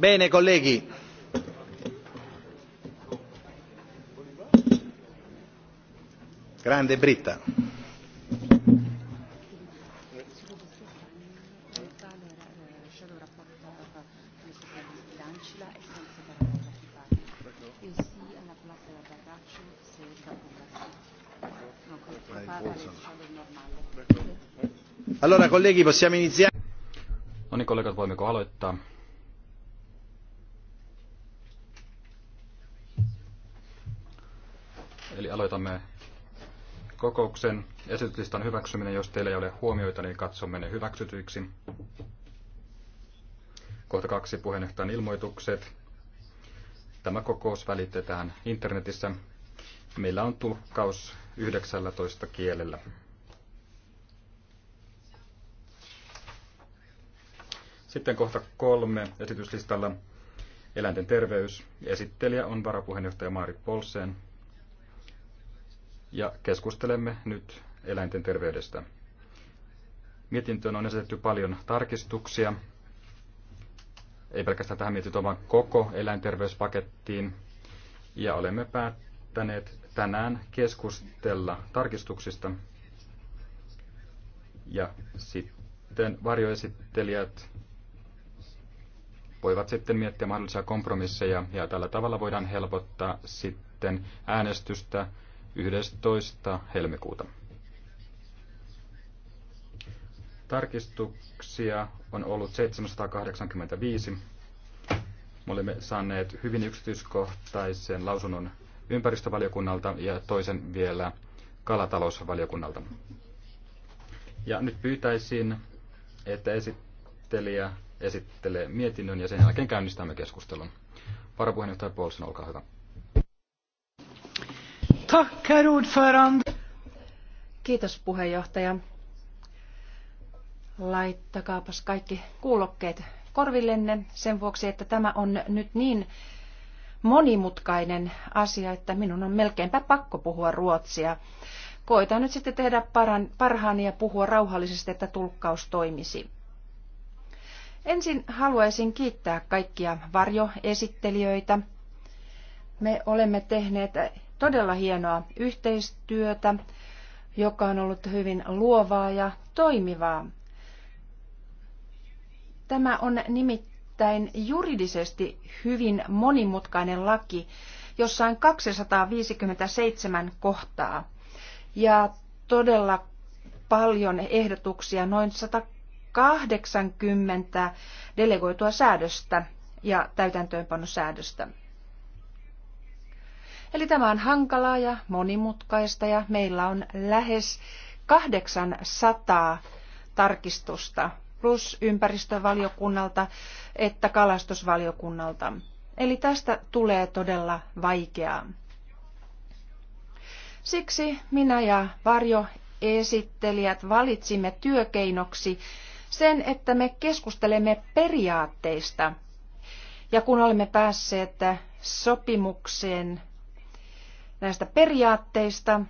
Bene, colleghi. Grande Britta. Allora colleghi possiamo iniziare. No niin kollegat, mi aloittaa? kokouksen esityslistan hyväksyminen. Jos teillä ei ole huomioita, niin katsomme ne hyväksytyiksi. Kohta kaksi puheenjohtajan ilmoitukset. Tämä kokous välitetään internetissä. Meillä on tulkkaus 19 kielellä. Sitten kohta kolme esityslistalla eläinten terveys. Esittelijä on varapuheenjohtaja Maari Polseen ja keskustelemme nyt eläinten terveydestä. Mietintöön on esitetty paljon tarkistuksia, ei pelkästään tähän mietintöön, vaan koko eläinterveyspakettiin. Ja olemme päättäneet tänään keskustella tarkistuksista. Ja sitten varjoesittelijät voivat sitten miettiä mahdollisia kompromisseja ja tällä tavalla voidaan helpottaa sitten äänestystä 11. helmikuuta. Tarkistuksia on ollut 785. Me olemme saaneet hyvin yksityiskohtaisen lausunnon ympäristövaliokunnalta ja toisen vielä kalatalousvaliokunnalta. Ja nyt pyytäisin, että esittelijä esittelee mietinnön ja sen jälkeen käynnistämme keskustelun. Varapuheenjohtaja Paulsen, olkaa hyvä. Tack, herr ordförande. Kiitos puheenjohtaja. Laittakaapas kaikki kuulokkeet korvillenne sen vuoksi, että tämä on nyt niin monimutkainen asia, että minun on melkeinpä pakko puhua ruotsia. Koitan nyt sitten tehdä parhaani ja puhua rauhallisesti, että tulkkaus toimisi. Ensin haluaisin kiittää kaikkia varjoesittelijöitä. Me olemme tehneet todella hienoa yhteistyötä, joka on ollut hyvin luovaa ja toimivaa. Tämä on nimittäin juridisesti hyvin monimutkainen laki, jossa on 257 kohtaa ja todella paljon ehdotuksia, noin 180 delegoitua säädöstä ja täytäntöönpanosäädöstä. Eli tämä on hankalaa ja monimutkaista ja meillä on lähes 800 tarkistusta plus ympäristövaliokunnalta että kalastusvaliokunnalta. Eli tästä tulee todella vaikeaa. Siksi minä ja Varjo esittelijät valitsimme työkeinoksi sen, että me keskustelemme periaatteista. Ja kun olemme päässeet sopimukseen näistä periaatteista,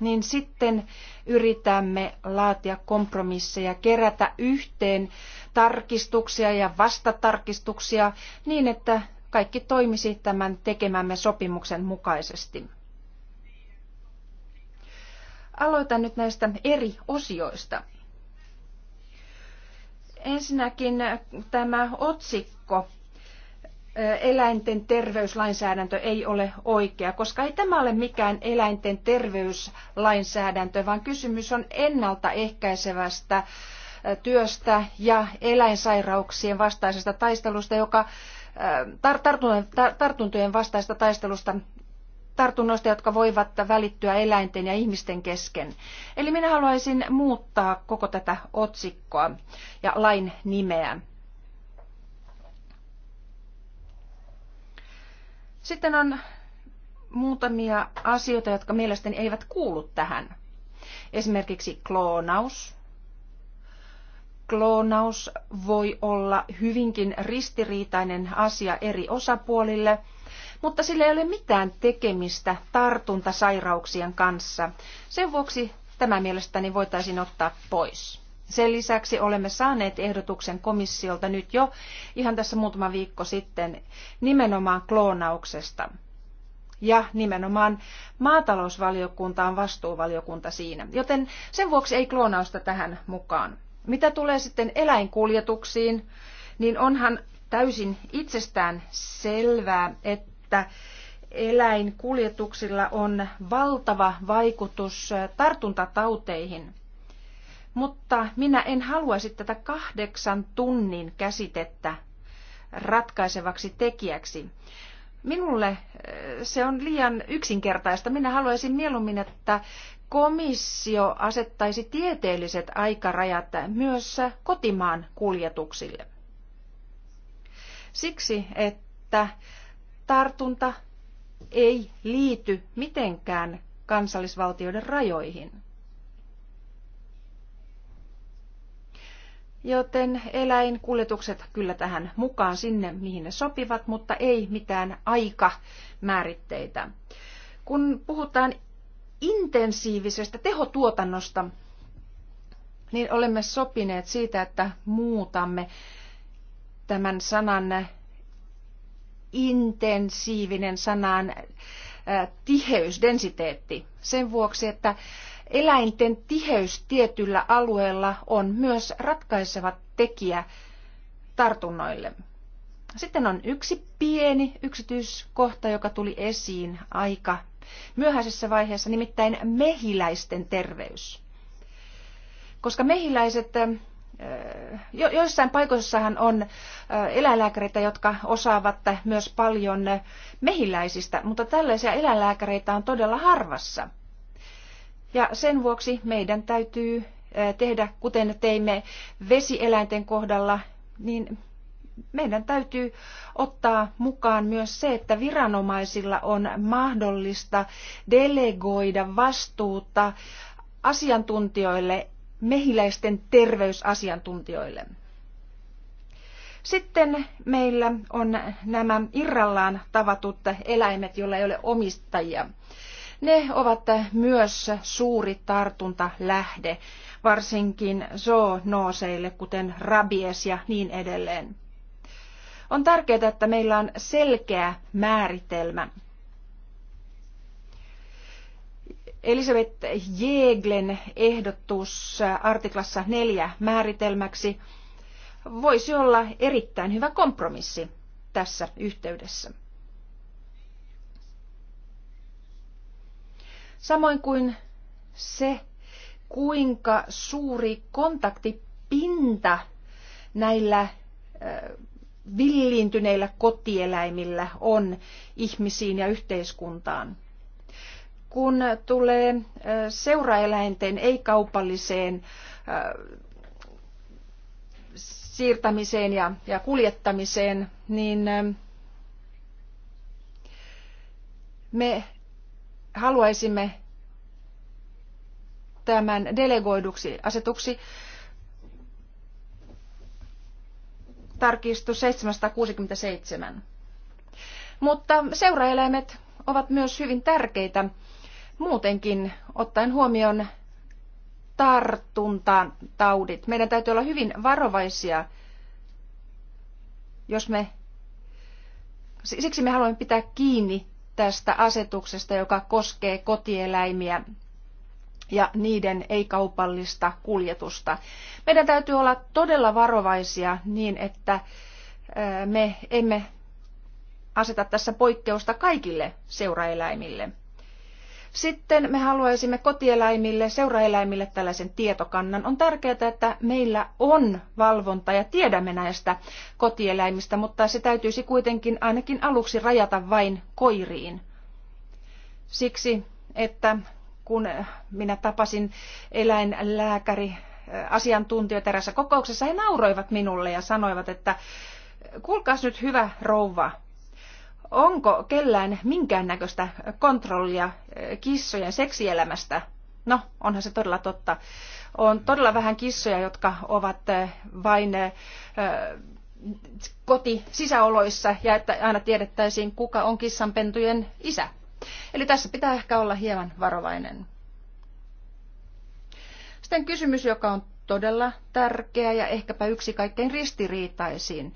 niin sitten yritämme laatia kompromisseja, kerätä yhteen tarkistuksia ja vastatarkistuksia niin, että kaikki toimisi tämän tekemämme sopimuksen mukaisesti. Aloitan nyt näistä eri osioista. Ensinnäkin tämä otsikko eläinten terveyslainsäädäntö ei ole oikea, koska ei tämä ole mikään eläinten terveyslainsäädäntö, vaan kysymys on ennaltaehkäisevästä työstä ja eläinsairauksien vastaisesta taistelusta, joka tartuntojen vastaisesta taistelusta tartunnoista, jotka voivat välittyä eläinten ja ihmisten kesken. Eli minä haluaisin muuttaa koko tätä otsikkoa ja lain nimeä. Sitten on muutamia asioita, jotka mielestäni eivät kuulu tähän. Esimerkiksi kloonaus. Kloonaus voi olla hyvinkin ristiriitainen asia eri osapuolille, mutta sillä ei ole mitään tekemistä tartuntasairauksien kanssa. Sen vuoksi tämä mielestäni voitaisiin ottaa pois. Sen lisäksi olemme saaneet ehdotuksen komissiolta nyt jo ihan tässä muutama viikko sitten nimenomaan kloonauksesta. Ja nimenomaan maatalousvaliokunta on vastuuvaliokunta siinä, joten sen vuoksi ei kloonausta tähän mukaan. Mitä tulee sitten eläinkuljetuksiin, niin onhan täysin itsestään selvää, että eläinkuljetuksilla on valtava vaikutus tartuntatauteihin – mutta minä en haluaisi tätä kahdeksan tunnin käsitettä ratkaisevaksi tekijäksi. Minulle eh, se on liian yksinkertaista. Minä haluaisin mieluummin, että komissio asettaisi tieteelliset aikarajat myös kotimaan kuljetuksille. Siksi, että tartunta ei liity mitenkään kansallisvaltioiden rajoihin. Joten eläinkuljetukset kyllä tähän mukaan sinne, mihin ne sopivat, mutta ei mitään aikamääritteitä. Kun puhutaan intensiivisestä tehotuotannosta, niin olemme sopineet siitä, että muutamme tämän sanan intensiivinen sanaan tiheys, densiteetti. Sen vuoksi, että Eläinten tiheys tietyllä alueella on myös ratkaiseva tekijä tartunnoille. Sitten on yksi pieni yksityiskohta, joka tuli esiin aika myöhäisessä vaiheessa, nimittäin mehiläisten terveys. Koska mehiläiset, jo, joissain paikoissahan on eläinlääkäreitä, jotka osaavat myös paljon mehiläisistä, mutta tällaisia eläinlääkäreitä on todella harvassa – ja sen vuoksi meidän täytyy tehdä, kuten teimme vesieläinten kohdalla, niin meidän täytyy ottaa mukaan myös se, että viranomaisilla on mahdollista delegoida vastuuta asiantuntijoille, mehiläisten terveysasiantuntijoille. Sitten meillä on nämä irrallaan tavatut eläimet, joilla ei ole omistajia. Ne ovat myös suuri tartuntalähde, varsinkin zoonooseille, kuten rabies ja niin edelleen. On tärkeää, että meillä on selkeä määritelmä. Elisabeth Jeglen ehdotus artiklassa 4 määritelmäksi voisi olla erittäin hyvä kompromissi tässä yhteydessä. Samoin kuin se, kuinka suuri kontaktipinta näillä villiintyneillä kotieläimillä on ihmisiin ja yhteiskuntaan. Kun tulee seuraeläinten ei-kaupalliseen siirtämiseen ja, ja kuljettamiseen, niin me haluaisimme tämän delegoiduksi asetuksi tarkistus 767. Mutta seuraeläimet ovat myös hyvin tärkeitä muutenkin ottaen huomioon tartuntataudit. Meidän täytyy olla hyvin varovaisia, jos me, siksi me haluamme pitää kiinni tästä asetuksesta, joka koskee kotieläimiä ja niiden ei-kaupallista kuljetusta. Meidän täytyy olla todella varovaisia niin, että me emme aseta tässä poikkeusta kaikille seuraeläimille. Sitten me haluaisimme kotieläimille, seuraeläimille tällaisen tietokannan. On tärkeää, että meillä on valvonta ja tiedämme näistä kotieläimistä, mutta se täytyisi kuitenkin ainakin aluksi rajata vain koiriin. Siksi, että kun minä tapasin eläinlääkäri äh, asiantuntijoita kokouksessa, he nauroivat minulle ja sanoivat, että kuulkaas nyt hyvä rouva, Onko kellään minkäännäköistä kontrollia eh, kissojen seksielämästä? No, onhan se todella totta. On todella vähän kissoja, jotka ovat eh, vain eh, koti sisäoloissa ja että aina tiedettäisiin, kuka on kissanpentujen isä. Eli tässä pitää ehkä olla hieman varovainen. Sitten kysymys, joka on todella tärkeä ja ehkäpä yksi kaikkein ristiriitaisin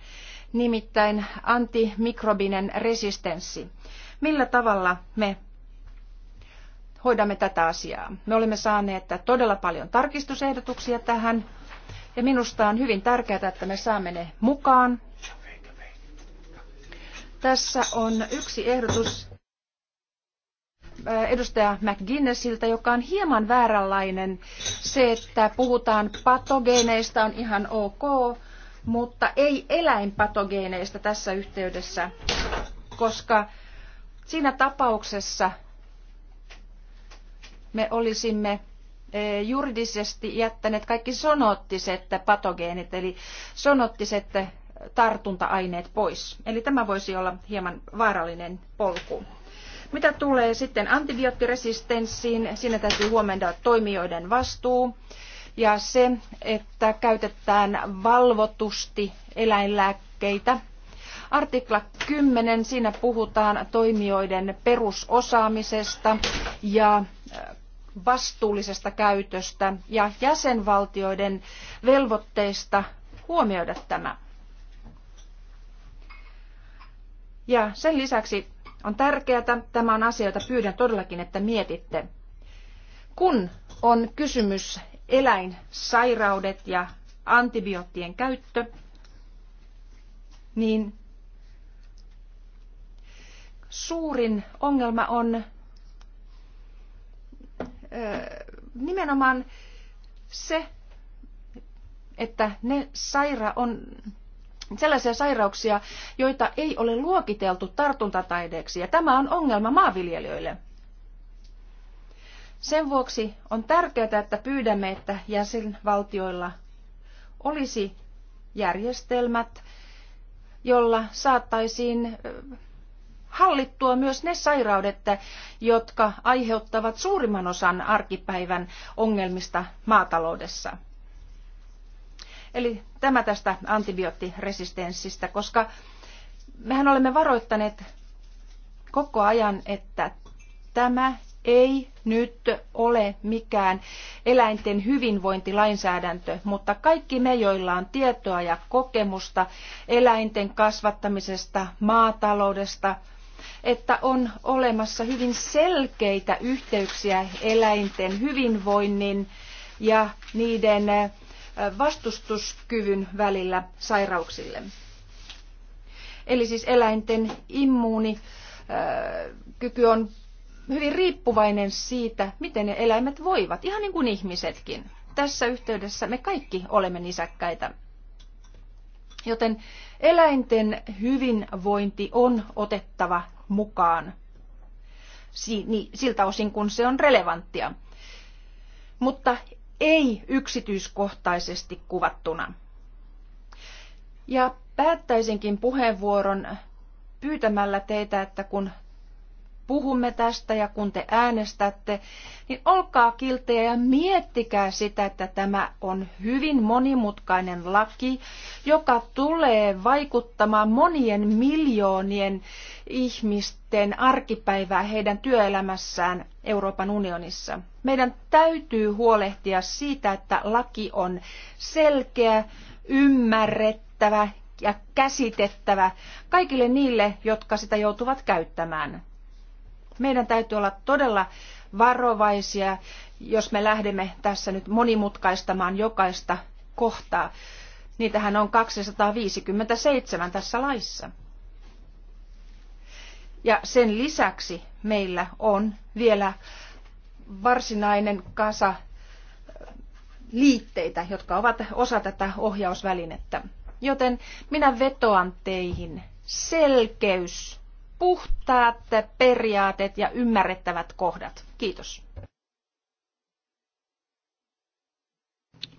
nimittäin antimikrobinen resistenssi. Millä tavalla me hoidamme tätä asiaa? Me olemme saaneet todella paljon tarkistusehdotuksia tähän, ja minusta on hyvin tärkeää, että me saamme ne mukaan. Tässä on yksi ehdotus äh, edustaja McGuinnessiltä, joka on hieman vääränlainen. Se, että puhutaan patogeeneista on ihan ok, mutta ei eläinpatogeeneista tässä yhteydessä, koska siinä tapauksessa me olisimme e, juridisesti jättäneet kaikki sonottiset patogeenit, eli sonottiset tartunta-aineet pois. Eli tämä voisi olla hieman vaarallinen polku. Mitä tulee sitten antibioottiresistenssiin, siinä täytyy huomenna toimijoiden vastuu ja se, että käytetään valvotusti eläinlääkkeitä. Artikla 10, siinä puhutaan toimijoiden perusosaamisesta ja äh, vastuullisesta käytöstä ja jäsenvaltioiden velvoitteista huomioida tämä. Ja sen lisäksi on tärkeää, tämä on asia, jota pyydän todellakin, että mietitte. Kun on kysymys eläinsairaudet ja antibioottien käyttö, niin suurin ongelma on nimenomaan se, että ne saira on sellaisia sairauksia, joita ei ole luokiteltu tartuntataideeksi. Ja tämä on ongelma maanviljelijöille. Sen vuoksi on tärkeää, että pyydämme, että jäsenvaltioilla olisi järjestelmät, jolla saattaisiin hallittua myös ne sairaudet, jotka aiheuttavat suurimman osan arkipäivän ongelmista maataloudessa. Eli tämä tästä antibioottiresistenssistä, koska mehän olemme varoittaneet koko ajan, että tämä ei nyt ole mikään eläinten hyvinvointilainsäädäntö, mutta kaikki me, joilla on tietoa ja kokemusta eläinten kasvattamisesta, maataloudesta, että on olemassa hyvin selkeitä yhteyksiä eläinten hyvinvoinnin ja niiden äh, vastustuskyvyn välillä sairauksille. Eli siis eläinten immuunikyky on hyvin riippuvainen siitä, miten ne eläimet voivat, ihan niin kuin ihmisetkin. Tässä yhteydessä me kaikki olemme nisäkkäitä. Joten eläinten hyvinvointi on otettava mukaan niin, siltä osin, kun se on relevanttia, mutta ei yksityiskohtaisesti kuvattuna. Ja päättäisinkin puheenvuoron pyytämällä teitä, että kun puhumme tästä ja kun te äänestätte, niin olkaa kiltejä ja miettikää sitä, että tämä on hyvin monimutkainen laki, joka tulee vaikuttamaan monien miljoonien ihmisten arkipäivää heidän työelämässään Euroopan unionissa. Meidän täytyy huolehtia siitä, että laki on selkeä, ymmärrettävä ja käsitettävä kaikille niille, jotka sitä joutuvat käyttämään. Meidän täytyy olla todella varovaisia, jos me lähdemme tässä nyt monimutkaistamaan jokaista kohtaa. Niitähän on 257 tässä laissa. Ja sen lisäksi meillä on vielä varsinainen kasa liitteitä, jotka ovat osa tätä ohjausvälinettä. Joten minä vetoan teihin. Selkeys puhtaat periaatteet ja ymmärrettävät kohdat. Kiitos.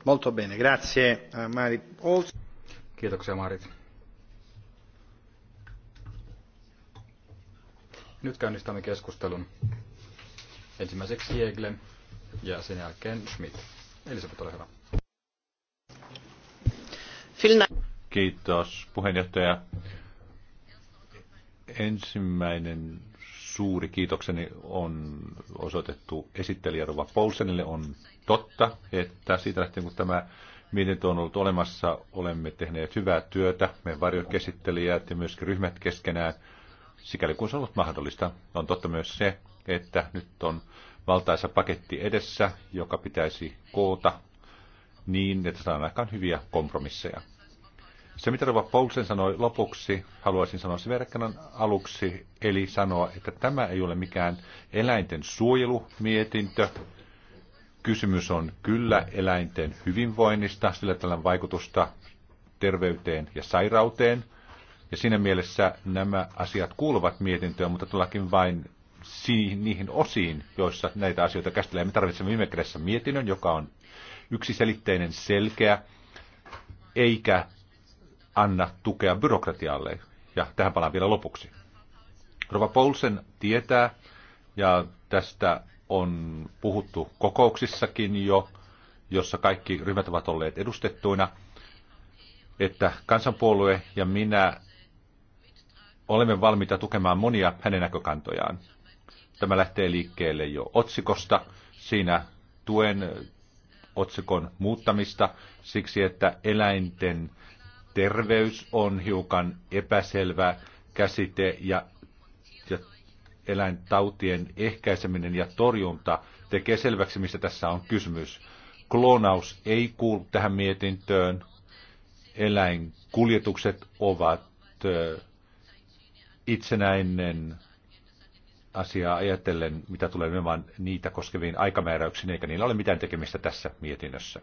Molto bene, grazie eh, Marit. Kiitoksia Marit. Nyt käynnistämme keskustelun. Ensimmäiseksi Jegle ja sen jälkeen Schmidt. Elisabeth, ole hyvä. Kiitos puheenjohtaja. Ensimmäinen suuri kiitokseni on osoitettu esittelijä Rova Poulsenille. On totta, että siitä lähtien kun tämä mietintö on ollut olemassa, olemme tehneet hyvää työtä, me käsittelijät ja myöskin ryhmät keskenään, sikäli kun se on ollut mahdollista. On totta myös se, että nyt on valtaisa paketti edessä, joka pitäisi koota niin, että saadaan aikaan hyviä kompromisseja. Se, mitä Rova Paulsen sanoi lopuksi, haluaisin sanoa se verkkanan aluksi, eli sanoa, että tämä ei ole mikään eläinten suojelumietintö. Kysymys on kyllä eläinten hyvinvoinnista, sillä tällä vaikutusta terveyteen ja sairauteen. Ja siinä mielessä nämä asiat kuuluvat mietintöön, mutta tullakin vain niihin osiin, joissa näitä asioita käsitellään. Me tarvitsemme viime kädessä mietinnön, joka on yksiselitteinen, selkeä, eikä anna tukea byrokratialle. Ja tähän palaan vielä lopuksi. Rova Poulsen tietää, ja tästä on puhuttu kokouksissakin jo, jossa kaikki ryhmät ovat olleet edustettuina, että kansanpuolue ja minä olemme valmiita tukemaan monia hänen näkökantojaan. Tämä lähtee liikkeelle jo otsikosta. Siinä tuen otsikon muuttamista siksi, että eläinten terveys on hiukan epäselvä käsite ja, ja eläintautien ehkäiseminen ja torjunta tekee selväksi, mistä tässä on kysymys. Kloonaus ei kuulu tähän mietintöön. Eläinkuljetukset ovat itsenäinen asia. ajatellen, mitä tulee nimenomaan niitä koskeviin aikamääräyksiin, eikä niillä ole mitään tekemistä tässä mietinnössä.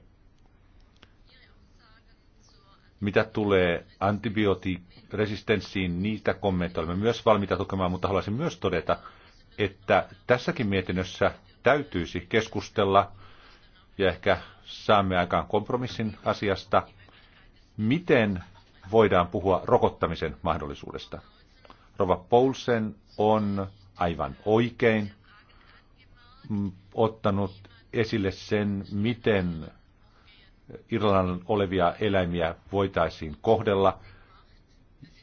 Mitä tulee antibiootiresistenssiin, niitä kommentteja olemme myös valmiita tukemaan, mutta haluaisin myös todeta, että tässäkin mietinnössä täytyisi keskustella ja ehkä saamme aikaan kompromissin asiasta, miten voidaan puhua rokottamisen mahdollisuudesta. Rova Poulsen on aivan oikein mm, ottanut esille sen, miten Irlannin olevia eläimiä voitaisiin kohdella.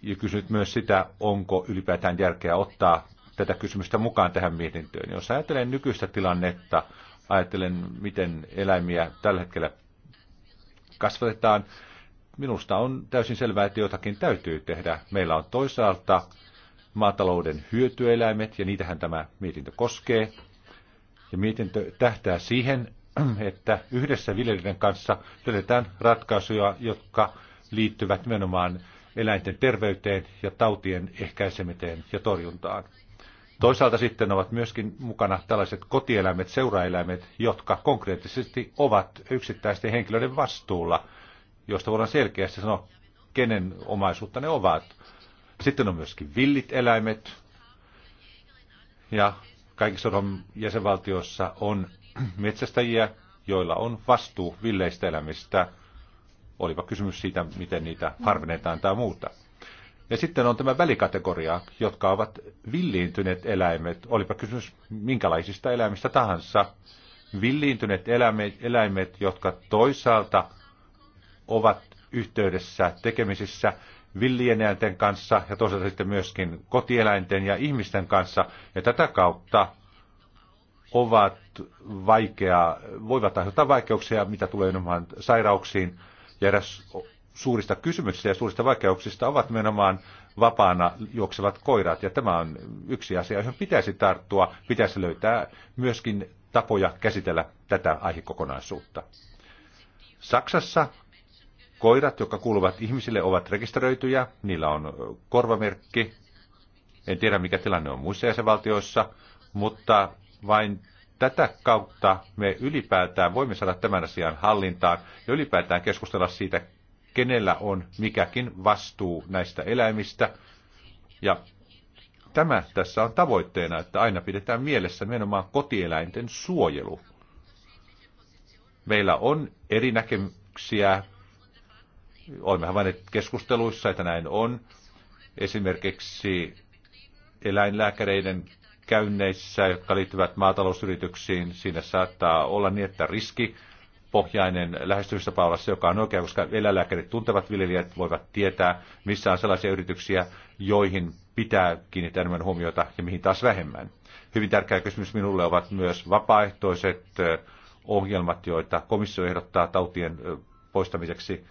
Ja kysynyt myös sitä, onko ylipäätään järkeä ottaa tätä kysymystä mukaan tähän mietintöön. Jos ajattelen nykyistä tilannetta, ajattelen, miten eläimiä tällä hetkellä kasvatetaan, minusta on täysin selvää, että jotakin täytyy tehdä. Meillä on toisaalta maatalouden hyötyeläimet, ja niitähän tämä mietintö koskee. Ja mietintö tähtää siihen, että yhdessä viljelijöiden kanssa löydetään ratkaisuja, jotka liittyvät nimenomaan eläinten terveyteen ja tautien ehkäisemiseen ja torjuntaan. Toisaalta sitten ovat myöskin mukana tällaiset kotieläimet, seuraeläimet, jotka konkreettisesti ovat yksittäisten henkilöiden vastuulla, josta voidaan selkeästi sanoa, kenen omaisuutta ne ovat. Sitten on myöskin villit eläimet, ja kaikissa Suomen jäsenvaltioissa on metsästäjiä, joilla on vastuu villeistä elämistä, olipa kysymys siitä, miten niitä harvennetaan tai muuta. Ja sitten on tämä välikategoria, jotka ovat villiintyneet eläimet, olipa kysymys minkälaisista eläimistä tahansa. Villiintyneet eläimet, eläimet jotka toisaalta ovat yhteydessä tekemisissä villieläinten kanssa ja toisaalta sitten myöskin kotieläinten ja ihmisten kanssa. Ja tätä kautta ovat vaikea, voivat aiheuttaa vaikeuksia, mitä tulee nimenomaan sairauksiin. Ja eräs suurista kysymyksistä ja suurista vaikeuksista ovat nimenomaan vapaana juoksevat koirat. Ja tämä on yksi asia, johon pitäisi tarttua. Pitäisi löytää myöskin tapoja käsitellä tätä aihekokonaisuutta. Saksassa koirat, jotka kuuluvat ihmisille, ovat rekisteröityjä. Niillä on korvamerkki. En tiedä, mikä tilanne on muissa jäsenvaltioissa, mutta vain tätä kautta me ylipäätään voimme saada tämän asian hallintaan ja ylipäätään keskustella siitä, kenellä on mikäkin vastuu näistä eläimistä. Ja tämä tässä on tavoitteena, että aina pidetään mielessä nimenomaan kotieläinten suojelu. Meillä on eri näkemyksiä. Olemme havainneet keskusteluissa, että näin on. Esimerkiksi eläinlääkäreiden käynneissä, jotka liittyvät maatalousyrityksiin, siinä saattaa olla niin, että riski pohjainen lähestymistapa olla se, joka on oikea, koska eläinlääkärit tuntevat viljelijät, voivat tietää, missä on sellaisia yrityksiä, joihin pitää kiinnittää enemmän huomiota ja mihin taas vähemmän. Hyvin tärkeä kysymys minulle ovat myös vapaaehtoiset ohjelmat, joita komissio ehdottaa tautien poistamiseksi.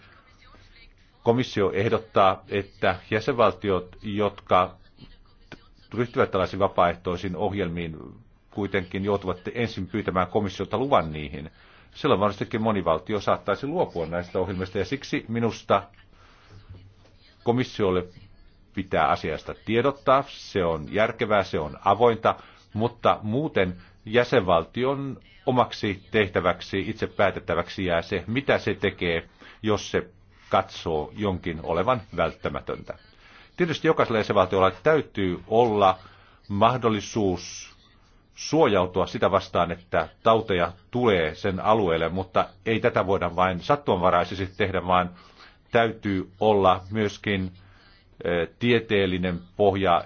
Komissio ehdottaa, että jäsenvaltiot, jotka ryhtyvät tällaisiin vapaaehtoisiin ohjelmiin, kuitenkin joutuvat ensin pyytämään komissiota luvan niihin. Silloin varmastikin monivaltio saattaisi luopua näistä ohjelmista, ja siksi minusta komissiolle pitää asiasta tiedottaa, se on järkevää, se on avointa, mutta muuten jäsenvaltion omaksi tehtäväksi, itse päätettäväksi jää se, mitä se tekee, jos se katsoo jonkin olevan välttämätöntä. Tietysti jokaisella jäsenvaltiolla täytyy olla mahdollisuus suojautua sitä vastaan, että tauteja tulee sen alueelle, mutta ei tätä voida vain sattumanvaraisesti tehdä, vaan täytyy olla myöskin eh, tieteellinen pohja,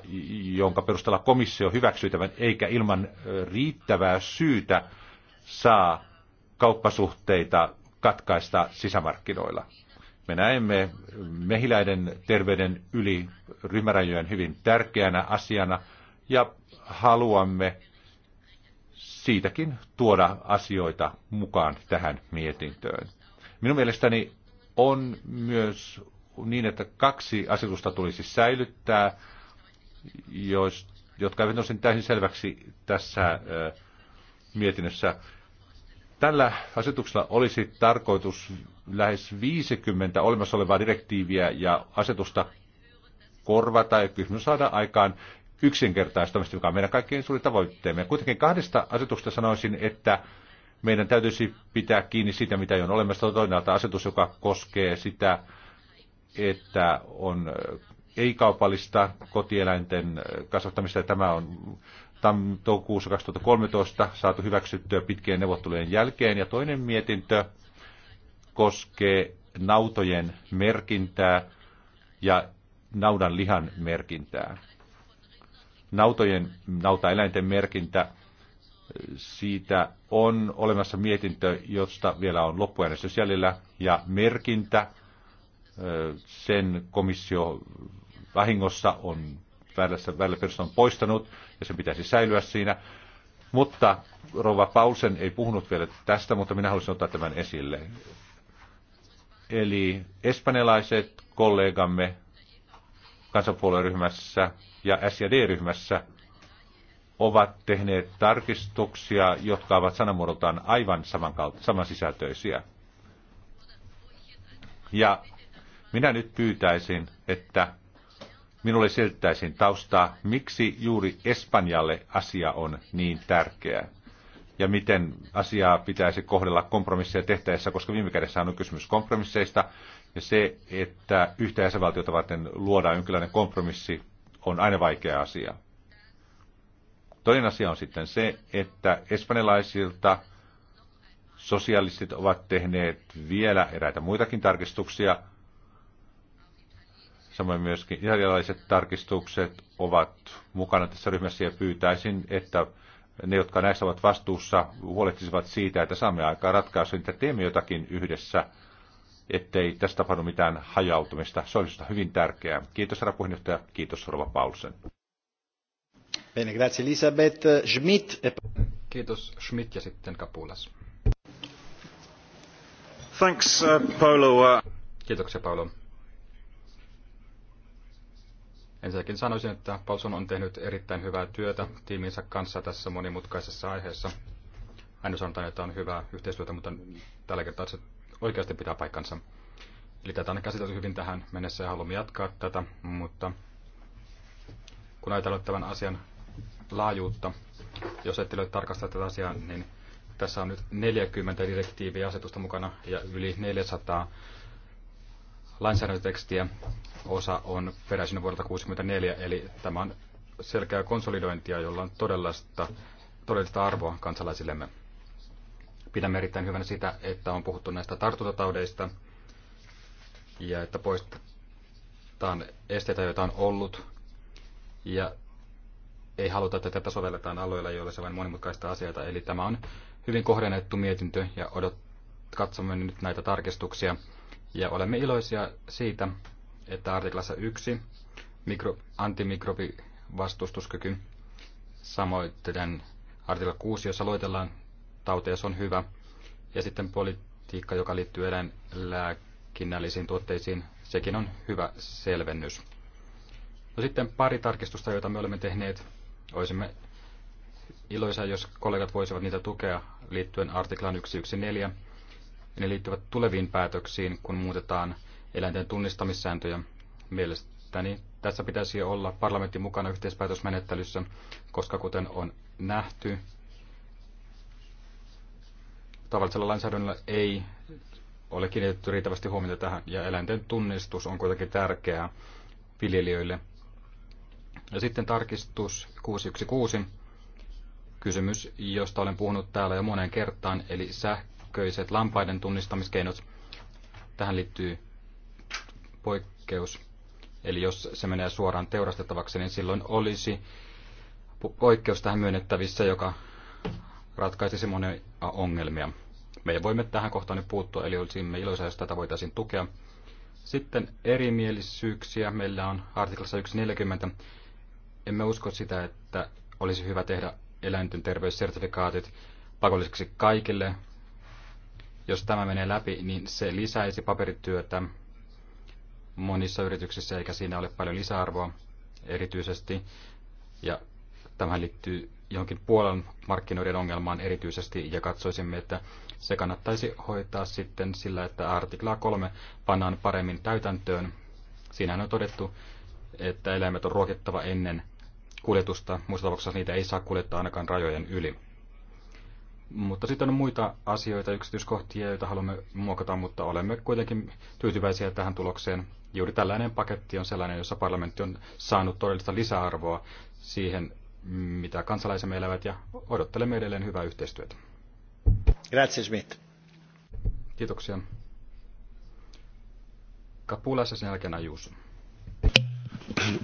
jonka perusteella komissio hyväksyy tämän, eikä ilman eh, riittävää syytä saa kauppasuhteita katkaista sisämarkkinoilla. Me näemme mehiläiden terveyden yli ryhmärajojen hyvin tärkeänä asiana ja haluamme siitäkin tuoda asioita mukaan tähän mietintöön. Minun mielestäni on myös niin, että kaksi asetusta tulisi säilyttää, jos, jotka eivät nosin täysin selväksi tässä mietinnössä. Tällä asetuksella olisi tarkoitus lähes 50 olemassa olevaa direktiiviä ja asetusta korvata ja kysymys saada aikaan yksinkertaistamista, joka on meidän kaikkien suuri tavoitteemme. Kuitenkin kahdesta asetuksesta sanoisin, että meidän täytyisi pitää kiinni siitä, mitä on olemassa. Toinen asetus, joka koskee sitä, että on ei-kaupallista kotieläinten kasvattamista. Tämä on tam- toukokuussa 2013 saatu hyväksyttyä pitkien neuvottelujen jälkeen. Ja toinen mietintö koskee nautojen merkintää ja naudan lihan merkintää. Nautojen, nautaeläinten merkintä, siitä on olemassa mietintö, josta vielä on loppuäänestys jäljellä, ja merkintä, sen komissio vahingossa on väärässä välillä on poistanut, ja sen pitäisi säilyä siinä. Mutta Rova Paulsen ei puhunut vielä tästä, mutta minä haluaisin ottaa tämän esille. Eli espanjalaiset kollegamme kansanpuolueryhmässä ja SD-ryhmässä ovat tehneet tarkistuksia, jotka ovat sanamuodoltaan aivan samansisältöisiä. Ja minä nyt pyytäisin, että minulle selittäisin taustaa, miksi juuri Espanjalle asia on niin tärkeä ja miten asiaa pitäisi kohdella kompromisseja tehtäessä, koska viime kädessä on kysymys kompromisseista. Ja se, että yhtä jäsenvaltiota varten luodaan jonkinlainen kompromissi, on aina vaikea asia. Toinen asia on sitten se, että espanjalaisilta sosialistit ovat tehneet vielä eräitä muitakin tarkistuksia. Samoin myöskin italialaiset tarkistukset ovat mukana tässä ryhmässä ja pyytäisin, että ne, jotka näissä ovat vastuussa, huolehtisivat siitä, että saamme aikaa ratkaisuja, että teemme jotakin yhdessä, ettei tästä tapahdu mitään hajautumista. Se olisi hyvin tärkeää. Kiitos herra puheenjohtaja, kiitos Rova Paulsen. Bene, grazie Elisabeth Schmidt. E kiitos Schmidt ja sitten Kapulas. Thanks, uh, Paolo. Uh, Kiitoksia Paolo. Ensinnäkin sanoisin, että Paulson on tehnyt erittäin hyvää työtä tiiminsä kanssa tässä monimutkaisessa aiheessa. Aina sanotaan, että on hyvää yhteistyötä, mutta tällä kertaa se oikeasti pitää paikkansa. Eli tätä on käsitelty hyvin tähän mennessä ja haluamme jatkaa tätä, mutta kun ajatellaan tämän asian laajuutta, jos ette ole tarkastaa tätä asiaa, niin tässä on nyt 40 direktiiviä asetusta mukana ja yli 400 lainsäädäntötekstiä. Osa on peräisin vuodelta 1964, eli tämä on selkeää konsolidointia, jolla on todellista, todellista arvoa kansalaisillemme. Pidämme erittäin hyvänä sitä, että on puhuttu näistä tartuntataudeista ja että poistetaan esteitä, joita on ollut. Ja ei haluta, että tätä sovelletaan aloilla, joilla se vain monimutkaista asioita. Eli tämä on hyvin kohdennettu mietintö ja odot, katsomme nyt näitä tarkistuksia. Ja olemme iloisia siitä, että artiklassa 1 mikro, antimikrobivastustuskyky, samoin artikla 6, jossa loitellaan tauteja, se on hyvä. Ja sitten politiikka, joka liittyy eläinlääkinnällisiin tuotteisiin, sekin on hyvä selvennys. No sitten pari tarkistusta, joita me olemme tehneet. Olisimme iloisia, jos kollegat voisivat niitä tukea liittyen artiklaan 114 ne liittyvät tuleviin päätöksiin, kun muutetaan eläinten tunnistamissääntöjä. Mielestäni tässä pitäisi olla parlamentti mukana yhteispäätösmenettelyssä, koska kuten on nähty, tavallisella lainsäädännöllä ei ole kiinnitetty riittävästi huomiota tähän, ja eläinten tunnistus on kuitenkin tärkeää viljelijöille. Ja sitten tarkistus 616, kysymys, josta olen puhunut täällä jo moneen kertaan, eli sähkö sähköiset lampaiden tunnistamiskeinot. Tähän liittyy poikkeus. Eli jos se menee suoraan teurastettavaksi, niin silloin olisi poikkeus tähän myönnettävissä, joka ratkaisisi monia ongelmia. Me voimme tähän kohtaan nyt puuttua, eli olisimme iloisia, jos tätä voitaisiin tukea. Sitten erimielisyyksiä. Meillä on artiklassa 1.40. Emme usko sitä, että olisi hyvä tehdä eläinten terveyssertifikaatit pakolliseksi kaikille jos tämä menee läpi, niin se lisäisi paperityötä monissa yrityksissä, eikä siinä ole paljon lisäarvoa erityisesti. Ja tämähän liittyy johonkin puolen markkinoiden ongelmaan erityisesti, ja katsoisimme, että se kannattaisi hoitaa sitten sillä, että artiklaa 3 pannaan paremmin täytäntöön. Siinähän on todettu, että eläimet on ruokittava ennen kuljetusta. Muissa tapauksissa niitä ei saa kuljettaa ainakaan rajojen yli. Mutta sitten on muita asioita, yksityiskohtia, joita haluamme muokata, mutta olemme kuitenkin tyytyväisiä tähän tulokseen. Juuri tällainen paketti on sellainen, jossa parlamentti on saanut todellista lisäarvoa siihen, mitä kansalaisemme elävät, ja odottelemme edelleen hyvää yhteistyötä. Grazie, Schmidt. Kiitoksia. Kapulassa sen jälkeen Ajuus.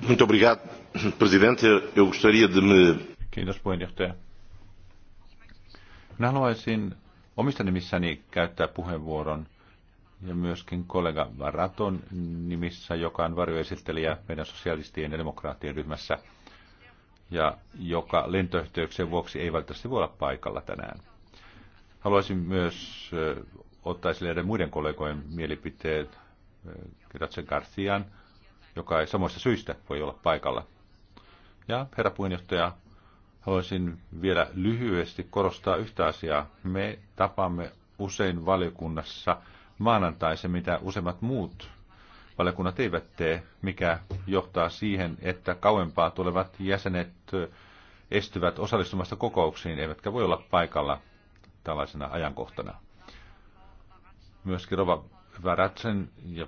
Muito obrigado, presidente. Eu gostaria de me... Kiitos, puheenjohtaja minä haluaisin omista nimissäni käyttää puheenvuoron ja myöskin kollega Varaton nimissä, joka on varjoesittelijä meidän sosialistien ja demokraattien ryhmässä ja joka lentoyhteyksien vuoksi ei valitettavasti voi olla paikalla tänään. Haluaisin myös ottaa esille muiden kollegojen mielipiteet Gratsen Garcian, joka ei samoista syistä voi olla paikalla. Ja herra puheenjohtaja, Haluaisin vielä lyhyesti korostaa yhtä asiaa. Me tapaamme usein valiokunnassa maanantaisen, mitä useimmat muut valiokunnat eivät tee, mikä johtaa siihen, että kauempaa tulevat jäsenet estyvät osallistumasta kokouksiin, eivätkä voi olla paikalla tällaisena ajankohtana. Myöskin Rova Väratsen ja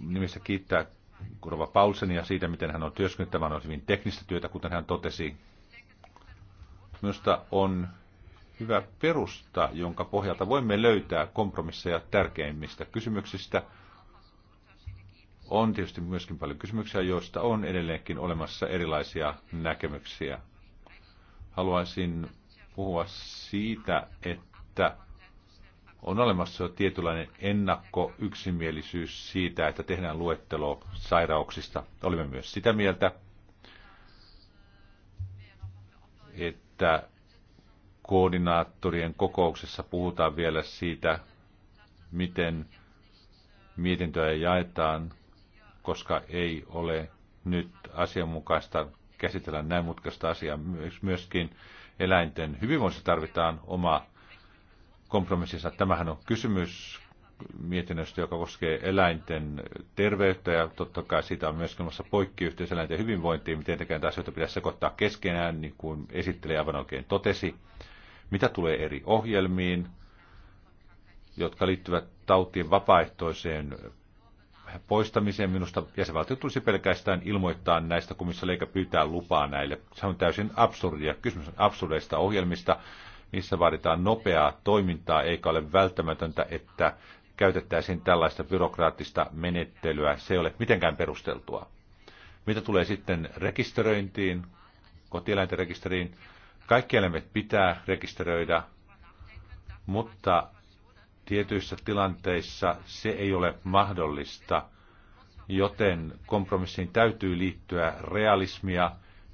nimissä kiittää Rova Paulsenia siitä, miten hän on työskennellyt. Tämä on hyvin teknistä työtä, kuten hän totesi, Minusta on hyvä perusta, jonka pohjalta voimme löytää kompromisseja tärkeimmistä kysymyksistä. On tietysti myöskin paljon kysymyksiä, joista on edelleenkin olemassa erilaisia näkemyksiä. Haluaisin puhua siitä, että on olemassa jo tietynlainen yksimielisyys siitä, että tehdään luettelo sairauksista. Olimme myös sitä mieltä, että että koordinaattorien kokouksessa puhutaan vielä siitä, miten mietintöä jaetaan, koska ei ole nyt asianmukaista käsitellä näin mutkaista asiaa. Myöskin eläinten hyvinvoinnissa tarvitaan oma kompromissinsa. Tämähän on kysymys mietinnöstä, joka koskee eläinten terveyttä ja totta kai siitä on myöskin olemassa poikkiyhteys eläinten hyvinvointiin, miten tekään asioita pitäisi sekoittaa keskenään, niin kuin esittelijä aivan oikein totesi. Mitä tulee eri ohjelmiin, jotka liittyvät tautien vapaaehtoiseen poistamiseen minusta jäsenvaltio tulisi pelkästään ilmoittaa näistä missä leikä pyytää lupaa näille. Se on täysin absurdia. Kysymys on absurdeista ohjelmista. Niissä vaaditaan nopeaa toimintaa, eikä ole välttämätöntä, että käytettäisiin tällaista byrokraattista menettelyä. Se ei ole mitenkään perusteltua. Mitä tulee sitten rekisteröintiin, kotieläinten rekisteriin, kaikki eläimet pitää rekisteröidä, mutta tietyissä tilanteissa se ei ole mahdollista, joten kompromissiin täytyy liittyä realismia.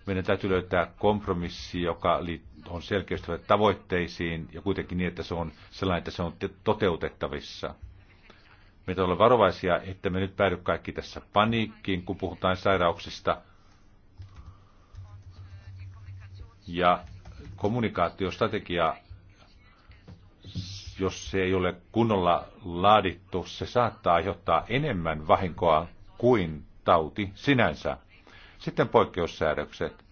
Meidän täytyy löytää kompromissi, joka on selkeästi tavoitteisiin ja kuitenkin niin, että se on sellainen, että se on toteutettavissa. Meitä olla varovaisia, että me nyt päädy kaikki tässä paniikkiin, kun puhutaan sairauksista. Ja kommunikaatiostrategia, jos se ei ole kunnolla laadittu, se saattaa aiheuttaa enemmän vahinkoa kuin tauti sinänsä. Sitten poikkeussäädökset.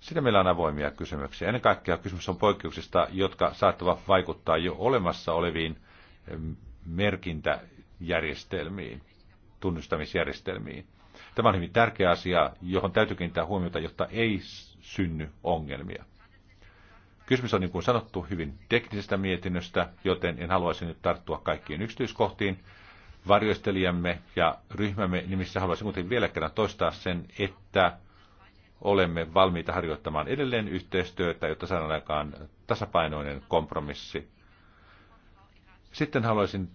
Sitten meillä on avoimia kysymyksiä. Ennen kaikkea kysymys on poikkeuksista, jotka saattavat vaikuttaa jo olemassa oleviin eh, merkintä- järjestelmiin, tunnistamisjärjestelmiin. Tämä on hyvin tärkeä asia, johon täytyy kiinnittää huomiota, jotta ei synny ongelmia. Kysymys on niin kuin sanottu hyvin teknisestä mietinnöstä, joten en haluaisi nyt tarttua kaikkiin yksityiskohtiin. Varjoistelijamme ja ryhmämme nimissä haluaisin kuitenkin vielä kerran toistaa sen, että olemme valmiita harjoittamaan edelleen yhteistyötä, jotta saadaan aikaan tasapainoinen kompromissi. Sitten haluaisin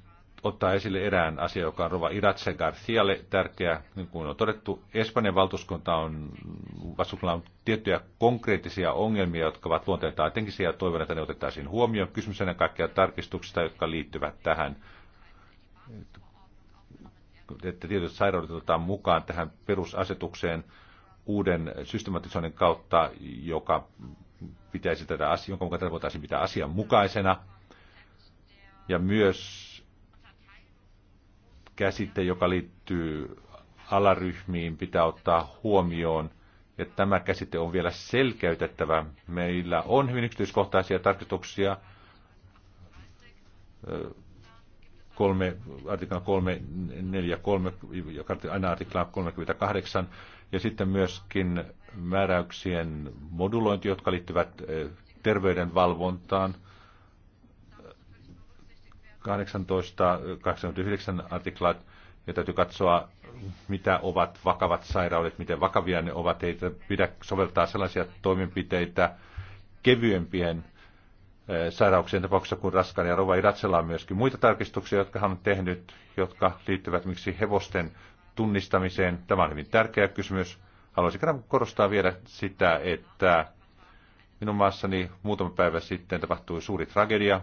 ottaa esille erään asian, joka on Rova Iratse Garcialle tärkeä. Niin kuin on todettu, Espanjan valtuuskunta on, vastuullaan tiettyjä konkreettisia ongelmia, jotka ovat luonteeltaan etenkin siellä toivon, että ne otettaisiin huomioon. Kysymys ennen kaikkea tarkistuksista, jotka liittyvät tähän, että tietyt sairaudet otetaan mukaan tähän perusasetukseen uuden systematisoinnin kautta, joka pitäisi tätä asiaa, jonka mukaan tätä voitaisiin pitää asianmukaisena. Ja myös käsite, joka liittyy alaryhmiin, pitää ottaa huomioon. Ja tämä käsite on vielä selkeytettävä. Meillä on hyvin yksityiskohtaisia tarkistuksia kolme, artikla 343 ja aina artikla 38 ja sitten myöskin määräyksien modulointi, jotka liittyvät terveydenvalvontaan – 18, 89 artiklaa, ja täytyy katsoa, mitä ovat vakavat sairaudet, miten vakavia ne ovat. Ei pidä soveltaa sellaisia toimenpiteitä kevyempien eh, sairauksien tapauksessa kuin raskaan ja rova Iratsella on myöskin muita tarkistuksia, jotka hän on tehnyt, jotka liittyvät miksi hevosten tunnistamiseen. Tämä on hyvin tärkeä kysymys. Haluaisin kerran korostaa vielä sitä, että minun maassani muutama päivä sitten tapahtui suuri tragedia,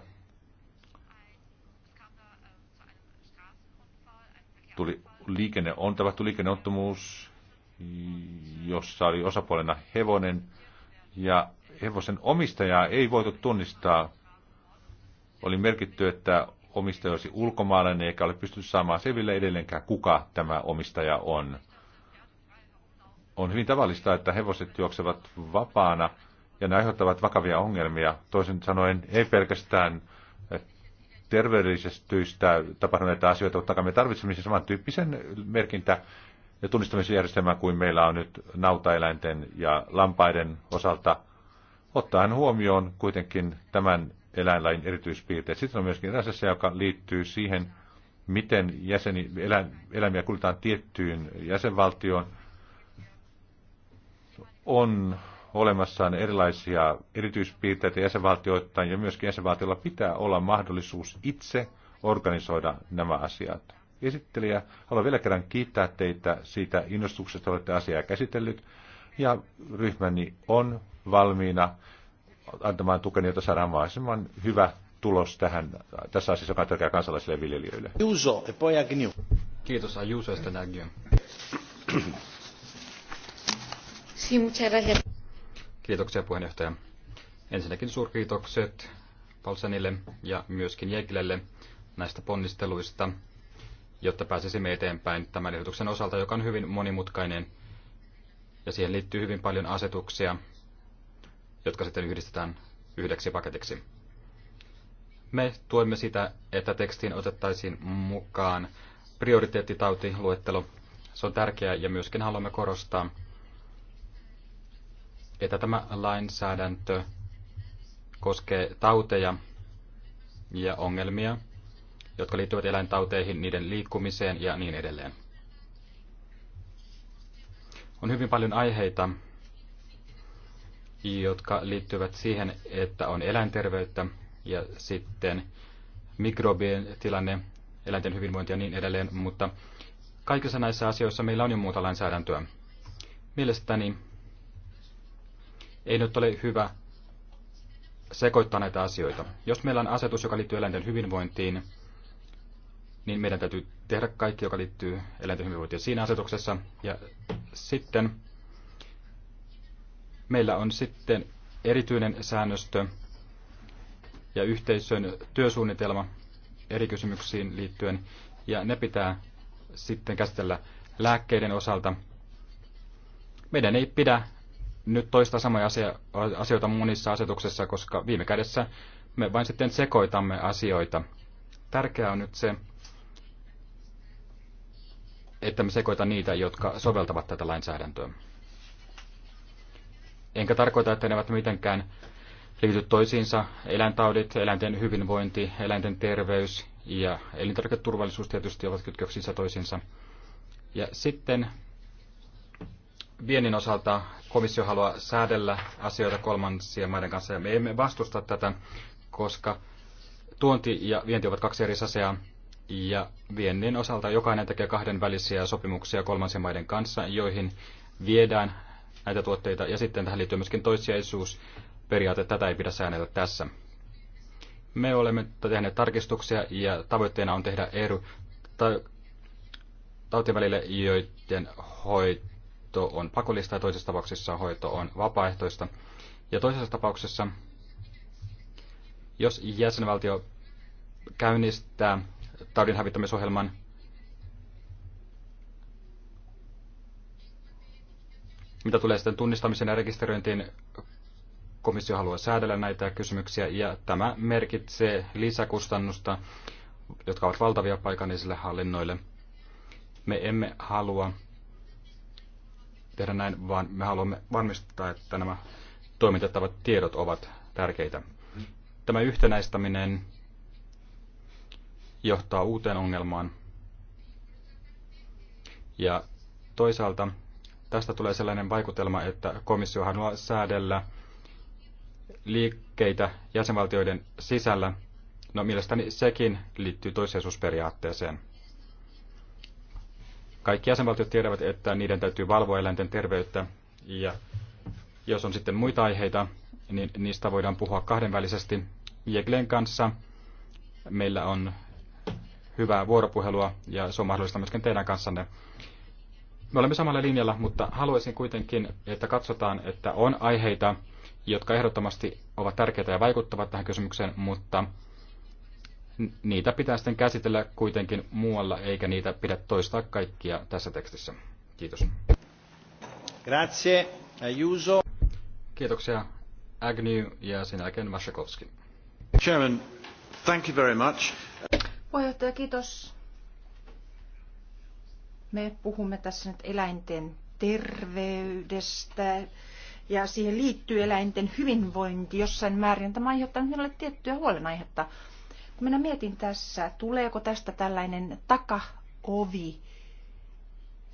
tuli liikenne, on tapahtui liikenneottomuus, jossa oli osapuolena hevonen, ja hevosen omistajaa ei voitu tunnistaa. Oli merkitty, että omistaja olisi ulkomaalainen, eikä ole pystynyt saamaan selville edelleenkään, kuka tämä omistaja on. On hyvin tavallista, että hevoset juoksevat vapaana ja ne aiheuttavat vakavia ongelmia. Toisin sanoen ei pelkästään terveydellisestä tapahtuneita asioita, mutta me tarvitsemme siis samantyyppisen merkintä- ja tunnistamisjärjestelmän kuin meillä on nyt nautaeläinten ja lampaiden osalta, ottaen huomioon kuitenkin tämän eläinlain erityispiirteet. Sitten on myöskin eräs asia, joka liittyy siihen, miten jäseni, elä, eläimiä kuljetaan tiettyyn jäsenvaltioon. On olemassaan erilaisia erityispiirteitä jäsenvaltioittain ja myöskin jäsenvaltiolla pitää olla mahdollisuus itse organisoida nämä asiat. Esittelijä, haluan vielä kerran kiittää teitä siitä innostuksesta, että olette asiaa käsitellyt ja ryhmäni on valmiina antamaan tukeni, jotta saadaan mahdollisimman hyvä tulos tähän, tässä asiassa, joka on tärkeää kansalaisille viljelijöille. Juuso, e poi Agnew. Kiitos Juuso, että näkyy. Sí, muchas gracias. Kiitoksia puheenjohtaja. Ensinnäkin suurkiitokset Palsanille ja myöskin Jekilelle näistä ponnisteluista, jotta pääsisimme eteenpäin tämän ehdotuksen osalta, joka on hyvin monimutkainen ja siihen liittyy hyvin paljon asetuksia, jotka sitten yhdistetään yhdeksi paketiksi. Me tuemme sitä, että tekstiin otettaisiin mukaan prioriteettitautiluettelo. Se on tärkeää ja myöskin haluamme korostaa, että tämä lainsäädäntö koskee tauteja ja ongelmia, jotka liittyvät eläintauteihin, niiden liikkumiseen ja niin edelleen. On hyvin paljon aiheita, jotka liittyvät siihen, että on eläinterveyttä ja sitten mikrobien tilanne, eläinten hyvinvointi ja niin edelleen, mutta kaikissa näissä asioissa meillä on jo muuta lainsäädäntöä. Mielestäni ei nyt ole hyvä sekoittaa näitä asioita. Jos meillä on asetus, joka liittyy eläinten hyvinvointiin, niin meidän täytyy tehdä kaikki, joka liittyy eläinten hyvinvointiin siinä asetuksessa. Ja sitten meillä on sitten erityinen säännöstö ja yhteisön työsuunnitelma eri kysymyksiin liittyen, ja ne pitää sitten käsitellä lääkkeiden osalta. Meidän ei pidä nyt toistaa samoja asia, asioita monissa asetuksissa, koska viime kädessä me vain sitten sekoitamme asioita. Tärkeää on nyt se, että me sekoita niitä, jotka soveltavat tätä lainsäädäntöä. Enkä tarkoita, että ne ovat mitenkään liity toisiinsa. Eläintaudit, eläinten hyvinvointi, eläinten terveys ja elintarviketurvallisuus tietysti ovat kytköksissä toisiinsa. Ja sitten viennin osalta komissio haluaa säädellä asioita kolmansien maiden kanssa, ja me emme vastusta tätä, koska tuonti ja vienti ovat kaksi eri asiaa, ja viennin osalta jokainen tekee kahdenvälisiä sopimuksia kolmansien maiden kanssa, joihin viedään näitä tuotteita, ja sitten tähän liittyy myöskin toissijaisuusperiaate, tätä ei pidä säännellä tässä. Me olemme tehneet tarkistuksia, ja tavoitteena on tehdä eri tautien välille, joiden hoito hoito on pakollista ja toisessa tapauksessa hoito on vapaaehtoista. Ja toisessa tapauksessa, jos jäsenvaltio käynnistää taudin hävittämisohjelman, mitä tulee sitten tunnistamisen ja rekisteröintiin, komissio haluaa säädellä näitä kysymyksiä ja tämä merkitsee lisäkustannusta, jotka ovat valtavia paikallisille hallinnoille. Me emme halua tehdä näin, vaan me haluamme varmistaa, että nämä toimitettavat tiedot ovat tärkeitä. Tämä yhtenäistäminen johtaa uuteen ongelmaan. Ja toisaalta tästä tulee sellainen vaikutelma, että komissio haluaa säädellä liikkeitä jäsenvaltioiden sisällä. No mielestäni sekin liittyy toissijaisuusperiaatteeseen. Kaikki jäsenvaltiot tiedävät, että niiden täytyy valvoa eläinten terveyttä ja jos on sitten muita aiheita, niin niistä voidaan puhua kahdenvälisesti. Jeglen kanssa meillä on hyvää vuoropuhelua ja se on mahdollista myöskin teidän kanssanne. Me olemme samalla linjalla, mutta haluaisin kuitenkin, että katsotaan, että on aiheita, jotka ehdottomasti ovat tärkeitä ja vaikuttavat tähän kysymykseen, mutta niitä pitää sitten käsitellä kuitenkin muualla, eikä niitä pidä toistaa kaikkia tässä tekstissä. Kiitos. Grazie, Ayuso. Kiitoksia, Agnew ja sen jälkeen Mashakovski. Chairman, thank you very much. Puheenjohtaja, kiitos. Me puhumme tässä nyt eläinten terveydestä ja siihen liittyy eläinten hyvinvointi jossain määrin. Tämä aiheuttaa minulle tiettyä huolenaihetta. Minä mietin tässä, tuleeko tästä tällainen takaovi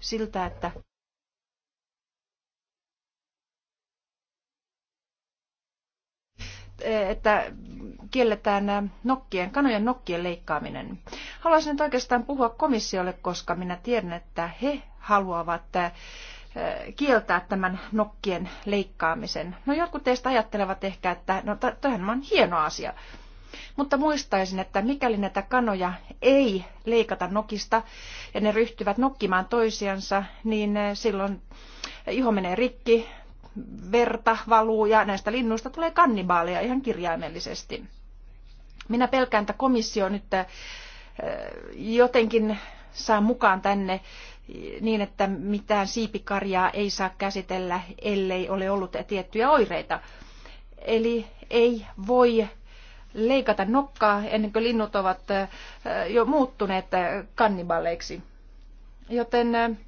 siltä, että että kielletään nokkien, kanojen nokkien leikkaaminen. Haluaisin nyt oikeastaan puhua komissiolle, koska minä tiedän, että he haluavat eh, kieltää tämän nokkien leikkaamisen. No jotkut teistä ajattelevat ehkä, että no tämähän on hieno asia. Mutta muistaisin, että mikäli näitä kanoja ei leikata nokista ja ne ryhtyvät nokkimaan toisiansa, niin eh, silloin iho menee rikki, verta valuu ja näistä linnuista tulee kannibaaleja ihan kirjaimellisesti. Minä pelkään, että komissio nyt eh, jotenkin saa mukaan tänne eh, niin, että mitään siipikarjaa ei saa käsitellä, ellei ole ollut tiettyjä oireita. Eli ei voi leikata nokkaa ennen kuin linnut ovat jo muuttuneet kannibaleiksi. Joten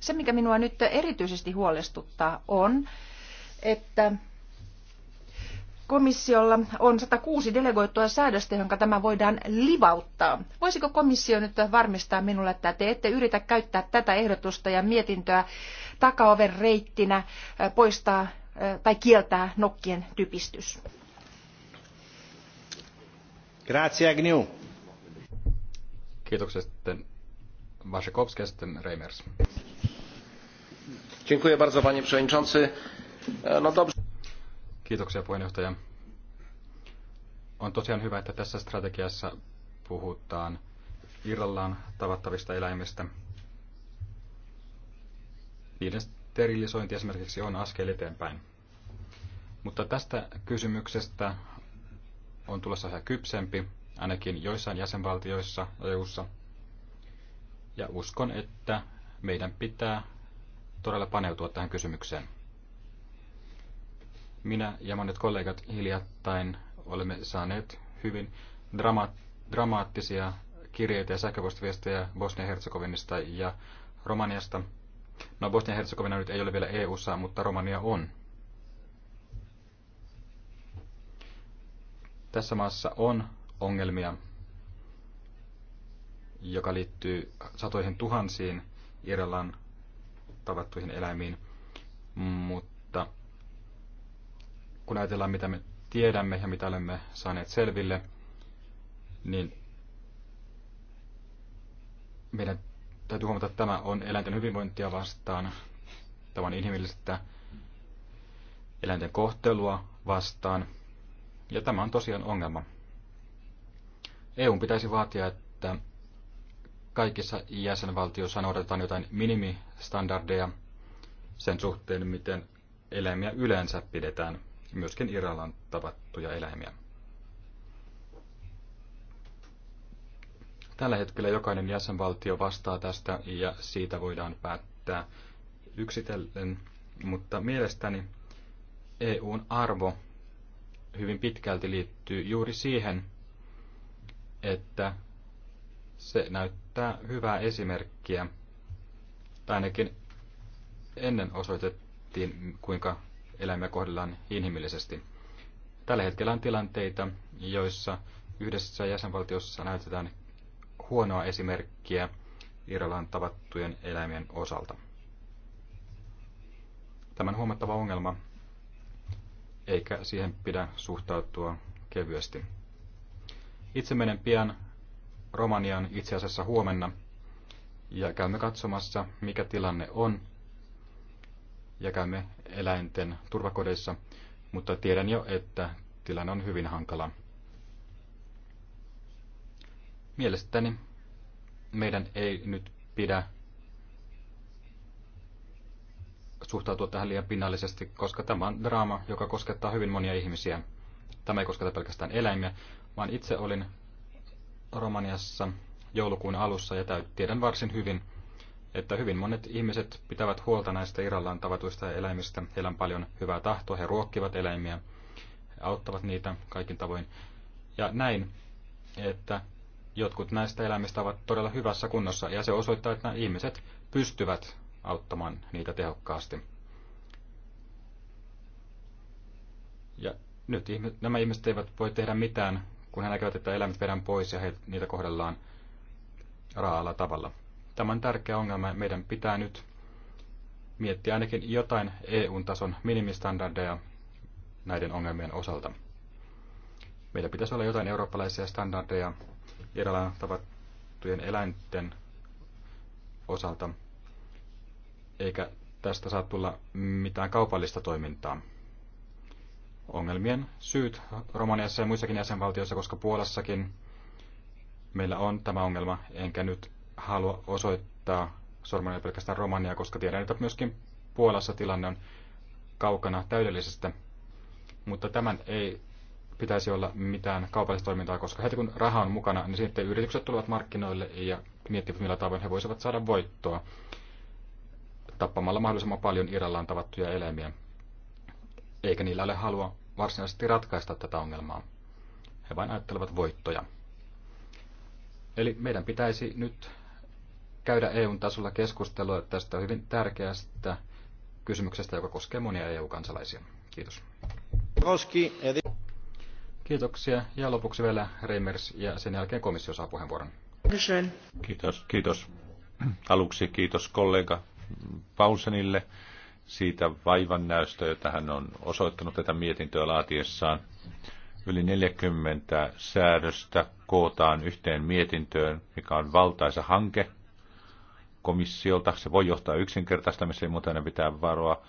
se, mikä minua nyt erityisesti huolestuttaa, on, että komissiolla on 106 delegoitua säädöstä, jonka tämä voidaan livauttaa. Voisiko komissio nyt varmistaa minulle, että te ette yritä käyttää tätä ehdotusta ja mietintöä takaoven reittinä poistaa tai kieltää nokkien typistys? Grazie, Agnew. Kiitoksia sitten Waszykowski sitten Reimers. Dziękuję bardzo, panie przewodniczący. E, no dobrze. Kiitoksia, puheenjohtaja. On tosiaan hyvä, että tässä strategiassa puhutaan irrallaan tavattavista eläimistä. Niiden sterilisointi esimerkiksi on askel eteenpäin. Mutta tästä kysymyksestä on tulossa yhä kypsempi, ainakin joissain jäsenvaltioissa EU:ssa. Ja uskon, että meidän pitää todella paneutua tähän kysymykseen. Minä ja monet kollegat hiljattain olemme saaneet hyvin drama- dramaattisia kirjeitä ja sähköpostiviestejä Bosnia-Herzegovinista ja Romaniasta. No Bosnia-Herzegovina nyt ei ole vielä EU:ssa, mutta Romania on. Tässä maassa on ongelmia, joka liittyy satoihin tuhansiin Irlannin tavattuihin eläimiin, mutta kun ajatellaan, mitä me tiedämme ja mitä olemme saaneet selville, niin meidän täytyy huomata, että tämä on eläinten hyvinvointia vastaan, tämä on inhimillistä eläinten kohtelua vastaan, ja tämä on tosiaan ongelma. EUn pitäisi vaatia, että kaikissa jäsenvaltioissa noudatetaan jotain minimistandardeja sen suhteen, miten eläimiä yleensä pidetään, myöskin Iralan tavattuja eläimiä. Tällä hetkellä jokainen jäsenvaltio vastaa tästä ja siitä voidaan päättää yksitellen, mutta mielestäni EUn arvo hyvin pitkälti liittyy juuri siihen, että se näyttää hyvää esimerkkiä. Tai ainakin ennen osoitettiin, kuinka eläimiä kohdellaan inhimillisesti. Tällä hetkellä on tilanteita, joissa yhdessä jäsenvaltiossa näytetään huonoa esimerkkiä Irlannin tavattujen eläimien osalta. Tämän huomattava ongelma eikä siihen pidä suhtautua kevyesti. Itse menen pian Romanian itse asiassa huomenna ja käymme katsomassa, mikä tilanne on ja käymme eläinten turvakodeissa, mutta tiedän jo, että tilanne on hyvin hankala. Mielestäni meidän ei nyt pidä suhtautua tähän liian pinnallisesti, koska tämä on draama, joka koskettaa hyvin monia ihmisiä. Tämä ei kosketa pelkästään eläimiä, vaan itse olin Romaniassa joulukuun alussa ja tiedän varsin hyvin, että hyvin monet ihmiset pitävät huolta näistä Irallaan tavatuista eläimistä. Heillä on paljon hyvää tahtoa, he ruokkivat eläimiä, he auttavat niitä kaikin tavoin. Ja näin, että jotkut näistä eläimistä ovat todella hyvässä kunnossa ja se osoittaa, että nämä ihmiset pystyvät auttamaan niitä tehokkaasti. Ja nyt nämä ihmiset eivät voi tehdä mitään, kun he näkevät, että eläimet vedään pois ja he, niitä kohdellaan raalla tavalla. Tämä on tärkeä ongelma meidän pitää nyt miettiä ainakin jotain EU-tason minimistandardeja näiden ongelmien osalta. Meillä pitäisi olla jotain eurooppalaisia standardeja eräillä tavattujen eläinten osalta, eikä tästä saa tulla mitään kaupallista toimintaa. Ongelmien syyt Romaniassa ja muissakin jäsenvaltioissa, koska Puolassakin meillä on tämä ongelma, enkä nyt halua osoittaa sormella pelkästään Romaniaa, koska tiedän, että myöskin Puolassa tilanne on kaukana täydellisestä. Mutta tämän ei pitäisi olla mitään kaupallista toimintaa, koska heti kun raha on mukana, niin sitten yritykset tulevat markkinoille ja miettivät, millä tavoin he voisivat saada voittoa tappamalla mahdollisimman paljon Irallaan tavattuja eläimiä. Eikä niillä ole halua varsinaisesti ratkaista tätä ongelmaa. He vain ajattelevat voittoja. Eli meidän pitäisi nyt käydä EUn tasolla keskustelua tästä hyvin tärkeästä kysymyksestä, joka koskee monia EU-kansalaisia. Kiitos. Kiitoksia. Ja lopuksi vielä Reimers ja sen jälkeen komissio saa puheenvuoron. Kiitos, kiitos. Aluksi kiitos kollega Paulsenille siitä vaivannäystä, jota hän on osoittanut tätä mietintöä laatiessaan. Yli 40 säädöstä kootaan yhteen mietintöön, mikä on valtaisa hanke komissiolta. Se voi johtaa yksinkertaistamiseen, mutta aina pitää varoa,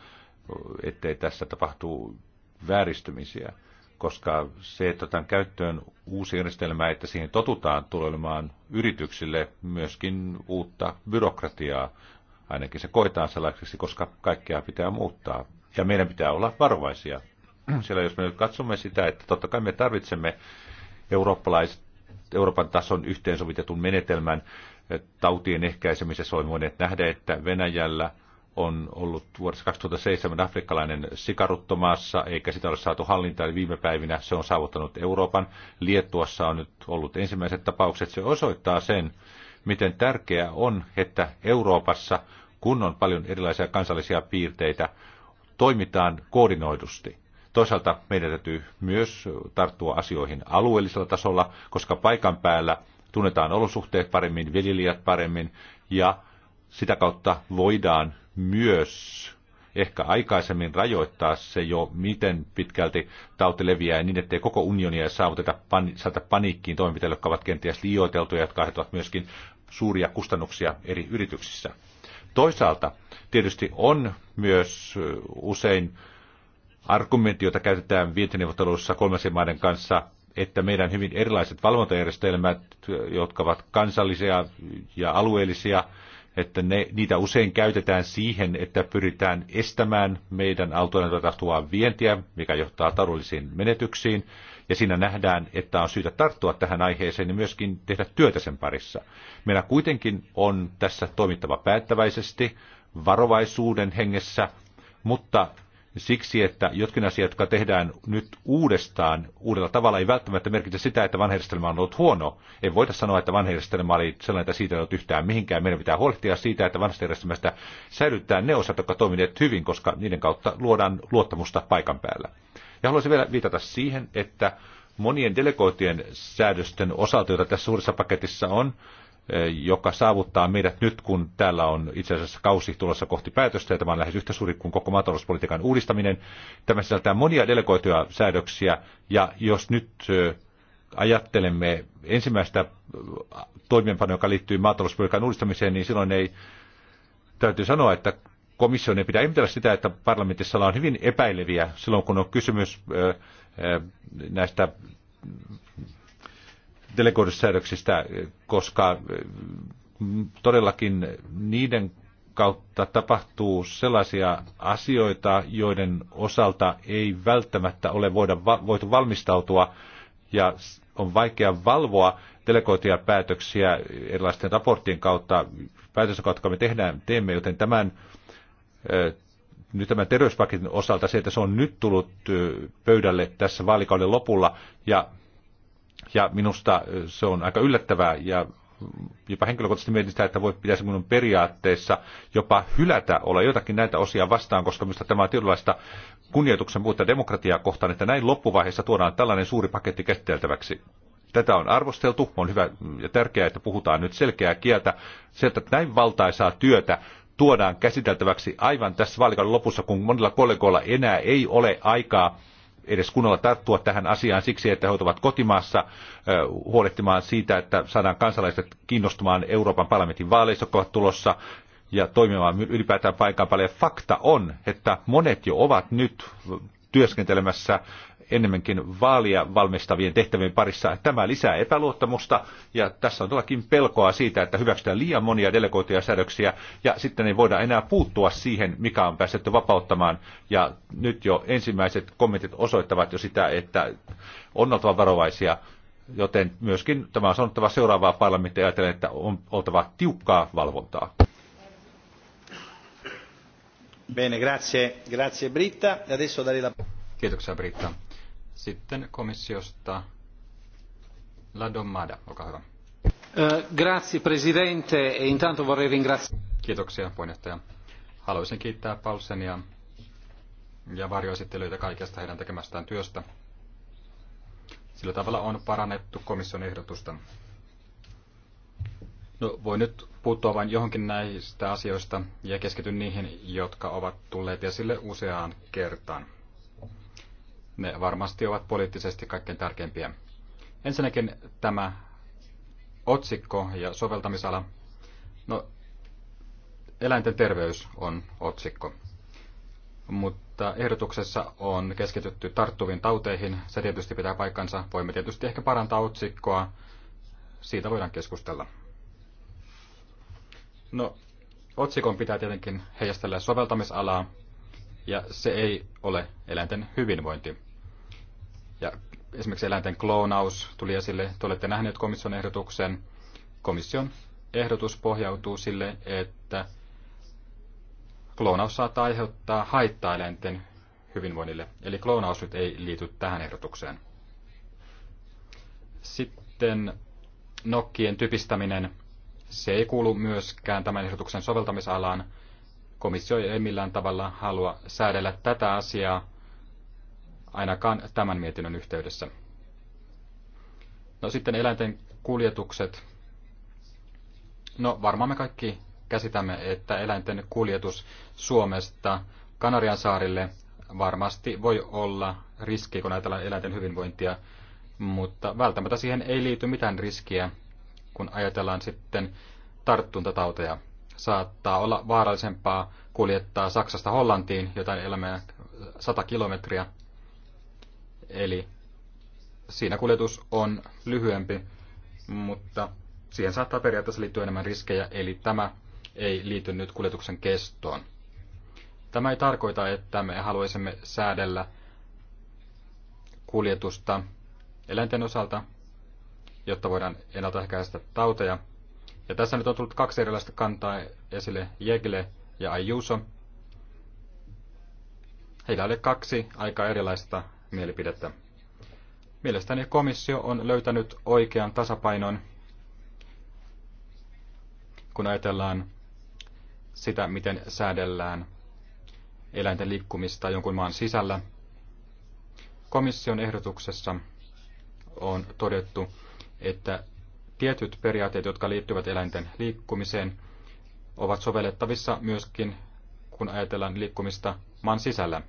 ettei tässä tapahtuu vääristymisiä, koska se, että otetaan käyttöön uusi järjestelmä, että siihen totutaan tulemaan yrityksille myöskin uutta byrokratiaa, Ainakin se koetaan sellaiseksi, koska kaikkea pitää muuttaa. Ja meidän pitää olla varovaisia. Sillä jos me nyt katsomme sitä, että totta kai me tarvitsemme Euroopan tason yhteensovitetun menetelmän eh, tautien ehkäisemisessä, olemme voineet nähdä, että Venäjällä – on ollut vuodessa 2007 afrikkalainen sikaruttomaassa, eikä sitä ole saatu hallintaan. Eli viime päivinä se on saavuttanut Euroopan. Liettuassa on nyt ollut ensimmäiset tapaukset. Se osoittaa sen, miten tärkeää on, että Euroopassa, kun on paljon erilaisia kansallisia piirteitä, toimitaan koordinoidusti. Toisaalta meidän täytyy myös tarttua asioihin alueellisella tasolla, koska paikan päällä tunnetaan olosuhteet paremmin, viljelijät paremmin ja sitä kautta voidaan myös ehkä aikaisemmin rajoittaa se jo, miten pitkälti tauti leviää niin, ettei koko unionia saavuteta pan, saata paniikkiin toimenpiteille, jotka ovat kenties liioiteltuja, jotka aiheuttavat myöskin suuria kustannuksia eri yrityksissä. Toisaalta tietysti on myös usein argumentti, jota käytetään vientineuvotteluissa kolmansien maiden kanssa, että meidän hyvin erilaiset valvontajärjestelmät, jotka ovat kansallisia ja alueellisia, että ne, niitä usein käytetään siihen, että pyritään estämään meidän autojen tapahtuvaa vientiä, mikä johtaa taloudellisiin menetyksiin. Ja siinä nähdään, että on syytä tarttua tähän aiheeseen ja myöskin tehdä työtä sen parissa. Meillä kuitenkin on tässä toimittava päättäväisesti, varovaisuuden hengessä, mutta siksi, että jotkin asiat, jotka tehdään nyt uudestaan uudella tavalla, ei välttämättä merkitse sitä, että vanhajärjestelmä on ollut huono. Ei voida sanoa, että vanhajärjestelmä oli sellainen, että siitä ei ollut yhtään mihinkään. Meidän pitää huolehtia siitä, että vanhajärjestelmästä säilyttää ne osat, jotka toimineet hyvin, koska niiden kautta luodaan luottamusta paikan päällä. Ja haluaisin vielä viitata siihen, että monien delegoitujen säädösten osalta, joita tässä suuressa paketissa on, joka saavuttaa meidät nyt, kun täällä on itse asiassa kausi tulossa kohti päätöstä, ja tämä on lähes yhtä suuri kuin koko maatalouspolitiikan uudistaminen. Tämä sisältää monia delegoituja säädöksiä, ja jos nyt ajattelemme ensimmäistä toimeenpanoa, joka liittyy maatalouspolitiikan uudistamiseen, niin silloin ei täytyy sanoa, että komission ei pidä ihmetellä sitä, että parlamentissa on hyvin epäileviä silloin, kun on kysymys näistä delegoidussäädöksistä, koska eh, todellakin niiden kautta tapahtuu sellaisia asioita, joiden osalta ei välttämättä ole voida, voitu valmistautua ja on vaikea valvoa delegoituja päätöksiä erilaisten raporttien kautta, päätösten kautta, me tehdään, teemme, joten tämän eh, nyt tämän terveyspaketin osalta se, että se on nyt tullut eh, pöydälle tässä vaalikauden lopulla ja ja minusta äh, se on aika yllättävää ja jopa henkilökohtaisesti mietin sitä, että voi, pitäisi minun periaatteessa jopa hylätä olla jotakin näitä osia vastaan, koska minusta tämä on tietynlaista kunnioituksen puutta demokratiaa kohtaan, että näin loppuvaiheessa tuodaan tällainen suuri paketti käsiteltäväksi. Tätä on arvosteltu, on hyvä ja tärkeää, että puhutaan nyt selkeää kieltä, sieltä, että näin valtaisaa työtä tuodaan käsiteltäväksi aivan tässä vaalikauden lopussa, kun monilla kollegoilla enää ei ole aikaa edes kunnolla tarttua tähän asiaan siksi, että he ovat kotimaassa huolehtimaan siitä, että saadaan kansalaiset kiinnostumaan Euroopan parlamentin vaaleista, jotka ovat tulossa, ja toimimaan ylipäätään paikan päälle. Fakta on, että monet jo ovat nyt työskentelemässä enemmänkin vaalia valmistavien tehtävien parissa. Tämä lisää epäluottamusta ja tässä on todellakin pelkoa siitä, että hyväksytään liian monia delegoituja säädöksiä ja sitten ei voida enää puuttua siihen, mikä on päästetty vapauttamaan. Ja nyt jo ensimmäiset kommentit osoittavat jo sitä, että on oltava varovaisia Joten myöskin tämä on sanottava seuraavaa parlamenttia ajatellen, että on oltava tiukkaa valvontaa. Bene, grazie, grazie Britta. E adesso darei la... Kiitoksia Britta. Sitten komissiosta ladomada. olkaa hyvä. Eh, grazie, presidente. E intanto vorrei ringraziare. Kiitoksia, puheenjohtaja. Haluaisin kiittää Paulsenia ja varjoesittelyitä kaikesta heidän tekemästään työstä. Sillä tavalla on parannettu komission ehdotusta. No, voi nyt puuttua vain johonkin näistä asioista ja keskityn niihin, jotka ovat tulleet esille useaan kertaan. Ne varmasti ovat poliittisesti kaikkein tärkeimpiä. Ensinnäkin tämä otsikko ja soveltamisala. No, eläinten terveys on otsikko. Mutta ehdotuksessa on keskitytty tarttuviin tauteihin. Se tietysti pitää paikkansa. Voimme tietysti ehkä parantaa otsikkoa. Siitä voidaan keskustella. No, otsikon pitää tietenkin heijastella soveltamisalaa, ja se ei ole eläinten hyvinvointi. Ja esimerkiksi eläinten kloonaus tuli esille. Te olette nähneet komission ehdotuksen. Komission ehdotus pohjautuu sille, että kloonaus saattaa aiheuttaa haittaa eläinten hyvinvoinnille. Eli kloonaus nyt ei liity tähän ehdotukseen. Sitten nokkien typistäminen. Se ei kuulu myöskään tämän ehdotuksen soveltamisalaan, komissio ei millään tavalla halua säädellä tätä asiaa ainakaan tämän mietinnön yhteydessä. No sitten eläinten kuljetukset. No varmaan me kaikki käsitämme, että eläinten kuljetus Suomesta Kanarian saarille varmasti voi olla riski, kun ajatellaan eläinten hyvinvointia, mutta välttämättä siihen ei liity mitään riskiä, kun ajatellaan sitten tarttuntatauteja saattaa olla vaarallisempaa kuljettaa Saksasta Hollantiin jotain elämää 100 kilometriä. Eli siinä kuljetus on lyhyempi, mutta siihen saattaa periaatteessa liittyä enemmän riskejä, eli tämä ei liity nyt kuljetuksen kestoon. Tämä ei tarkoita, että me haluaisimme säädellä kuljetusta eläinten osalta, jotta voidaan ennaltaehkäistä tauteja – ja tässä nyt on tullut kaksi erilaista kantaa esille, Jegle ja Ayuso. Heillä oli kaksi aika erilaista mielipidettä. Mielestäni komissio on löytänyt oikean tasapainon, kun ajatellaan sitä, miten säädellään eläinten liikkumista jonkun maan sisällä. Komission ehdotuksessa on todettu, että tietyt periaatteet, jotka liittyvät eläinten liikkumiseen, ovat sovellettavissa myöskin, kun ajatellaan liikkumista maan sisällä.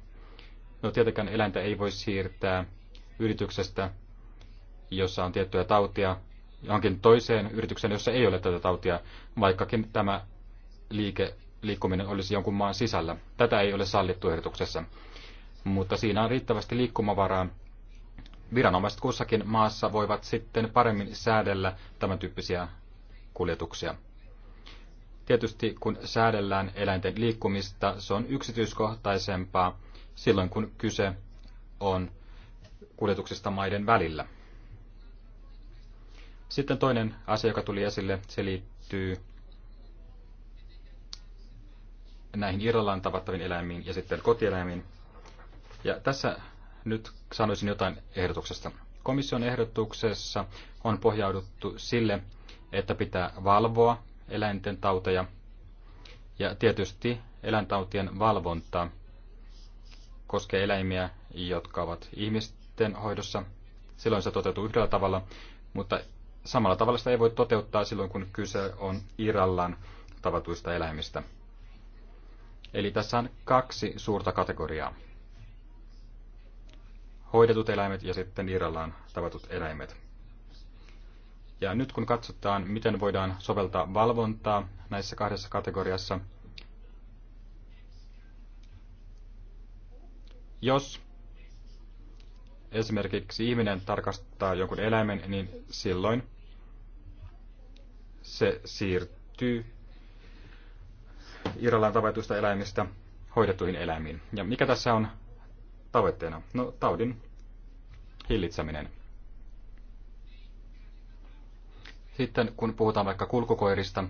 No tietenkään eläintä ei voi siirtää yrityksestä, jossa on tiettyä tautia, johonkin toiseen yritykseen, jossa ei ole tätä tautia, vaikkakin tämä liike, liikkuminen olisi jonkun maan sisällä. Tätä ei ole sallittu ehdotuksessa, mutta siinä on riittävästi liikkumavaraa, viranomaiset kussakin maassa voivat sitten paremmin säädellä tämän tyyppisiä kuljetuksia. Tietysti kun säädellään eläinten liikkumista, se on yksityiskohtaisempaa silloin, kun kyse on kuljetuksista maiden välillä. Sitten toinen asia, joka tuli esille, se liittyy näihin Irlantaan tavattaviin eläimiin ja sitten kotieläimiin. Ja tässä nyt sanoisin jotain ehdotuksesta. Komission ehdotuksessa on pohjauduttu sille, että pitää valvoa eläinten tauteja ja tietysti eläintautien valvonta koskee eläimiä, jotka ovat ihmisten hoidossa. Silloin se toteutuu yhdellä tavalla, mutta samalla tavalla sitä ei voi toteuttaa silloin, kun kyse on Irallan tavatuista eläimistä. Eli tässä on kaksi suurta kategoriaa hoidetut eläimet ja sitten irrallaan tavatut eläimet. Ja nyt kun katsotaan, miten voidaan soveltaa valvontaa näissä kahdessa kategoriassa, jos esimerkiksi ihminen tarkastaa jonkun eläimen, niin silloin se siirtyy irrallaan tavoitusta eläimistä hoidettuihin eläimiin. Ja mikä tässä on tavoitteena? No taudin hillitseminen. Sitten kun puhutaan vaikka kulkukoirista,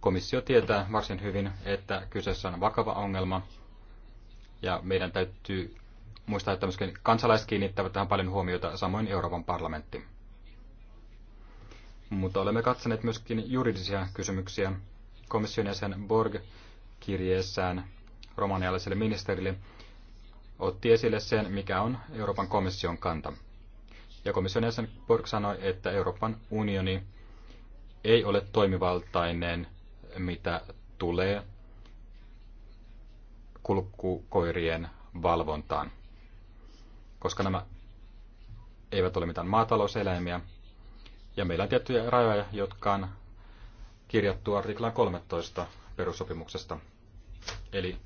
komissio tietää varsin hyvin, että kyseessä on vakava ongelma ja meidän täytyy muistaa, että myöskin kansalaiset kiinnittävät tähän paljon huomiota, samoin Euroopan parlamentti. Mutta olemme katsoneet myöskin juridisia kysymyksiä. Komission jäsen Borg kirjeessään romanialaiselle ministerille otti esille sen, mikä on Euroopan komission kanta. Ja komission jäsen Borg sanoi, että Euroopan unioni ei ole toimivaltainen, mitä tulee kulkukoirien valvontaan, koska nämä eivät ole mitään maatalouseläimiä. Ja meillä on tiettyjä rajoja, jotka on kirjattu artiklaan 13 perussopimuksesta. Eli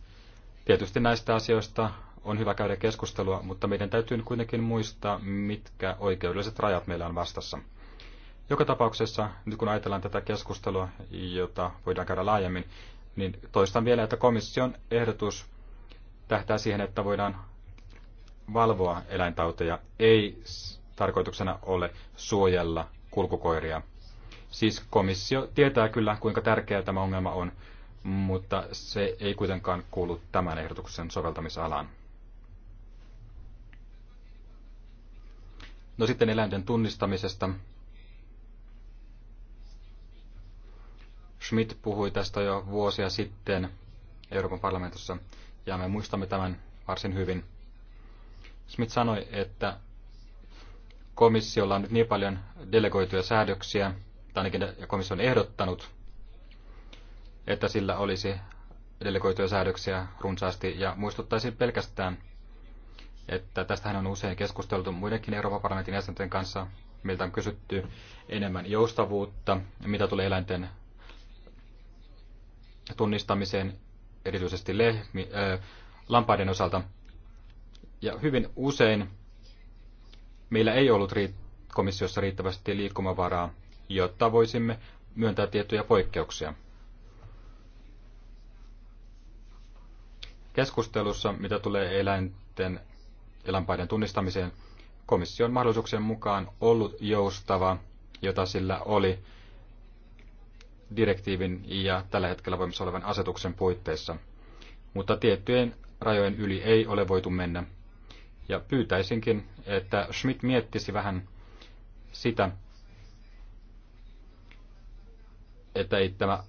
tietysti näistä asioista on hyvä käydä keskustelua, mutta meidän täytyy kuitenkin muistaa, mitkä oikeudelliset rajat meillä on vastassa. Joka tapauksessa, nyt kun ajatellaan tätä keskustelua, jota voidaan käydä laajemmin, niin toistan vielä, että komission ehdotus tähtää siihen, että voidaan valvoa eläintauteja, ei tarkoituksena ole suojella kulkukoiria. Siis komissio tietää kyllä, kuinka tärkeä tämä ongelma on, mutta se ei kuitenkaan kuulu tämän ehdotuksen soveltamisalaan. No sitten eläinten tunnistamisesta. Schmidt puhui tästä jo vuosia sitten Euroopan parlamentissa, ja me muistamme tämän varsin hyvin. Schmidt sanoi, että komissiolla on nyt niin paljon delegoituja säädöksiä, tai ainakin komissio on ehdottanut, että sillä olisi delegoituja säädöksiä runsaasti, ja muistuttaisin pelkästään että tästähän on usein keskusteltu muidenkin Euroopan parlamentin jäsenten kanssa. miltä on kysytty enemmän joustavuutta, mitä tulee eläinten tunnistamiseen, erityisesti lehmi, äh, lampaiden osalta. Ja hyvin usein meillä ei ollut komissiossa riittävästi liikkumavaraa, jotta voisimme myöntää tiettyjä poikkeuksia. Keskustelussa, mitä tulee eläinten lampaiden tunnistamiseen, komission mahdollisuuksien mukaan ollut joustava, jota sillä oli direktiivin ja tällä hetkellä voimassa olevan asetuksen puitteissa. Mutta tiettyjen rajojen yli ei ole voitu mennä. Ja pyytäisinkin, että Schmidt miettisi vähän sitä, että ei tämä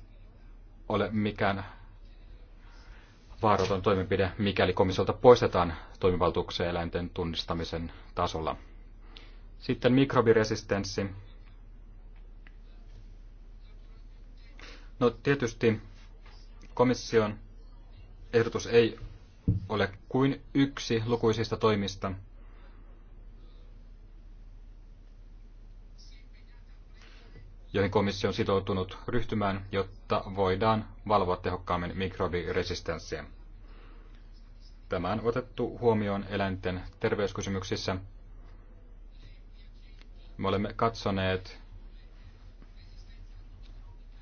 ole mikään vaaraton toimenpide, mikäli komissiolta poistetaan toimivaltuuksia eläinten tunnistamisen tasolla. Sitten mikrobiresistenssi. No tietysti komission ehdotus ei ole kuin yksi lukuisista toimista – joihin komissio on sitoutunut ryhtymään, jotta voidaan valvoa tehokkaammin mikrobiresistenssiä. Tämä on otettu huomioon eläinten terveyskysymyksissä. Me olemme katsoneet,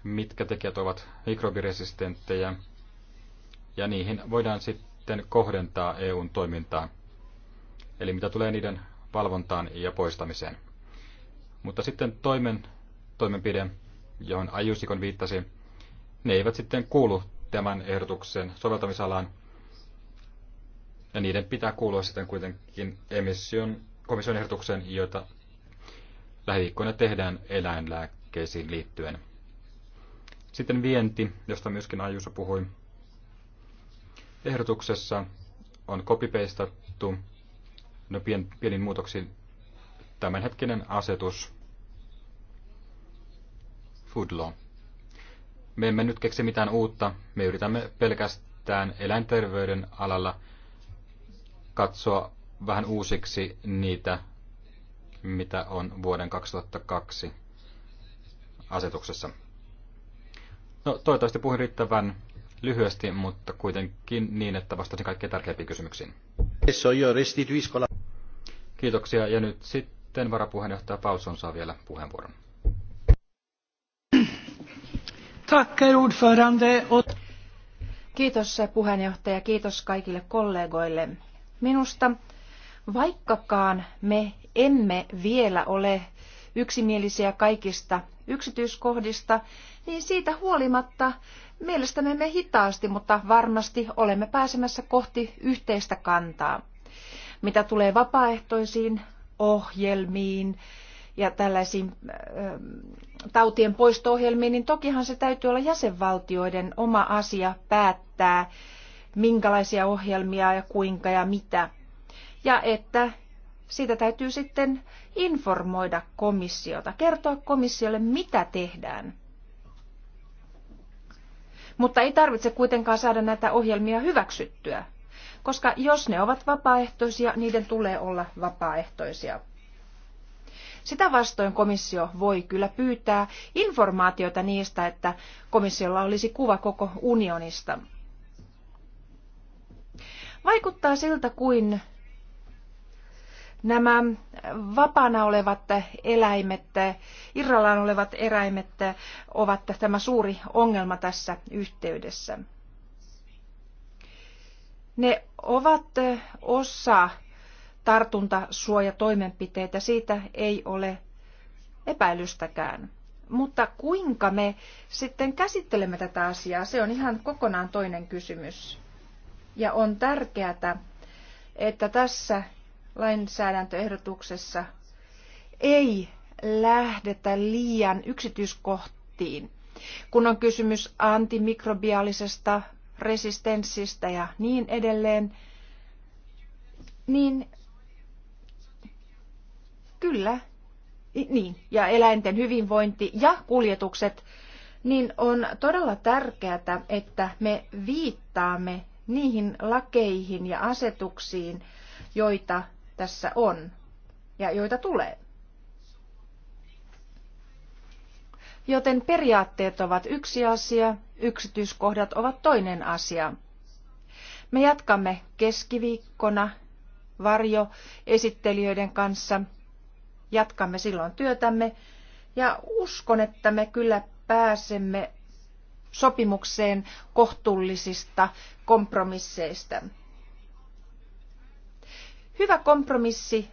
mitkä tekijät ovat mikrobiresistenttejä, ja niihin voidaan sitten kohdentaa EUn toimintaa, eli mitä tulee niiden valvontaan ja poistamiseen. Mutta sitten toimen toimenpide, johon Ajusikon viittasi, ne eivät sitten kuulu tämän ehdotuksen soveltamisalaan, ja niiden pitää kuulua sitten kuitenkin emission, komission ehdotukseen, joita lähiviikkoina tehdään eläinlääkkeisiin liittyen. Sitten vienti, josta myöskin Ajusa puhui. Ehdotuksessa on kopipeistattu no pien, pienin muutoksin tämänhetkinen asetus food Me emme nyt keksi mitään uutta, me yritämme pelkästään eläinterveyden alalla katsoa vähän uusiksi niitä, mitä on vuoden 2002 asetuksessa. No, toivottavasti puhuin riittävän lyhyesti, mutta kuitenkin niin, että vastasin kaikkein tärkeimpiin kysymyksiin. Kiitoksia, ja nyt sitten varapuheenjohtaja Paulson saa vielä puheenvuoron. Tack, Kiitos puheenjohtaja, kiitos kaikille kollegoille. Minusta vaikkakaan me emme vielä ole yksimielisiä kaikista yksityiskohdista, niin siitä huolimatta mielestämme me hitaasti, mutta varmasti olemme pääsemässä kohti yhteistä kantaa. Mitä tulee vapaaehtoisiin ohjelmiin ja tällaisiin tautien poisto-ohjelmiin, niin tokihan se täytyy olla jäsenvaltioiden oma asia päättää, minkälaisia ohjelmia ja kuinka ja mitä. Ja että siitä täytyy sitten informoida komissiota, kertoa komissiolle, mitä tehdään. Mutta ei tarvitse kuitenkaan saada näitä ohjelmia hyväksyttyä, koska jos ne ovat vapaaehtoisia, niiden tulee olla vapaaehtoisia. Sitä vastoin komissio voi kyllä pyytää informaatiota niistä, että komissiolla olisi kuva koko unionista. Vaikuttaa siltä kuin nämä vapaana olevat eläimet, irrallaan olevat eläimet ovat tämä suuri ongelma tässä yhteydessä. Ne ovat osa tartuntasuojatoimenpiteitä, siitä ei ole epäilystäkään. Mutta kuinka me sitten käsittelemme tätä asiaa, se on ihan kokonaan toinen kysymys. Ja on tärkeää, että tässä lainsäädäntöehdotuksessa ei lähdetä liian yksityiskohtiin, kun on kysymys antimikrobiaalisesta resistenssistä ja niin edelleen, niin Kyllä. Niin, ja eläinten hyvinvointi ja kuljetukset, niin on todella tärkeää, että me viittaamme niihin lakeihin ja asetuksiin, joita tässä on ja joita tulee. Joten periaatteet ovat yksi asia, yksityiskohdat ovat toinen asia. Me jatkamme keskiviikkona varjo esittelijöiden kanssa – jatkamme silloin työtämme ja uskon, että me kyllä pääsemme sopimukseen kohtuullisista kompromisseista. Hyvä kompromissi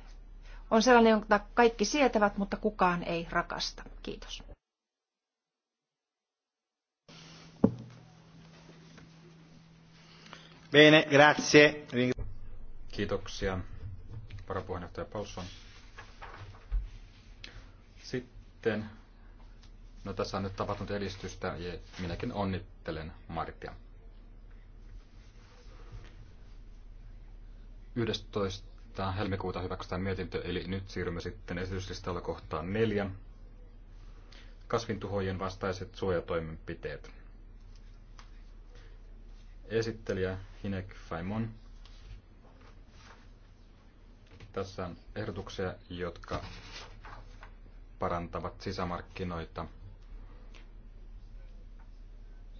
on sellainen, jonka kaikki sietävät, mutta kukaan ei rakasta. Kiitos. Bene, grazie. Kiitoksia. Varapuheenjohtaja Paulson sitten, no tässä on nyt tapahtunut edistystä ja minäkin onnittelen Martia. 11. helmikuuta hyväksytään mietintö, eli nyt siirrymme sitten esityslistalla kohtaan neljä. Kasvintuhojen vastaiset suojatoimenpiteet. Esittelijä Hinek Faimon. Tässä on ehdotuksia, jotka parantavat sisämarkkinoita.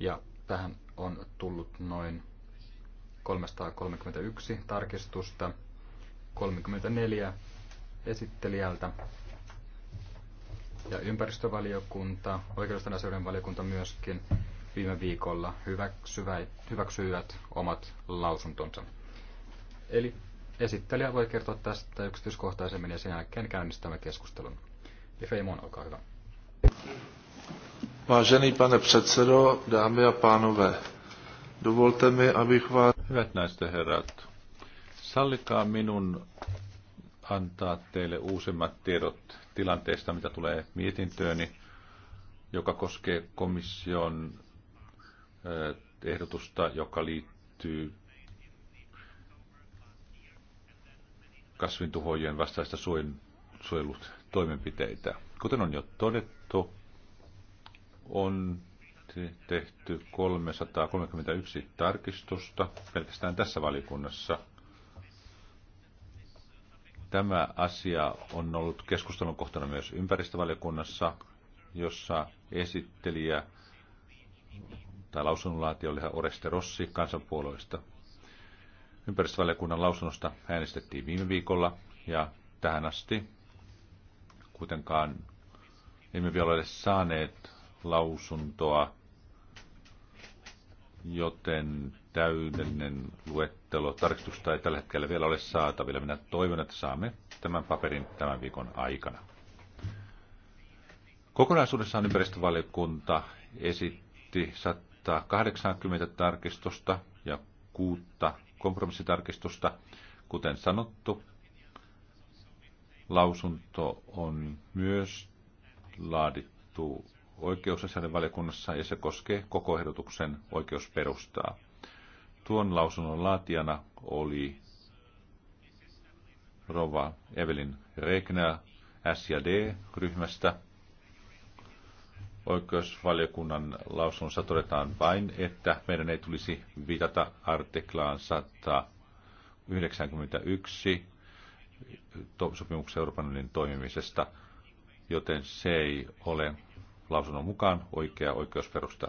Ja tähän on tullut noin 331 tarkistusta, 34 esittelijältä ja ympäristövaliokunta, oikeudellisten asioiden valiokunta myöskin viime viikolla hyväksyivät omat lausuntonsa. Eli esittelijä voi kertoa tästä yksityiskohtaisemmin ja sen jälkeen käynnistämme keskustelun. Fejmon, olkaa hyvä. Vážený pane předsedo, dámy a pánové, dovolte mi, abych vás... Hyvät naiset herrat, sallikaa minun antaa teille uusimmat tiedot tilanteesta, mitä tulee mietintööni, joka koskee komission eh, ehdotusta, joka liittyy kasvintuhojen vastaista suojelusta toimenpiteitä. Kuten on jo todettu, on tehty 331 tarkistusta pelkästään tässä valikunnassa. Tämä asia on ollut keskustelun kohtana myös ympäristövaliokunnassa, jossa esittelijä tai lausunnonlaatio oli Oreste Rossi kansanpuolueesta. Ympäristövaliokunnan lausunnosta äänestettiin viime viikolla ja tähän asti kuitenkaan emme vielä ole saaneet lausuntoa, joten täydellinen luettelo tarkistusta ei tällä hetkellä vielä ole saatavilla. Minä toivon, että saamme tämän paperin tämän viikon aikana. Kokonaisuudessaan ympäristövaliokunta esitti 180 tarkistusta ja kuutta kompromissitarkistusta. Kuten sanottu, lausunto on myös laadittu oikeusasioiden valiokunnassa ja se koskee koko ehdotuksen oikeusperustaa. Tuon lausunnon laatijana oli rova Evelin Regner S&D-ryhmästä. Oikeusvaliokunnan lausunnossa todetaan vain, että meidän ei tulisi viitata artiklaan 191 sopimuksen Euroopan unionin toimimisesta, joten se ei ole lausunnon mukaan oikea oikeusperusta.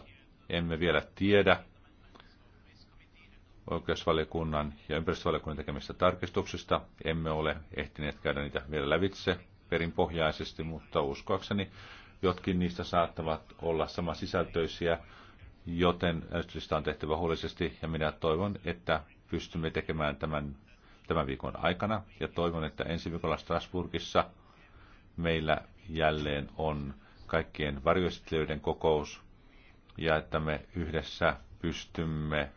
Emme vielä tiedä oikeusvaliokunnan ja ympäristövaliokunnan tekemistä tarkistuksista. Emme ole ehtineet käydä niitä vielä lävitse perinpohjaisesti, mutta uskoakseni jotkin niistä saattavat olla samansisältöisiä, joten äänestystä on tehtävä huolellisesti ja minä toivon, että pystymme tekemään tämän tämän viikon aikana ja toivon, että ensi viikolla Strasbourgissa meillä jälleen on kaikkien varjoistelijoiden kokous ja että me yhdessä pystymme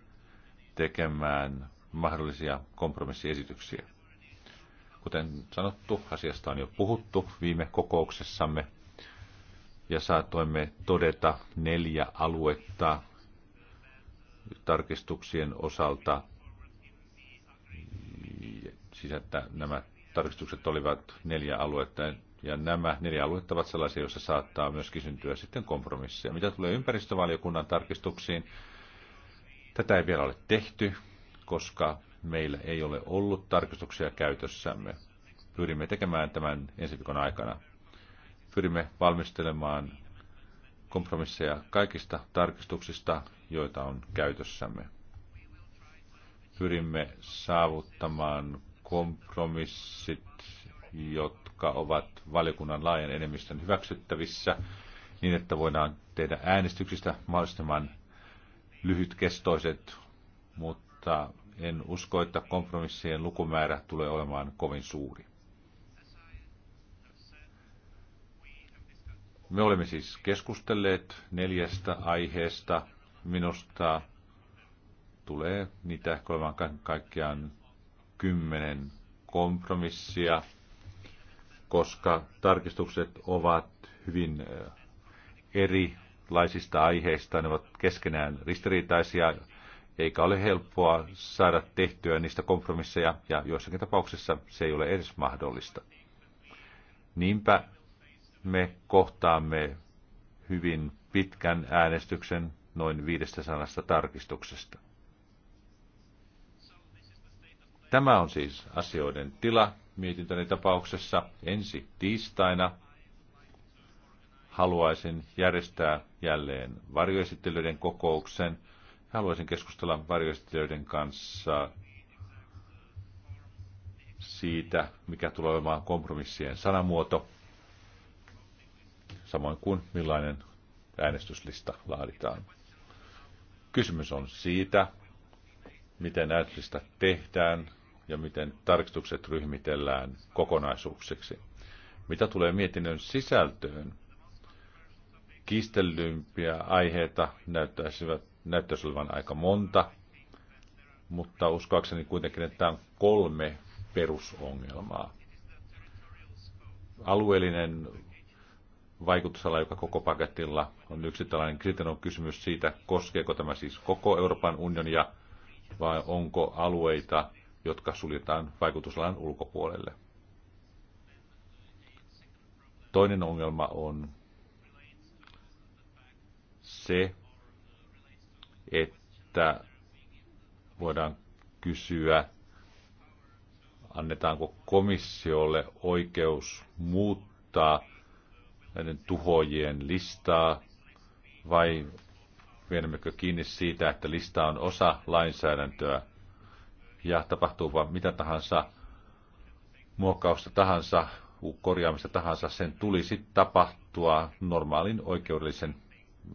tekemään mahdollisia kompromissiesityksiä. Kuten sanottu, asiasta on jo puhuttu viime kokouksessamme ja saatoimme todeta neljä aluetta tarkistuksien osalta, Siis, että nämä tarkistukset olivat neljä aluetta, ja nämä neljä aluetta ovat sellaisia, joissa saattaa myöskin syntyä sitten kompromisseja. Mitä tulee ympäristövaliokunnan tarkistuksiin, tätä ei vielä ole tehty, koska meillä ei ole ollut tarkistuksia käytössämme. Pyrimme tekemään tämän ensi viikon aikana. Pyrimme valmistelemaan kompromisseja kaikista tarkistuksista, joita on käytössämme pyrimme saavuttamaan kompromissit, jotka ovat valiokunnan laajan enemmistön hyväksyttävissä, niin että voidaan tehdä äänestyksistä mahdollisimman lyhytkestoiset, mutta en usko, että kompromissien lukumäärä tulee olemaan kovin suuri. Me olemme siis keskustelleet neljästä aiheesta. Minusta tulee niitä olemaan kaikkiaan kymmenen kompromissia, koska tarkistukset ovat hyvin erilaisista aiheista, ne ovat keskenään ristiriitaisia, eikä ole helppoa saada tehtyä niistä kompromisseja, ja joissakin tapauksissa se ei ole edes mahdollista. Niinpä me kohtaamme hyvin pitkän äänestyksen noin 500 tarkistuksesta. Tämä on siis asioiden tila Mietintäni tapauksessa ensi tiistaina. Haluaisin järjestää jälleen varjoesittelyiden kokouksen. Haluaisin keskustella varjoesittelyiden kanssa siitä, mikä tulee olemaan kompromissien sanamuoto, samoin kuin millainen äänestyslista laaditaan. Kysymys on siitä, miten äänestyslista tehdään, ja miten tarkistukset ryhmitellään kokonaisuuksiksi. Mitä tulee mietinnön sisältöön, kiistellympiä aiheita näyttäisivät, näyttäisi olevan aika monta, mutta uskoakseni kuitenkin, että on kolme perusongelmaa. Alueellinen vaikutusala, joka koko paketilla on yksi tällainen kriittinen kysymys siitä, koskeeko tämä siis koko Euroopan unionia vai onko alueita, jotka suljetaan vaikutusalan ulkopuolelle. Toinen ongelma on se, että voidaan kysyä, annetaanko komissiolle oikeus muuttaa näiden tuhojien listaa vai viedämmekö kiinni siitä, että lista on osa lainsäädäntöä ja tapahtuu vaan mitä tahansa muokkausta tahansa, korjaamista tahansa, sen tulisi tapahtua normaalin oikeudellisen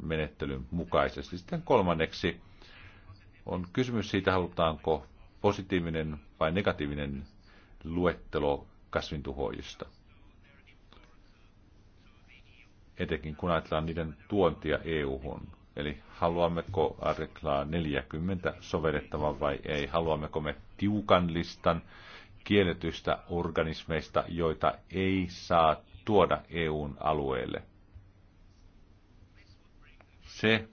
menettelyn mukaisesti. Sitten kolmanneksi on kysymys siitä, halutaanko positiivinen vai negatiivinen luettelo kasvintuhoojista. Etenkin kun ajatellaan niiden tuontia EU-hun. Eli haluammeko artiklaa 40 sovellettavan vai ei? Haluammeko me tiukan listan kielletyistä organismeista, joita ei saa tuoda EUn alueelle? Se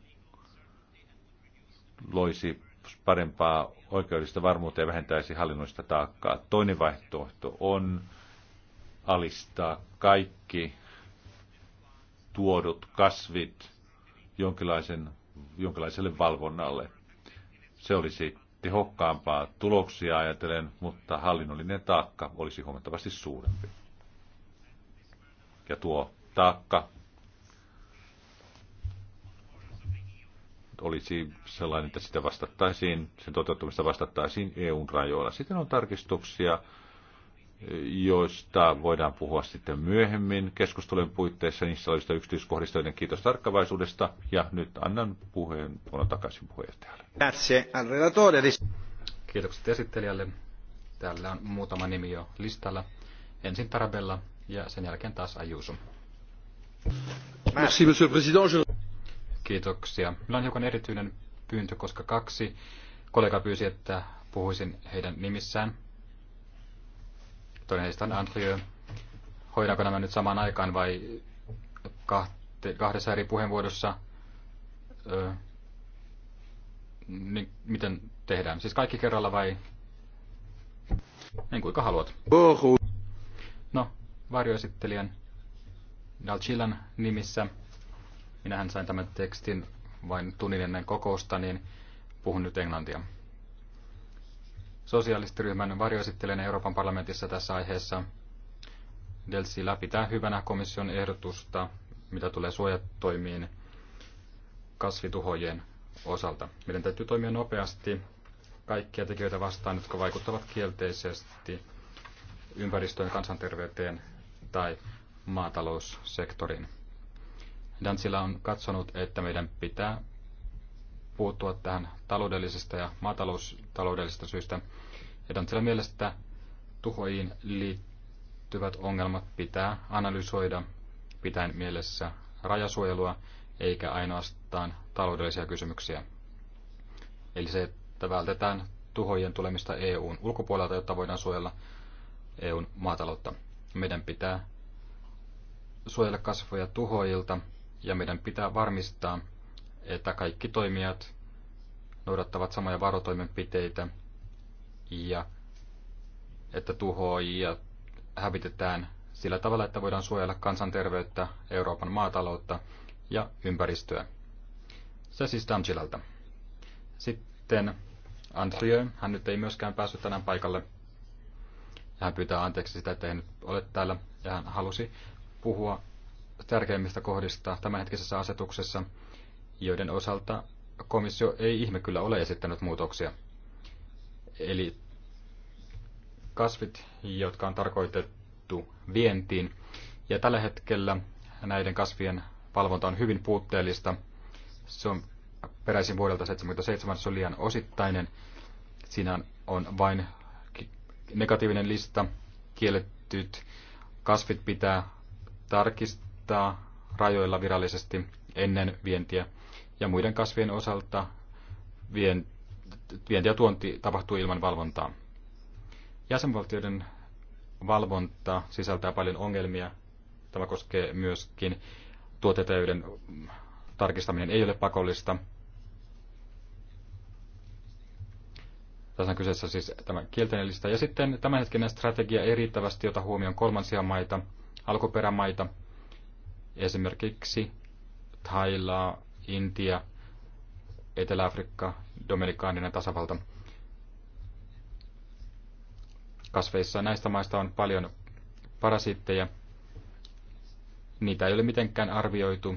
loisi parempaa oikeudellista varmuutta ja vähentäisi hallinnoista taakkaa. Toinen vaihtoehto on alistaa kaikki tuodut kasvit jonkinlaisen, jonkinlaiselle valvonnalle. Se olisi tehokkaampaa tuloksia ajatellen, mutta hallinnollinen taakka olisi huomattavasti suurempi. Ja tuo taakka olisi sellainen, että sitä vastattaisiin, sen toteuttamista vastattaisiin EUn rajoilla. Sitten on tarkistuksia, joista voidaan puhua sitten myöhemmin keskustelujen puitteissa niissä sitä yksityiskohdista, joten kiitos tarkkavaisuudesta. Ja nyt annan puheen puolen takaisin puheenjohtajalle. Kiitokset esittelijälle. Täällä on muutama nimi jo listalla. Ensin Tarabella ja sen jälkeen taas Ajuso. Merci, monsieur président. Kiitoksia. Minulla on hiukan erityinen pyyntö, koska kaksi kollegaa pyysi, että puhuisin heidän nimissään. Toinen heistä on Andrew. Hoidaanko nämä nyt samaan aikaan vai kahte, kahdessa eri puheenvuorossa? Ö, niin miten tehdään? Siis kaikki kerralla vai niin kuinka haluat? No, varjoesittelijän Dalchilan nimissä. Minähän sain tämän tekstin vain tunnin ennen kokousta, niin puhun nyt englantia sosialistiryhmän varjoesittelijänä Euroopan parlamentissa tässä aiheessa. Delsillä pitää hyvänä komission ehdotusta, mitä tulee suojatoimiin kasvituhojen osalta. Meidän täytyy toimia nopeasti kaikkia tekijöitä vastaan, jotka vaikuttavat kielteisesti ympäristöön, kansanterveyteen tai maataloussektoriin. Dansilla on katsonut, että meidän pitää puuttua tähän taloudellisesta ja maataloustaloudellisesta syystä, Ja Dantsilla mielestä tuhoihin liittyvät ongelmat pitää analysoida pitäen mielessä rajasuojelua eikä ainoastaan taloudellisia kysymyksiä. Eli se, että vältetään tuhojen tulemista EUn ulkopuolelta, jotta voidaan suojella EUn maataloutta. Meidän pitää suojella kasvoja tuhoilta ja meidän pitää varmistaa, että kaikki toimijat noudattavat samoja varotoimenpiteitä ja että tuhoajia hävitetään sillä tavalla, että voidaan suojella kansanterveyttä, Euroopan maataloutta ja ympäristöä. Se siis Damchilalta. Sitten Andrieu, hän nyt ei myöskään päässyt tänään paikalle. Hän pyytää anteeksi sitä, että ei nyt ole täällä. Ja hän halusi puhua tärkeimmistä kohdista tämänhetkisessä asetuksessa, joiden osalta komissio ei ihme kyllä ole esittänyt muutoksia. Eli kasvit, jotka on tarkoitettu vientiin, ja tällä hetkellä näiden kasvien valvonta on hyvin puutteellista. Se on peräisin vuodelta 1977, se on liian osittainen. Siinä on vain negatiivinen lista, kiellettyt kasvit pitää tarkistaa rajoilla virallisesti ennen vientiä ja muiden kasvien osalta vienti ja tuonti tapahtuu ilman valvontaa. Jäsenvaltioiden valvonta sisältää paljon ongelmia. Tämä koskee myöskin tuotteita, joiden tarkistaminen ei ole pakollista. Tässä on kyseessä siis tämä kielteinen lista. Ja sitten tämänhetkinen strategia ei riittävästi ota huomioon kolmansia maita, alkuperämaita, esimerkiksi Thailaa, Intia, Etelä-Afrikka, Dominikaaninen tasavalta. Kasveissa näistä maista on paljon parasitteja. Niitä ei ole mitenkään arvioitu.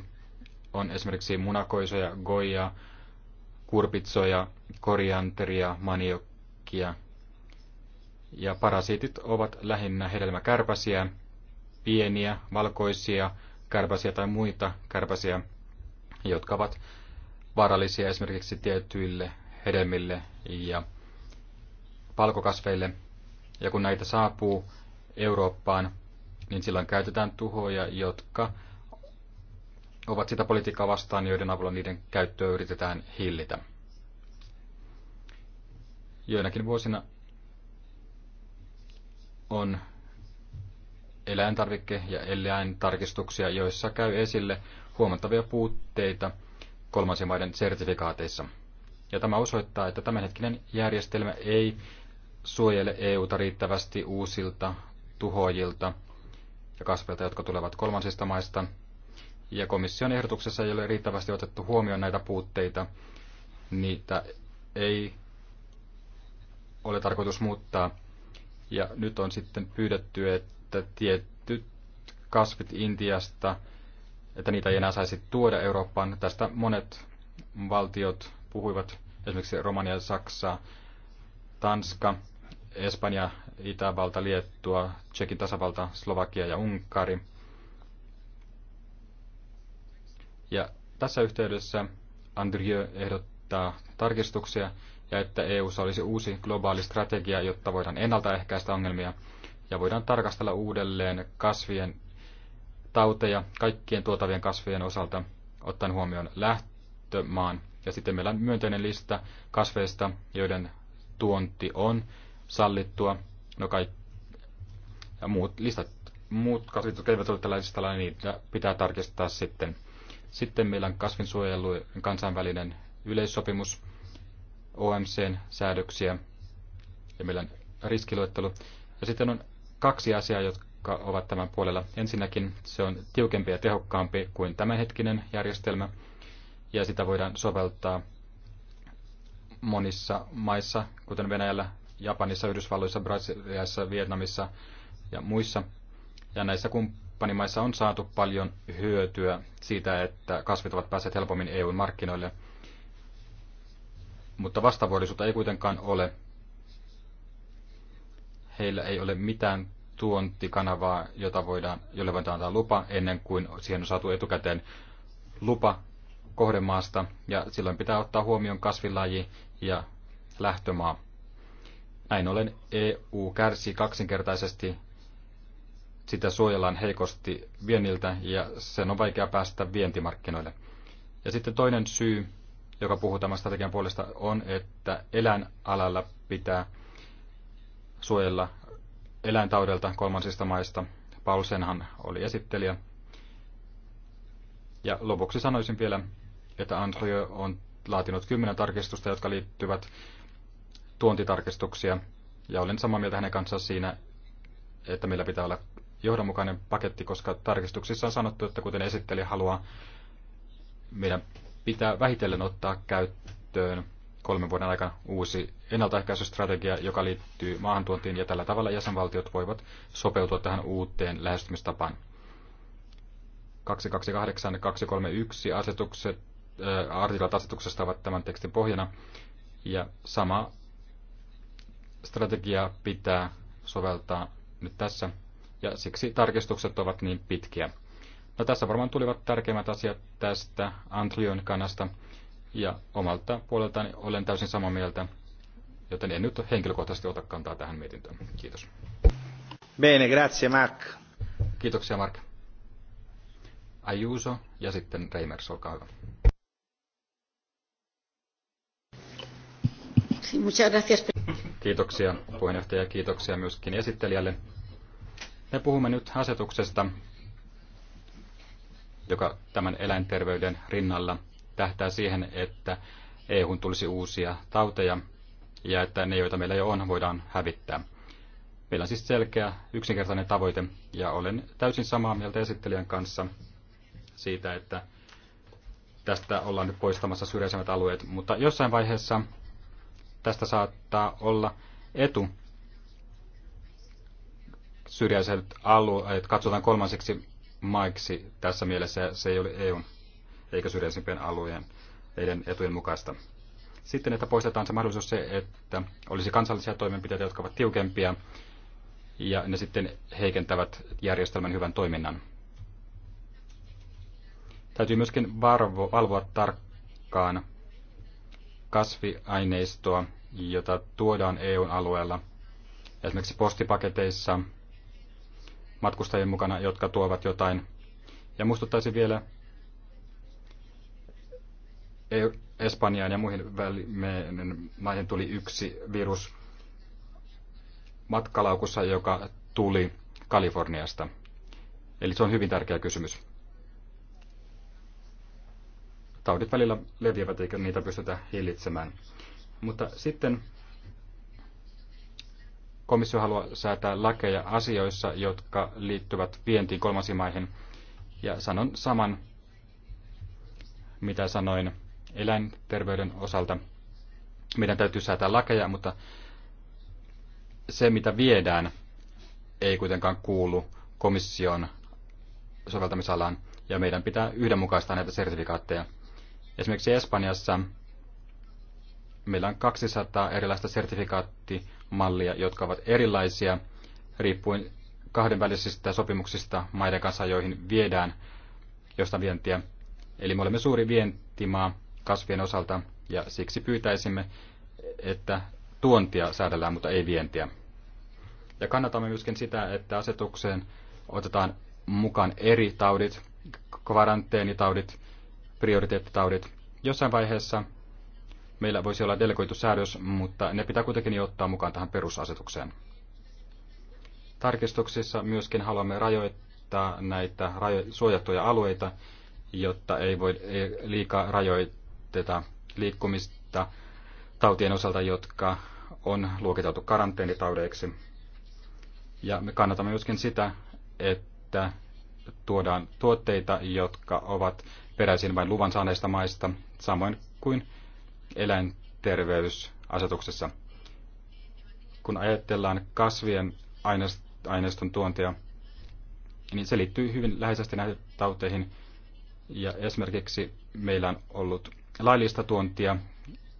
On esimerkiksi munakoisoja, goja, kurpitsoja, korianteria, maniokkia. Ja parasiitit ovat lähinnä hedelmäkärpäsiä, pieniä, valkoisia, kärpäsiä tai muita kärpäsiä jotka ovat vaarallisia esimerkiksi tietyille hedelmille ja palkokasveille. Ja kun näitä saapuu Eurooppaan, niin silloin käytetään tuhoja, jotka ovat sitä politiikkaa vastaan, joiden avulla niiden käyttöä yritetään hillitä. Joinakin vuosina on eläintarvikke- ja eläintarkistuksia, joissa käy esille huomattavia puutteita kolmansien maiden sertifikaateissa. Ja tämä osoittaa, että tämänhetkinen järjestelmä ei suojele EUta riittävästi uusilta tuhoajilta ja kasveilta, jotka tulevat kolmansista maista. Ja komission ehdotuksessa ei ole riittävästi otettu huomioon näitä puutteita. Niitä ei ole tarkoitus muuttaa. Ja nyt on sitten pyydetty, että tietyt kasvit Intiasta – että niitä ei enää saisi tuoda Eurooppaan. Tästä monet valtiot puhuivat, esimerkiksi Romania, Saksa, Tanska, Espanja, Itävalta, Liettua, Tsekin tasavalta, Slovakia ja Unkari. Ja tässä yhteydessä Andrieu ehdottaa tarkistuksia ja että EU:ssa olisi uusi globaali strategia, jotta voidaan ennaltaehkäistä ongelmia ja voidaan tarkastella uudelleen kasvien tauteja kaikkien tuotavien kasvien osalta, ottaen huomioon lähtömaan. Ja sitten meillä on myönteinen lista kasveista, joiden tuonti on sallittua. No kaik- ja muut listat, muut kasvit, jotka eivät ole tällä listalla, niin niitä pitää tarkistaa sitten. Sitten meillä on kasvinsuojelu kansainvälinen yleissopimus, OMCn säädöksiä ja meillä on riskiluettelu. Ja sitten on kaksi asiaa, jotka jotka ovat tämän puolella. Ensinnäkin se on tiukempi ja tehokkaampi kuin tämänhetkinen järjestelmä, ja sitä voidaan soveltaa monissa maissa, kuten Venäjällä, Japanissa, Yhdysvalloissa, Brasiliassa, Vietnamissa ja muissa. Ja näissä kumppanimaissa on saatu paljon hyötyä siitä, että kasvit ovat päässeet helpommin EU-markkinoille. Mutta vastavuorisuutta ei kuitenkaan ole. Heillä ei ole mitään tuontikanavaa, jota voidaan, jolle voidaan antaa lupa ennen kuin siihen on saatu etukäteen lupa kohdemaasta. Ja silloin pitää ottaa huomioon kasvilaji ja lähtömaa. Näin ollen EU kärsii kaksinkertaisesti sitä suojellaan heikosti vieniltä ja sen on vaikea päästä vientimarkkinoille. Ja sitten toinen syy, joka puhuu tämän strategian puolesta, on, että eläinalalla pitää suojella eläintaudelta kolmansista maista. Paulsenhan oli esittelijä. Ja lopuksi sanoisin vielä, että Andrew on laatinut kymmenen tarkistusta, jotka liittyvät tuontitarkistuksia. Ja olen samaa mieltä hänen kanssaan siinä, että meillä pitää olla johdonmukainen paketti, koska tarkistuksissa on sanottu, että kuten esittelijä haluaa, meidän pitää vähitellen ottaa käyttöön kolmen vuoden aikana uusi ennaltaehkäisystrategia, joka liittyy maahantuontiin, ja tällä tavalla jäsenvaltiot voivat sopeutua tähän uuteen lähestymistapaan. 228 231 asetukset, äh, artiklat asetuksesta ovat tämän tekstin pohjana, ja sama strategia pitää soveltaa nyt tässä, ja siksi tarkistukset ovat niin pitkiä. No tässä varmaan tulivat tärkeimmät asiat tästä Antlion kannasta. Ja omalta puoleltani olen täysin samaa mieltä, joten en nyt henkilökohtaisesti ota kantaa tähän mietintöön. Kiitos. Bene, grazie Mark. Kiitoksia Mark. Ayuso ja sitten Reimers, olkaa hyvä. Kiitoksia puheenjohtaja ja kiitoksia myöskin esittelijälle. Me puhumme nyt asetuksesta, joka tämän eläinterveyden rinnalla – tähtää siihen, että EUhun tulisi uusia tauteja ja että ne, joita meillä jo on, voidaan hävittää. Meillä on siis selkeä, yksinkertainen tavoite, ja olen täysin samaa mieltä esittelijän kanssa siitä, että tästä ollaan nyt poistamassa syrjäisemmät alueet, mutta jossain vaiheessa tästä saattaa olla etu. Syrjäiset alueet katsotaan kolmanseksi maiksi tässä mielessä, se ei ole EUn eikä syrjäisimpien alueen heidän etujen mukaista. Sitten, että poistetaan se mahdollisuus se, että olisi kansallisia toimenpiteitä, jotka ovat tiukempia, ja ne sitten heikentävät järjestelmän hyvän toiminnan. Täytyy myöskin varvo, valvoa tarkkaan kasviaineistoa, jota tuodaan EUn alueella, esimerkiksi postipaketeissa matkustajien mukana, jotka tuovat jotain. Ja muistuttaisin vielä E- Espanjaan ja muihin välimeren maihin tuli yksi virus matkalaukussa, joka tuli Kaliforniasta. Eli se on hyvin tärkeä kysymys. Taudit välillä leviävät eikä niitä pystytä hillitsemään. Mutta sitten komissio haluaa säätää lakeja asioissa, jotka liittyvät vientiin kolmansiin maihin. Ja sanon saman, mitä sanoin eläinterveyden osalta. Meidän täytyy säätää lakeja, mutta se, mitä viedään, ei kuitenkaan kuulu komission soveltamisalaan, ja meidän pitää yhdenmukaistaa näitä sertifikaatteja. Esimerkiksi Espanjassa meillä on 200 erilaista sertifikaattimallia, jotka ovat erilaisia riippuen kahdenvälisistä sopimuksista maiden kanssa, joihin viedään josta vientiä. Eli me olemme suuri vientimaa kasvien osalta ja siksi pyytäisimme, että tuontia säädellään, mutta ei vientiä. Ja kannatamme myöskin sitä, että asetukseen otetaan mukaan eri taudit, kvaranteenitaudit, prioriteettitaudit. Jossain vaiheessa meillä voisi olla delegoitu säädös, mutta ne pitää kuitenkin ottaa mukaan tähän perusasetukseen. Tarkistuksissa myöskin haluamme rajoittaa näitä rajo- suojattuja alueita, jotta ei voi liikaa rajoittaa rajoitteita liikkumista tautien osalta, jotka on luokiteltu karanteenitaudeiksi. Ja me kannatamme myöskin sitä, että tuodaan tuotteita, jotka ovat peräisin vain luvan saaneista maista, samoin kuin eläinterveysasetuksessa. Kun ajatellaan kasvien aineiston tuontia, niin se liittyy hyvin läheisesti näihin tauteihin. Ja esimerkiksi meillä on ollut laillista tuontia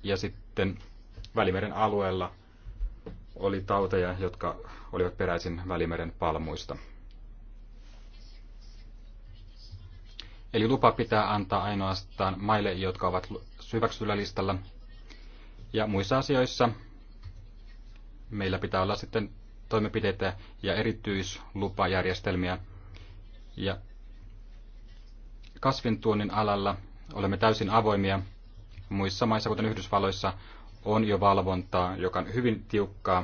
ja sitten Välimeren alueella oli tauteja, jotka olivat peräisin Välimeren palmuista. Eli lupa pitää antaa ainoastaan maille, jotka ovat hyväksytyllä listalla. Ja muissa asioissa meillä pitää olla sitten toimenpiteitä ja erityislupajärjestelmiä. Ja kasvintuonnin alalla olemme täysin avoimia. Muissa maissa, kuten Yhdysvalloissa, on jo valvontaa, joka on hyvin tiukkaa.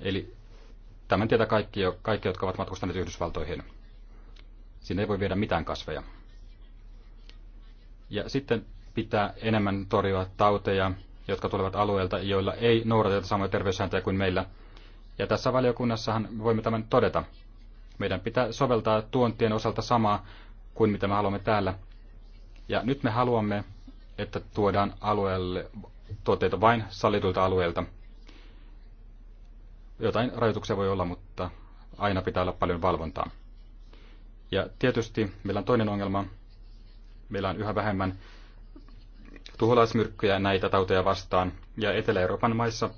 Eli tämän tietää kaikki, kaikki jotka ovat matkustaneet Yhdysvaltoihin. Sinne ei voi viedä mitään kasveja. Ja sitten pitää enemmän torjua tauteja, jotka tulevat alueelta, joilla ei noudateta samoja terveyssääntöjä kuin meillä. Ja tässä valiokunnassahan voimme tämän todeta. Meidän pitää soveltaa tuontien osalta samaa kuin mitä me haluamme täällä. Ja nyt me haluamme, että tuodaan alueelle tuotteita vain sallituilta alueilta. Jotain rajoituksia voi olla, mutta aina pitää olla paljon valvontaa. Ja tietysti meillä on toinen ongelma. Meillä on yhä vähemmän tuholaismyrkkyjä näitä tauteja vastaan. Ja Etelä-Euroopan maissa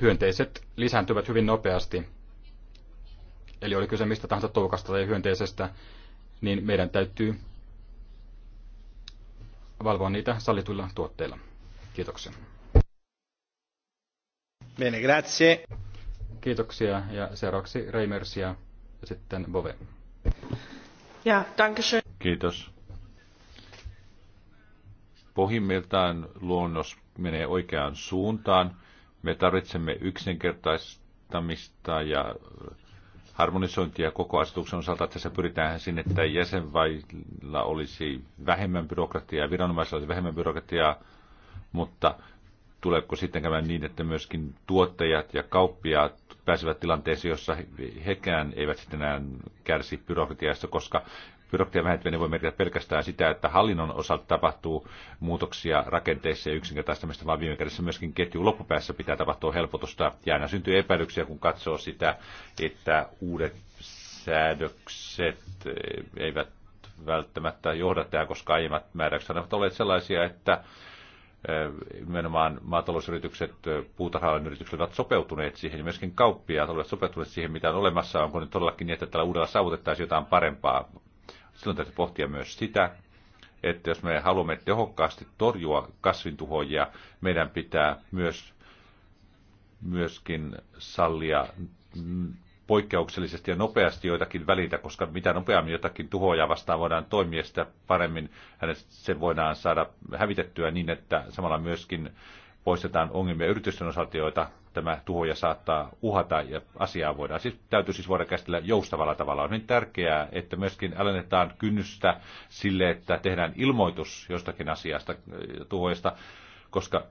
hyönteiset lisääntyvät hyvin nopeasti. Eli oli kyse mistä tahansa toukasta tai hyönteisestä, niin meidän täytyy valvoa niitä sallituilla tuotteilla. Kiitoksia. Bene, grazie. Kiitoksia ja seuraavaksi Reimersia ja sitten Bove. Ja, danke schön. Kiitos. Pohjimmiltaan luonnos menee oikeaan suuntaan. Me tarvitsemme yksinkertaistamista ja harmonisointia koko asetuksen osalta. että Tässä pyritään sinne, että jäsenvailla olisi vähemmän byrokratiaa, viranomaisilla olisi vähemmän byrokratiaa, mutta tuleeko sitten käymään niin, että myöskin tuottajat ja kauppiaat pääsevät tilanteeseen, jossa hekään eivät sitten enää kärsi byrokratiasta, koska byrokratian vähentäminen voi merkitä pelkästään sitä, että hallinnon osalta tapahtuu muutoksia rakenteissa ja yksinkertaistamista, vaan viime kädessä myöskin ketjun loppupäässä pitää tapahtua helpotusta. Ja aina syntyy epäilyksiä, kun katsoo sitä, että uudet säädökset eivät välttämättä johda tämä, koska aiemmat määräykset ovat olleet sellaisia, että nimenomaan maatalousyritykset, puutarhaalan yritykset ovat sopeutuneet siihen, ja myöskin kauppiaat ovat sopeutuneet siihen, mitä on olemassa. Onko nyt todellakin niin, että tällä uudella saavutettaisiin jotain parempaa? silloin täytyy pohtia myös sitä, että jos me haluamme tehokkaasti torjua kasvintuhoja, meidän pitää myös, myöskin sallia poikkeuksellisesti ja nopeasti joitakin välitä, koska mitä nopeammin jotakin tuhoja vastaan voidaan toimia, sitä paremmin se voidaan saada hävitettyä niin, että samalla myöskin poistetaan ongelmia yritysten osalta, joita tämä tuhoja saattaa uhata ja asiaa voidaan. Siis, täytyy siis voida käsitellä joustavalla tavalla. On niin tärkeää, että myöskin alennetaan kynnystä sille, että tehdään ilmoitus jostakin asiasta äh, tuhoista, koska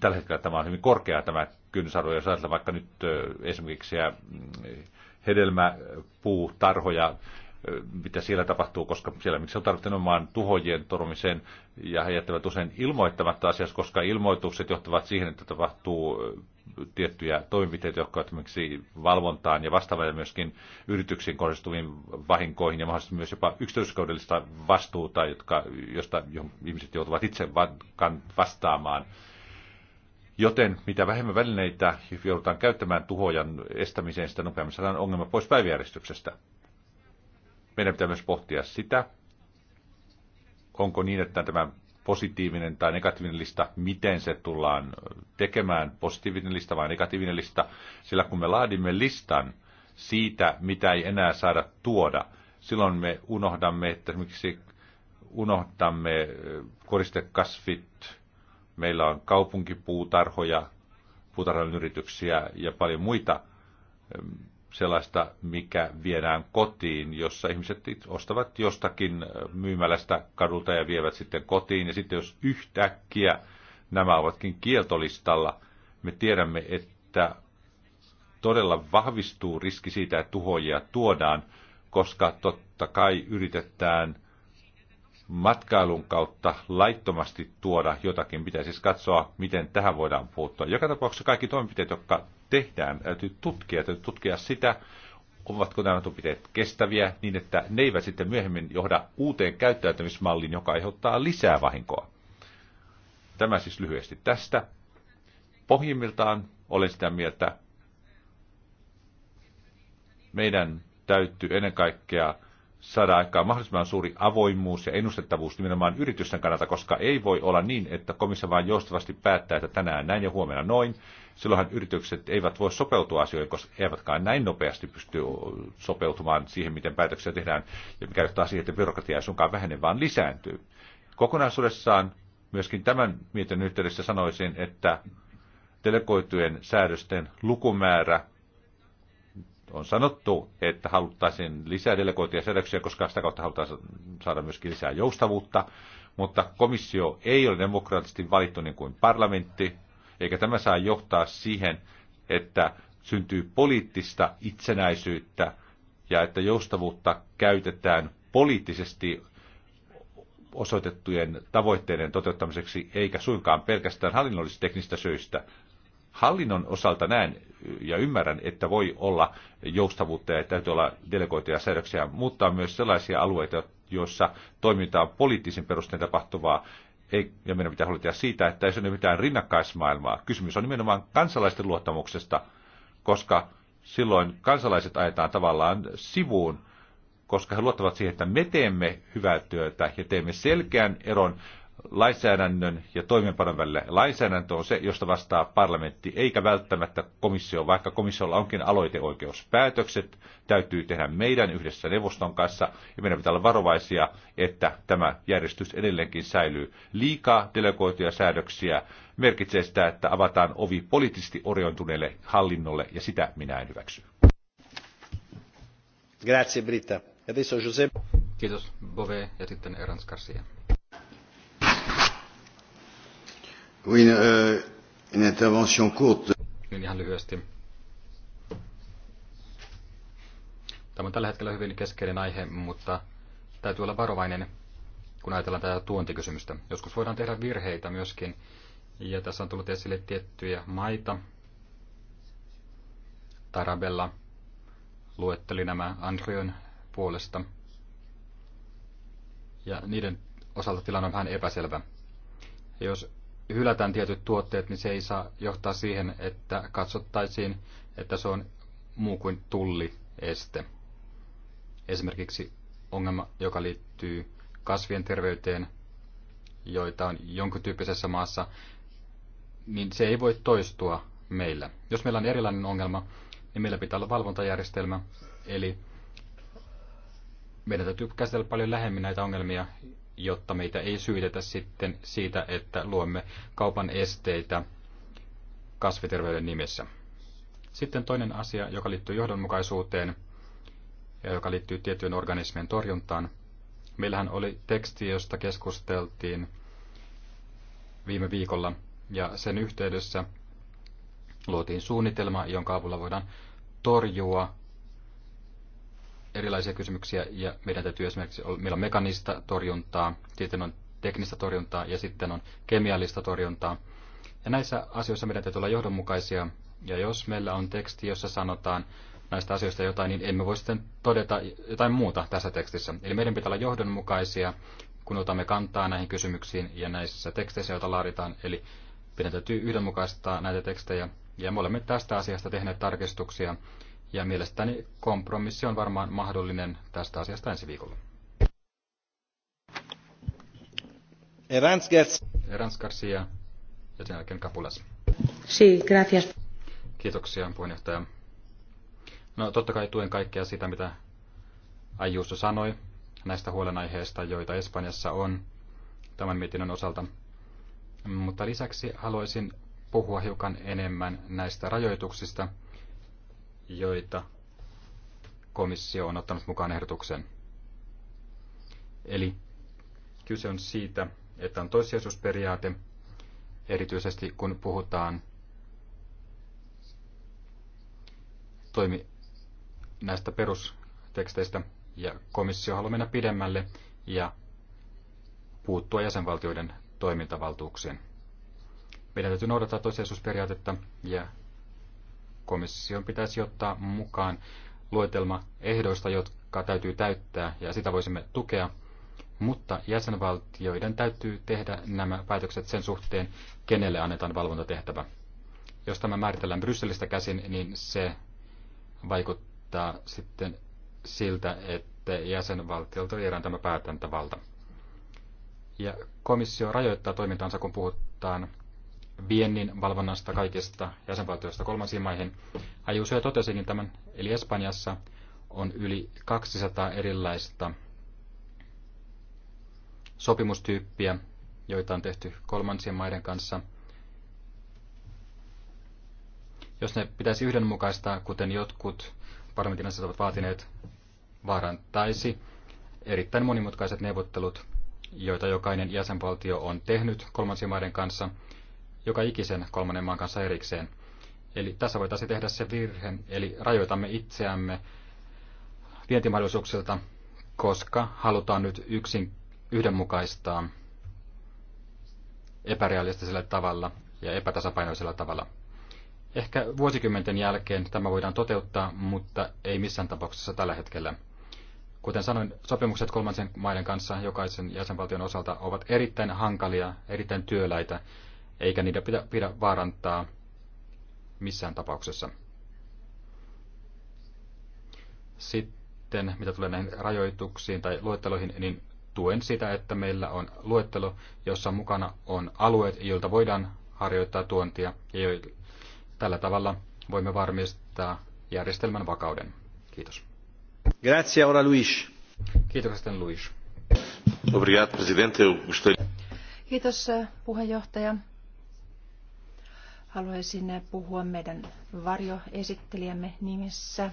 tällä hetkellä tämä on hyvin korkea tämä kynnysarvo, jos ajatellaan vaikka nyt äh, esimerkiksi äh, hedelmäpuutarhoja, mitä siellä tapahtuu, koska siellä miksi on tarvittanut omaan tuhojen torumiseen ja he jättävät usein ilmoittamatta asiassa, koska ilmoitukset johtavat siihen, että tapahtuu tiettyjä toimenpiteitä, jotka ovat esimerkiksi valvontaan ja vastaavalle myöskin yrityksiin kohdistuviin vahinkoihin ja mahdollisesti myös jopa yksityiskaudellista vastuuta, jotka, josta ihmiset joutuvat itse vastaamaan. Joten mitä vähemmän välineitä joudutaan käyttämään tuhojan estämiseen, sitä nopeammin saadaan ongelma pois päiväjärjestyksestä. Meidän pitää myös pohtia sitä, onko niin, että tämä positiivinen tai negatiivinen lista, miten se tullaan tekemään, positiivinen lista vai negatiivinen lista, sillä kun me laadimme listan siitä, mitä ei enää saada tuoda, silloin me unohdamme, että esimerkiksi unohdamme eh, koristekasvit, meillä on kaupunkipuutarhoja, puutarhan yrityksiä ja paljon muita sellaista, mikä viedään kotiin, jossa ihmiset ostavat jostakin myymälästä kadulta ja vievät sitten kotiin. Ja sitten jos yhtäkkiä nämä ovatkin kieltolistalla, me tiedämme, että todella vahvistuu riski siitä, että tuhojia tuodaan, koska totta kai yritetään matkailun kautta laittomasti tuoda jotakin. Pitäisi siis katsoa, miten tähän voidaan puuttua. Joka tapauksessa kaikki toimenpiteet, jotka tehdään. Täytyy tutkia, täytyy tutkia sitä, ovatko nämä toimenpiteet kestäviä niin, että ne eivät sitten myöhemmin johda uuteen käyttäytymismalliin, joka aiheuttaa lisää vahinkoa. Tämä siis lyhyesti tästä. Pohjimmiltaan olen sitä mieltä, meidän täytyy ennen kaikkea saada aikaan mahdollisimman suuri avoimuus ja ennustettavuus nimenomaan yritysten kannalta, koska ei voi olla niin, että komissio vain joustavasti päättää, että tänään näin ja huomenna noin. Silloinhan yritykset eivät voi sopeutua asioihin, koska eivätkaan näin nopeasti pysty sopeutumaan siihen, miten päätöksiä tehdään, ja mikä johtaa siihen, että byrokratia ei suinkaan vähene, vaan lisääntyy. Kokonaisuudessaan myöskin tämän mietinnön yhteydessä sanoisin, että delegoitujen säädösten lukumäärä on sanottu, että haluttaisiin lisää delegoituja säädöksiä, koska sitä kautta halutaan saada myöskin lisää joustavuutta, mutta komissio ei ole demokraattisesti valittu niin kuin parlamentti, eikä tämä saa johtaa siihen, että syntyy poliittista itsenäisyyttä ja että joustavuutta käytetään poliittisesti osoitettujen tavoitteiden toteuttamiseksi, eikä suinkaan pelkästään hallinnollisista teknistä syistä. Hallinnon osalta näen ja ymmärrän, että voi olla joustavuutta ja täytyy olla delegoituja säädöksiä, mutta myös sellaisia alueita, joissa toiminta on poliittisin perustein tapahtuvaa, ei, ja meidän pitää huolehtia siitä, että ei se ole mitään rinnakkaismaailmaa. Kysymys on nimenomaan kansalaisten luottamuksesta, koska silloin kansalaiset ajetaan tavallaan sivuun, koska he luottavat siihen, että me teemme hyvää työtä ja teemme selkeän eron lainsäädännön ja toimeenpanon välillä. Lainsäädäntö on se, josta vastaa parlamentti, eikä välttämättä komissio, vaikka komissiolla onkin aloiteoikeus. Päätökset täytyy tehdä meidän yhdessä neuvoston kanssa, ja meidän pitää olla varovaisia, että tämä järjestys edelleenkin säilyy. Liikaa delegoituja säädöksiä merkitsee sitä, että avataan ovi poliittisesti orientuneelle hallinnolle, ja sitä minä en hyväksy. Grazie Britta. E adesso Giuseppe. Kiitos Bove ja sitten Erans Garcia. Oui, une, euh, une intervention courte. Niin ihan lyhyesti. Tämä on tällä hetkellä hyvin keskeinen aihe, mutta täytyy olla varovainen, kun ajatellaan tätä tuontikysymystä. Joskus voidaan tehdä virheitä myöskin, ja tässä on tullut esille tiettyjä maita. Tarabella luetteli nämä Andrion puolesta. Ja niiden osalta tilanne on vähän epäselvä. jos hylätään tietyt tuotteet, niin se ei saa johtaa siihen, että katsottaisiin, että se on muu kuin tullieste. Esimerkiksi ongelma, joka liittyy kasvien terveyteen, joita on jonkun tyyppisessä maassa, niin se ei voi toistua meillä. Jos meillä on erilainen ongelma, niin meillä pitää olla valvontajärjestelmä, eli meidän täytyy käsitellä paljon lähemmin näitä ongelmia, jotta meitä ei syytetä sitten siitä, että luomme kaupan esteitä kasviterveyden nimessä. Sitten toinen asia, joka liittyy johdonmukaisuuteen ja joka liittyy tiettyjen organismien torjuntaan. Meillähän oli teksti, josta keskusteltiin viime viikolla, ja sen yhteydessä luotiin suunnitelma, jonka avulla voidaan torjua erilaisia kysymyksiä ja meidän täytyy esimerkiksi, meillä on mekanista torjuntaa, sitten on teknistä torjuntaa ja sitten on kemiallista torjuntaa. Ja näissä asioissa meidän täytyy olla johdonmukaisia ja jos meillä on teksti, jossa sanotaan näistä asioista jotain, niin emme voi sitten todeta jotain muuta tässä tekstissä. Eli meidän pitää olla johdonmukaisia, kun otamme kantaa näihin kysymyksiin ja näissä teksteissä, joita laaditaan. Eli meidän täytyy yhdenmukaistaa näitä tekstejä. Ja me olemme tästä asiasta tehneet tarkistuksia, ja mielestäni kompromissi on varmaan mahdollinen tästä asiasta ensi viikolla. Eranskers. Erans Garcia ja sen jälkeen Kapulas. Si, gracias. Kiitoksia puheenjohtaja. No totta kai tuen kaikkea sitä, mitä Ajuusto sanoi näistä huolenaiheista, joita Espanjassa on tämän mietinnön osalta. Mutta lisäksi haluaisin puhua hiukan enemmän näistä rajoituksista – joita komissio on ottanut mukaan ehdotuksen. Eli kyse on siitä, että on toissijaisuusperiaate, erityisesti kun puhutaan toimi näistä perusteksteistä, ja komissio haluaa mennä pidemmälle ja puuttua jäsenvaltioiden toimintavaltuuksiin. Meidän täytyy noudattaa toissijaisuusperiaatetta, ja komission pitäisi ottaa mukaan luetelma ehdoista, jotka täytyy täyttää, ja sitä voisimme tukea, mutta jäsenvaltioiden täytyy tehdä nämä päätökset sen suhteen, kenelle annetaan valvontatehtävä. Jos tämä määritellään Brysselistä käsin, niin se vaikuttaa sitten siltä, että jäsenvaltiolta viedään tämä päätäntävalta. Ja komissio rajoittaa toimintaansa, kun puhutaan viennin valvonnasta kaikista jäsenvaltioista kolmansiin maihin. Ajuus jo totesikin tämän, eli Espanjassa on yli 200 erilaista sopimustyyppiä, joita on tehty kolmansien maiden kanssa. Jos ne pitäisi yhdenmukaistaa, kuten jotkut parlamentin ovat vaatineet, vaarantaisi erittäin monimutkaiset neuvottelut, joita jokainen jäsenvaltio on tehnyt kolmansien maiden kanssa – joka ikisen kolmannen maan kanssa erikseen. Eli tässä voitaisiin tehdä se virhe, eli rajoitamme itseämme vientimahdollisuuksilta, koska halutaan nyt yksin yhdenmukaistaa epärealistisella tavalla ja epätasapainoisella tavalla. Ehkä vuosikymmenten jälkeen tämä voidaan toteuttaa, mutta ei missään tapauksessa tällä hetkellä. Kuten sanoin, sopimukset kolmansien maiden kanssa jokaisen jäsenvaltion osalta ovat erittäin hankalia, erittäin työläitä eikä niitä pidä, pidä vaarantaa missään tapauksessa. Sitten, mitä tulee näihin rajoituksiin tai luetteloihin, niin tuen sitä, että meillä on luettelo, jossa mukana on alueet, joilta voidaan harjoittaa tuontia, ja jo, tällä tavalla voimme varmistaa järjestelmän vakauden. Kiitos. Grazie, ora Luis. Kiitos, Luis. Obrigado, presidente. Kiitos eh, puheenjohtaja. Haluaisin puhua meidän varjoesittelijämme nimissä.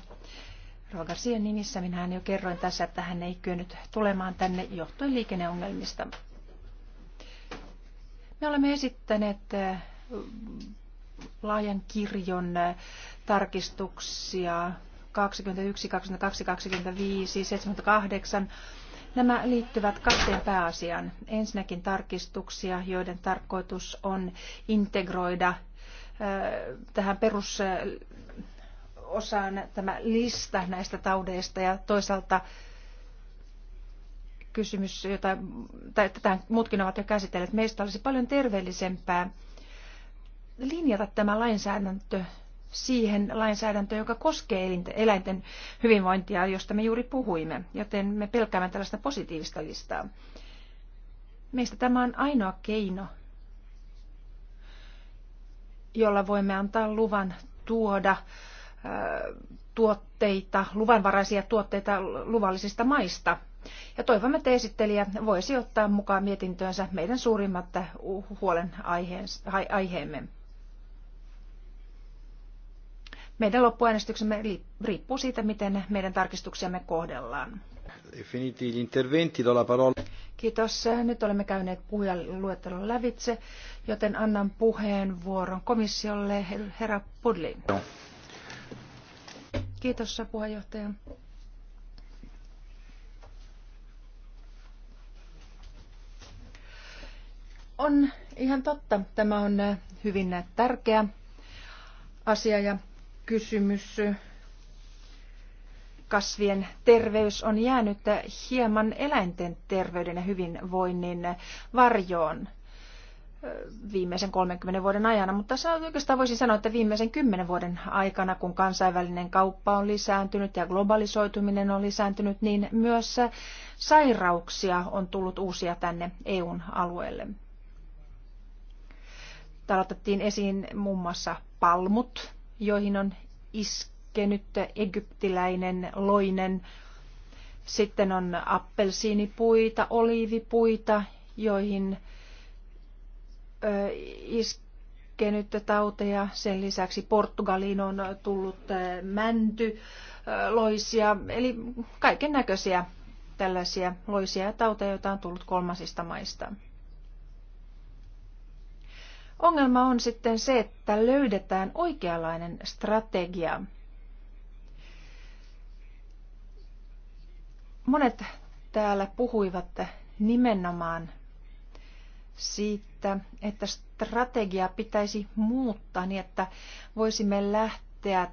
Rogarsian nimissä minähän jo kerroin tässä, että hän ei kyennyt tulemaan tänne johtuen liikenneongelmista. Me olemme esittäneet eh, laajan kirjon eh, tarkistuksia 21, 22, 25, 78. Nämä liittyvät kahteen pääasiaan. Ensinnäkin tarkistuksia, joiden tarkoitus on integroida tähän perusosaan tämä lista näistä taudeista ja toisaalta kysymys, jota tai tätä muutkin ovat jo käsitelleet, meistä olisi paljon terveellisempää linjata tämä lainsäädäntö siihen lainsäädäntöön, joka koskee eläinten hyvinvointia, josta me juuri puhuimme, joten me pelkäämme tällaista positiivista listaa. Meistä tämä on ainoa keino jolla voimme antaa luvan tuoda tuotteita, luvanvaraisia tuotteita luvallisista maista. Ja toivomme, että esittelijä voisi ottaa mukaan mietintöönsä meidän suurimmat huolen aiheemme. Meidän loppuäänestyksemme riippuu siitä, miten meidän tarkistuksiamme kohdellaan. Kiitos. Nyt olemme käyneet puhujaluettelon lävitse, joten annan puheenvuoron komissiolle herra Pudlin. No. Kiitos puheenjohtaja. On ihan totta. Tämä on hyvin tärkeä asia ja kysymys kasvien terveys on jäänyt hieman eläinten terveyden ja hyvinvoinnin varjoon viimeisen 30 vuoden ajana, mutta se oikeastaan voisi sanoa, että viimeisen 10 vuoden aikana, kun kansainvälinen kauppa on lisääntynyt ja globalisoituminen on lisääntynyt, niin myös sairauksia on tullut uusia tänne EUn alueelle. Täällä otettiin esiin muun muassa palmut, joihin on iske nyt egyptiläinen loinen. Sitten on appelsiinipuita, oliivipuita, joihin iskenyt tauteja. Sen lisäksi Portugaliin on tullut mänty, loisia, eli kaiken näköisiä tällaisia loisia ja tauteja, joita on tullut kolmasista maista. Ongelma on sitten se, että löydetään oikeanlainen strategia – Monet täällä puhuivat nimenomaan siitä, että strategia pitäisi muuttaa niin, että voisimme lähteä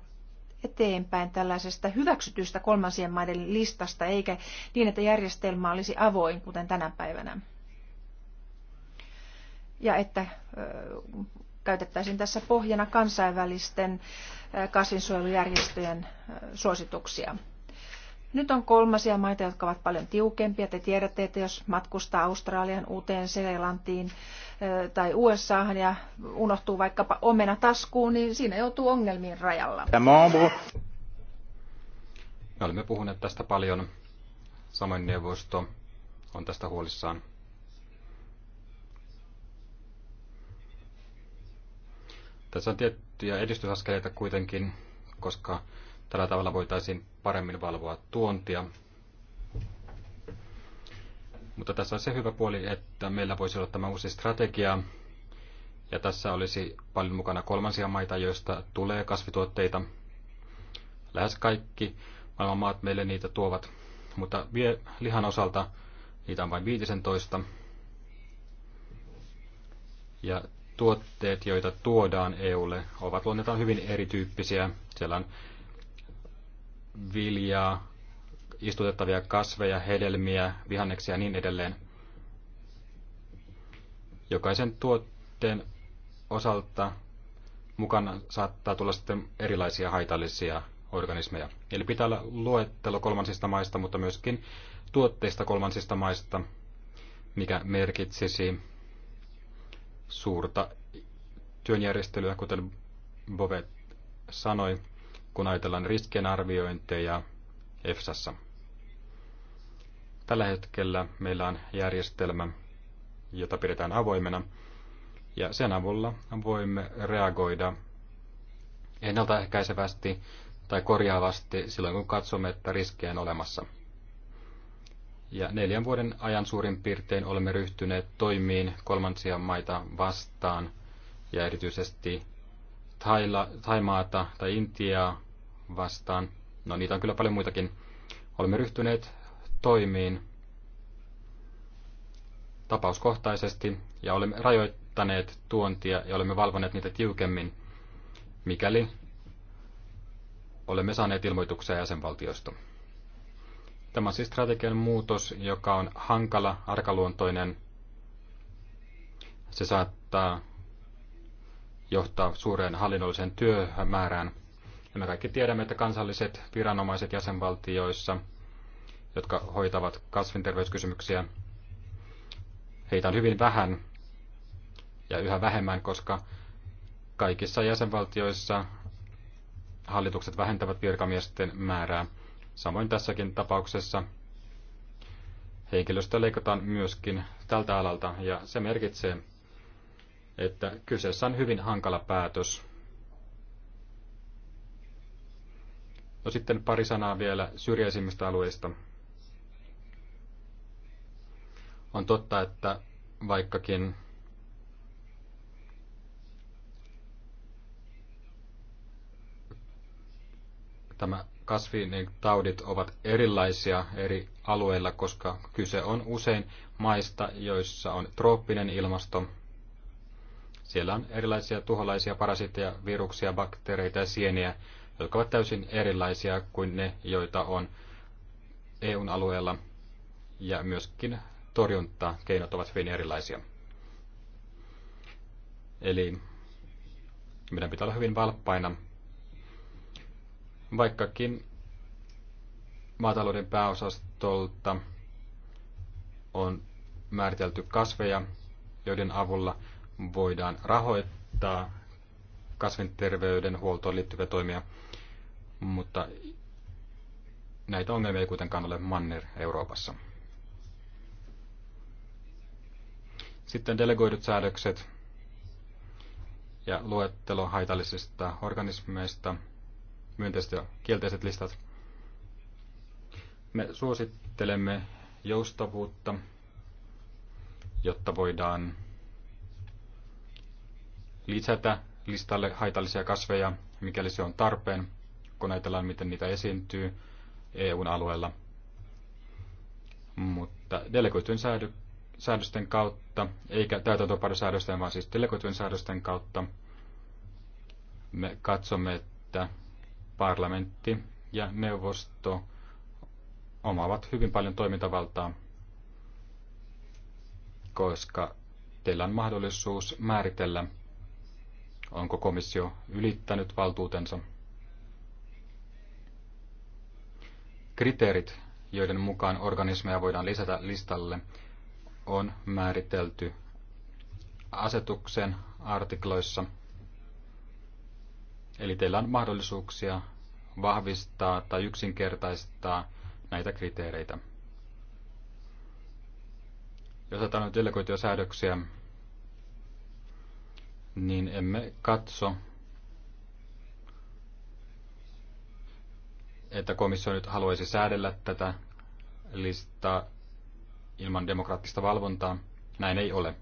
eteenpäin tällaisesta hyväksytystä kolmansien maiden listasta, eikä niin, että järjestelmä olisi avoin, kuten tänä päivänä. Ja että käytettäisiin tässä pohjana kansainvälisten kasvinsuojelujärjestöjen suosituksia. Nyt on kolmasia maita, jotka ovat paljon tiukempia. Te tiedätte, että jos matkustaa Australian, Uuteen Seelantiin tai USAhan ja unohtuu vaikkapa omena taskuun, niin siinä joutuu ongelmiin rajalla. Me olemme puhuneet tästä paljon. Samoin neuvosto on tästä huolissaan. Tässä on tiettyjä edistysaskeleita kuitenkin, koska Tällä tavalla voitaisiin paremmin valvoa tuontia. Mutta tässä on se hyvä puoli, että meillä voisi olla tämä uusi strategia, ja tässä olisi paljon mukana kolmansia maita, joista tulee kasvituotteita. Lähes kaikki maailman maat meille niitä tuovat, mutta vie lihan osalta niitä on vain 15. Ja tuotteet, joita tuodaan EUlle, ovat luonnetaan hyvin erityyppisiä. Siellä on viljaa, istutettavia kasveja, hedelmiä, vihanneksia ja niin edelleen. Jokaisen tuotteen osalta mukana saattaa tulla sitten erilaisia haitallisia organismeja. Eli pitää olla luettelo kolmansista maista, mutta myöskin tuotteista kolmansista maista, mikä merkitsisi suurta työnjärjestelyä, kuten Bovet sanoi kun ajatellaan riskien arviointeja EFSassa. Tällä hetkellä meillä on järjestelmä, jota pidetään avoimena, ja sen avulla voimme reagoida ennaltaehkäisevästi tai korjaavasti silloin, kun katsomme, että riskejä on olemassa. Ja neljän vuoden ajan suurin piirtein olemme ryhtyneet toimiin kolmansia maita vastaan ja erityisesti Taila, Taimaata tai Intiaa vastaan. No niitä on kyllä paljon muitakin. Olemme ryhtyneet toimiin tapauskohtaisesti ja olemme rajoittaneet tuontia ja olemme valvoneet niitä tiukemmin, mikäli olemme saaneet ilmoituksia jäsenvaltiosta. Tämä on siis strategian muutos, joka on hankala, arkaluontoinen. Se saattaa johtaa suureen hallinnolliseen työmäärään. Ja me kaikki tiedämme, että kansalliset viranomaiset jäsenvaltioissa, jotka hoitavat kasvinterveyskysymyksiä, heitä on hyvin vähän ja yhä vähemmän, koska kaikissa jäsenvaltioissa hallitukset vähentävät virkamiesten määrää. Samoin tässäkin tapauksessa henkilöstöä leikataan myöskin tältä alalta ja se merkitsee, että kyseessä on hyvin hankala päätös. No sitten pari sanaa vielä syrjäisimmistä alueista. On totta, että vaikkakin tämä taudit ovat erilaisia eri alueilla, koska kyse on usein maista, joissa on trooppinen ilmasto – siellä on erilaisia tuholaisia parasitteja, viruksia, bakteereita ja sieniä, jotka ovat täysin erilaisia kuin ne, joita on EUn alueella. Ja myöskin torjuntakeinot ovat hyvin erilaisia. Eli meidän pitää olla hyvin valppaina. Vaikkakin maatalouden pääosastolta on määritelty kasveja, joiden avulla voidaan rahoittaa kasvinterveydenhuoltoon liittyviä toimia, mutta näitä ongelmia ei kuitenkaan ole manner Euroopassa. Sitten delegoidut säädökset ja luettelo haitallisista organismeista, myönteiset ja kielteiset listat. Me suosittelemme joustavuutta, jotta voidaan lisätä listalle haitallisia kasveja, mikäli se on tarpeen, kun ajatellaan, miten niitä esiintyy EUn alueella. Mutta delegoitujen säädö, säädösten kautta, eikä täytäntöönpanosäädösten, vaan siis delegoitujen säädösten kautta, me katsomme, että parlamentti ja neuvosto omaavat hyvin paljon toimintavaltaa, koska teillä on mahdollisuus määritellä Onko komissio ylittänyt valtuutensa? Kriteerit, joiden mukaan organismeja voidaan lisätä listalle, on määritelty asetuksen artikloissa. Eli teillä on mahdollisuuksia vahvistaa tai yksinkertaistaa näitä kriteereitä. Jos otetaan nyt delegoituja säädöksiä, niin emme katso, että komissio nyt haluaisi säädellä tätä listaa ilman demokraattista valvontaa. Näin ei ole.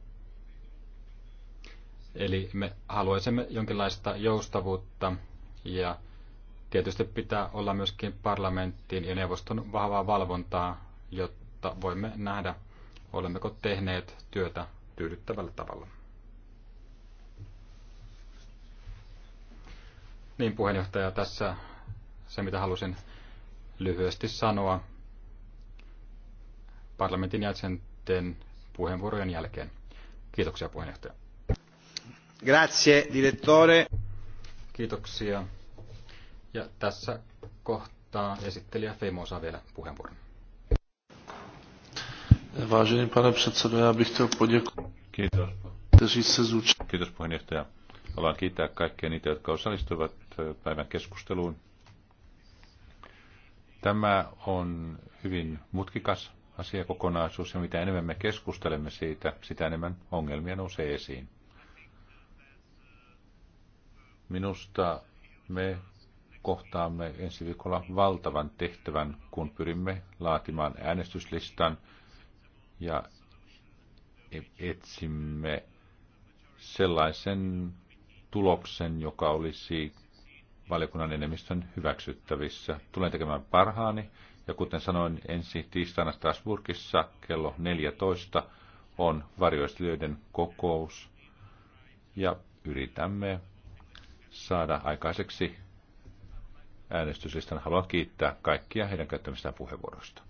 Eli me haluaisimme jonkinlaista joustavuutta ja tietysti pitää olla myöskin parlamenttiin ja neuvoston vahvaa valvontaa, jotta voimme nähdä, olemmeko tehneet työtä tyydyttävällä tavalla. Niin puheenjohtaja, tässä se mitä halusin lyhyesti sanoa parlamentin jäsenten puheenvuorojen jälkeen. Kiitoksia puheenjohtaja. Grazie, direttore. Kiitoksia. Ja tässä kohtaa esittelijä Feimo saa vielä puheenvuoron. Vážený pane předsedo, já bych chtěl poděkovat. Kiitos. Kiitos puheenjohtaja. Haluan kiittää kaikkia niitä, jotka osallistuivat päivän keskusteluun. Tämä on hyvin mutkikas asiakokonaisuus ja mitä enemmän me keskustelemme siitä, sitä enemmän ongelmia nousee esiin. Minusta me kohtaamme ensi viikolla valtavan tehtävän, kun pyrimme laatimaan äänestyslistan ja etsimme sellaisen tuloksen, joka olisi valiokunnan enemmistön hyväksyttävissä. Tulen tekemään parhaani ja kuten sanoin, ensi tiistaina Strasbourgissa kello 14 on varjoistelijoiden kokous ja yritämme saada aikaiseksi äänestyslistan. Haluan kiittää kaikkia heidän käyttämistään puheenvuoroista.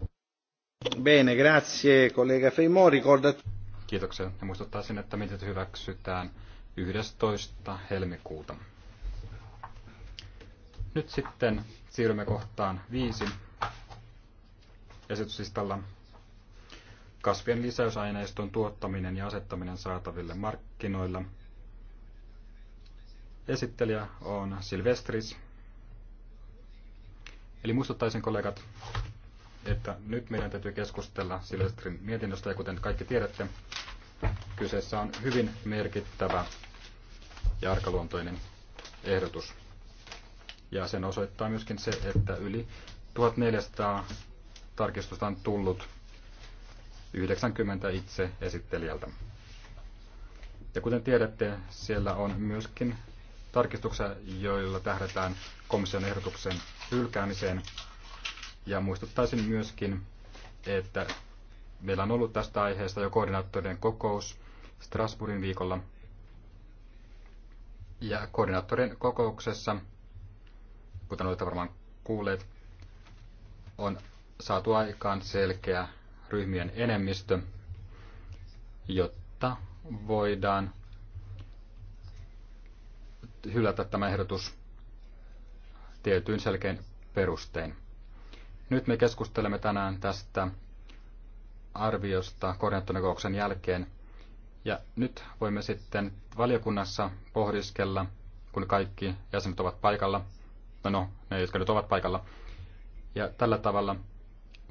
Bene, grazie, collega Feimo. Ricordat... Kiitoksia. Ja muistuttaisin, että mietit hyväksytään 11. helmikuuta. Nyt sitten siirrymme kohtaan viisi esityslistalla. Kasvien lisäysaineiston tuottaminen ja asettaminen saataville markkinoilla. Esittelijä on Silvestris. Eli muistuttaisin kollegat, että nyt meidän täytyy keskustella Silvestrin mietinnöstä, ja kuten kaikki tiedätte, kyseessä on hyvin merkittävä ja arkaluontoinen ehdotus. Ja sen osoittaa myöskin se, että yli 1400 tarkistusta on tullut 90 itse esittelijältä. Ja kuten tiedätte, siellä on myöskin tarkistuksia, joilla tähdetään komission ehdotuksen hylkäämiseen. Ja muistuttaisin myöskin, että meillä on ollut tästä aiheesta jo koordinaattorien kokous Strasbourgin viikolla. Ja koordinaattorien kokouksessa kuten olette varmaan kuulleet, on saatu aikaan selkeä ryhmien enemmistö, jotta voidaan hylätä tämä ehdotus tietyin selkein perustein. Nyt me keskustelemme tänään tästä arviosta koordinaattorikokouksen jälkeen. Ja nyt voimme sitten valiokunnassa pohdiskella, kun kaikki jäsenet ovat paikalla – no ne, jotka nyt ovat paikalla. Ja tällä tavalla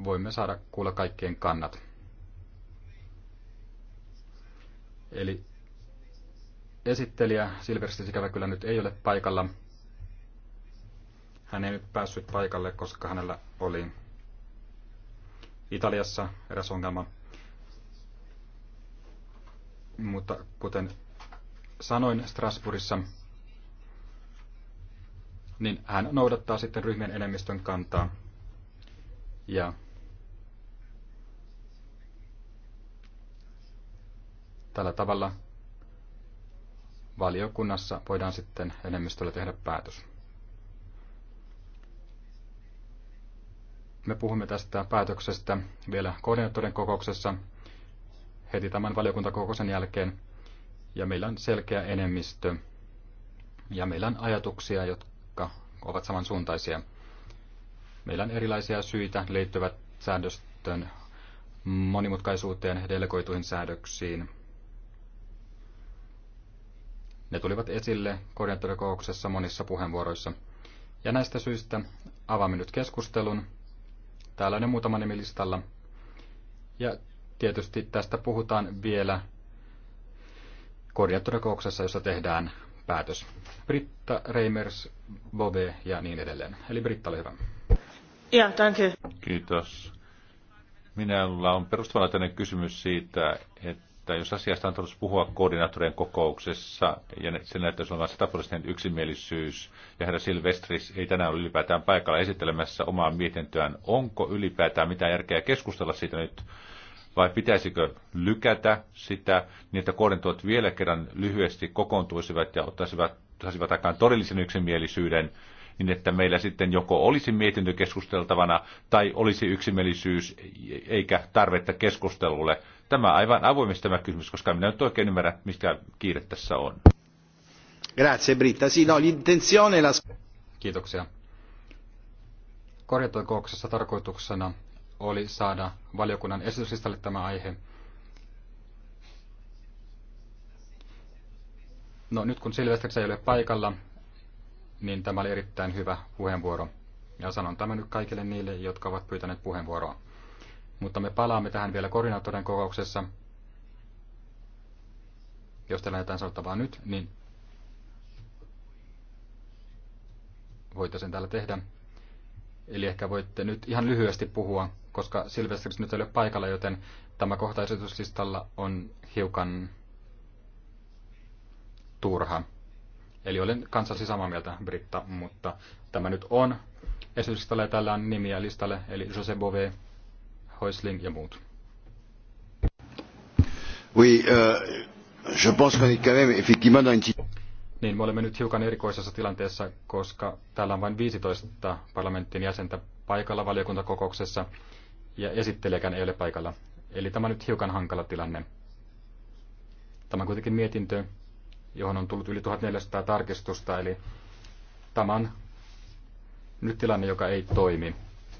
voimme saada kuulla kaikkien kannat. Eli esittelijä Silversti ikävä kyllä nyt ei ole paikalla. Hän ei nyt päässyt paikalle, koska hänellä oli Italiassa eräs ongelma. Mutta kuten sanoin Strasbourgissa, niin hän noudattaa sitten ryhmien enemmistön kantaa. Ja tällä tavalla valiokunnassa voidaan sitten enemmistöllä tehdä päätös. Me puhumme tästä päätöksestä vielä koordinaattorin kokouksessa heti tämän valiokuntakokouksen jälkeen. Ja meillä on selkeä enemmistö. Ja meillä on ajatuksia, jotka ovat samansuuntaisia. Meillä on erilaisia syitä liittyvät säädöstön monimutkaisuuteen, delegoituihin säädöksiin. Ne tulivat esille koordinaattorikouksessa monissa puheenvuoroissa. Ja näistä syistä avaamme nyt keskustelun. Täällä on jo muutama nimilistalla. Ja tietysti tästä puhutaan vielä koordinaattorikouksessa, jossa tehdään päätös. Britta, Reimers, Bove ja niin edelleen. Eli Britta, ole hyvä. Ja, you. Kiitos. Minulla on perustavanlaatuinen kysymys siitä, että jos asiasta on tullut puhua koordinaattorien kokouksessa, ja se näyttäisi olevan sataprosenttinen yksimielisyys, ja herra Silvestris ei tänään ole ylipäätään paikalla esittelemässä omaa mietintöään, onko ylipäätään mitään järkeä keskustella siitä nyt vai pitäisikö lykätä sitä niin, että kohdentuvat vielä kerran lyhyesti kokoontuisivat ja ottaisivat, saisivat aikaan todellisen yksimielisyyden, niin että meillä sitten joko olisi mietintö keskusteltavana tai olisi yksimielisyys eikä tarvetta keskustelulle. Tämä aivan avoimesti tämä kysymys, koska minä nyt oikein ymmärrä, mikä kiire tässä on. Grazie Britta. Sì, no, l'intenzione la... Kiitoksia. Korjatoikouksessa tarkoituksena oli saada valiokunnan esityslistalle tämä aihe. No nyt kun Silvestris ei ole paikalla, niin tämä oli erittäin hyvä puheenvuoro. Ja sanon tämän nyt kaikille niille, jotka ovat pyytäneet puheenvuoroa. Mutta me palaamme tähän vielä koordinaattorin kokouksessa. Jos on jotain sanottavaa nyt, niin sen täällä tehdä. Eli ehkä voitte nyt ihan lyhyesti puhua koska Silvestris nyt ei ole paikalla, joten tämä kohta esityslistalla on hiukan turha. Eli olen kanssasi samaa mieltä, Britta, mutta tämä nyt on esityslistalle ja tällä on nimiä listalle, eli Jose Bove, Hoisling ja muut. Oui, uh, je pense qu'on est quand même effectivement dans une... Niin, me olemme nyt hiukan erikoisessa tilanteessa, koska täällä on vain 15 parlamentin jäsentä paikalla valiokuntakokouksessa, ja esittelijäkään ei ole paikalla. Eli tämä on nyt hiukan hankala tilanne. Tämä on kuitenkin mietintö, johon on tullut yli 1400 tarkistusta, eli tämä on nyt tilanne, joka ei toimi.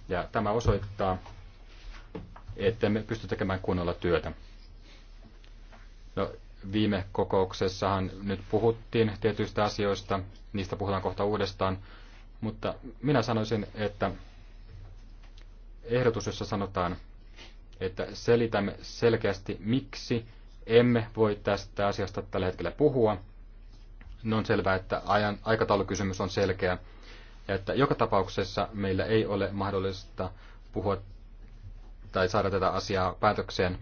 Ja tämä osoittaa, että me pysty tekemään kunnolla työtä. No, viime kokouksessahan nyt puhuttiin tietyistä asioista, niistä puhutaan kohta uudestaan, mutta minä sanoisin, että ehdotus, jossa sanotaan, että selitämme selkeästi, miksi emme voi tästä asiasta tällä hetkellä puhua. No on selvää, että ajan, aikataulukysymys on selkeä ja että joka tapauksessa meillä ei ole mahdollista puhua tai saada tätä asiaa päätökseen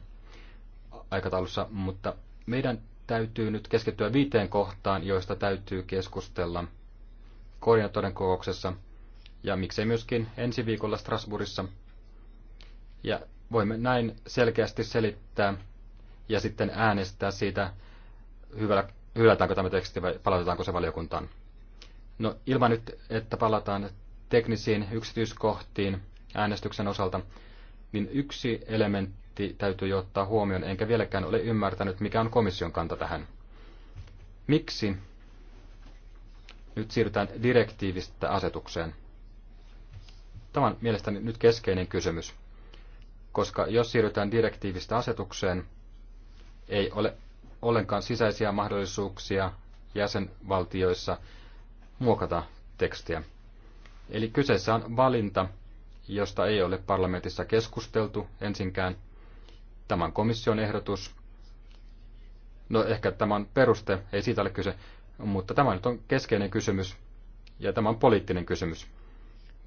aikataulussa, mutta meidän täytyy nyt keskittyä viiteen kohtaan, joista täytyy keskustella koordinaattorin kokouksessa ja miksei myöskin ensi viikolla Strasbourgissa – ja voimme näin selkeästi selittää ja sitten äänestää siitä, hyvällä, hylätäänkö tämä teksti vai palautetaanko se valiokuntaan. No ilman nyt, että palataan teknisiin yksityiskohtiin äänestyksen osalta, niin yksi elementti täytyy ottaa huomioon, enkä vieläkään ole ymmärtänyt, mikä on komission kanta tähän. Miksi nyt siirrytään direktiivistä asetukseen? Tämä on mielestäni nyt keskeinen kysymys koska jos siirrytään direktiivistä asetukseen, ei ole ollenkaan sisäisiä mahdollisuuksia jäsenvaltioissa muokata tekstiä. Eli kyseessä on valinta, josta ei ole parlamentissa keskusteltu ensinkään. Tämän komission ehdotus, no ehkä tämä on peruste, ei siitä ole kyse, mutta tämä nyt on keskeinen kysymys ja tämä on poliittinen kysymys.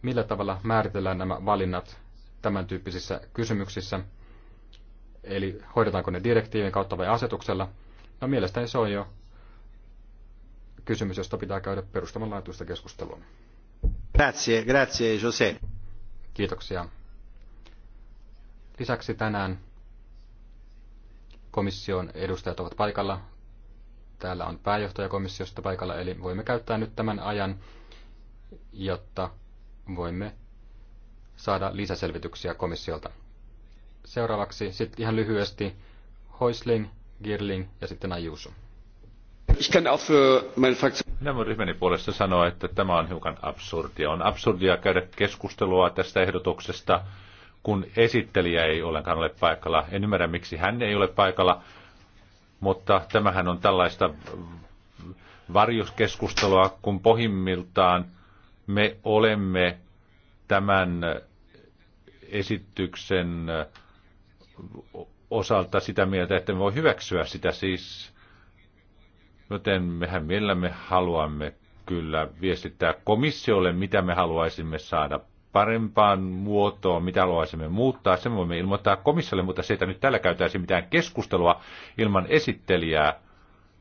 Millä tavalla määritellään nämä valinnat tämän tyyppisissä kysymyksissä. Eli hoidetaanko ne direktiivin kautta vai asetuksella? No mielestäni se on jo kysymys, josta pitää käydä perustavanlaatuista keskustelua. Grazie, grazie Jose. Kiitoksia. Lisäksi tänään komission edustajat ovat paikalla. Täällä on pääjohtaja komissiosta paikalla, eli voimme käyttää nyt tämän ajan, jotta voimme saada lisäselvityksiä komissiolta. Seuraavaksi sitten ihan lyhyesti Hoisling, Girling ja sitten Ayuso. Minä voin ryhmäni puolesta sanoa, että tämä on hiukan absurdia. On absurdia käydä keskustelua tästä ehdotuksesta, kun esittelijä ei ollenkaan ole paikalla. En ymmärrä, miksi hän ei ole paikalla, mutta tämähän on tällaista varjuskeskustelua, kun pohjimmiltaan me olemme tämän esityksen osalta sitä mieltä, että me voi hyväksyä sitä siis, joten mehän mielellämme haluamme kyllä viestittää komissiolle, mitä me haluaisimme saada parempaan muotoon, mitä haluaisimme muuttaa, sen voimme ilmoittaa komissiolle, mutta se, että nyt tällä käytäisiin mitään keskustelua ilman esittelijää,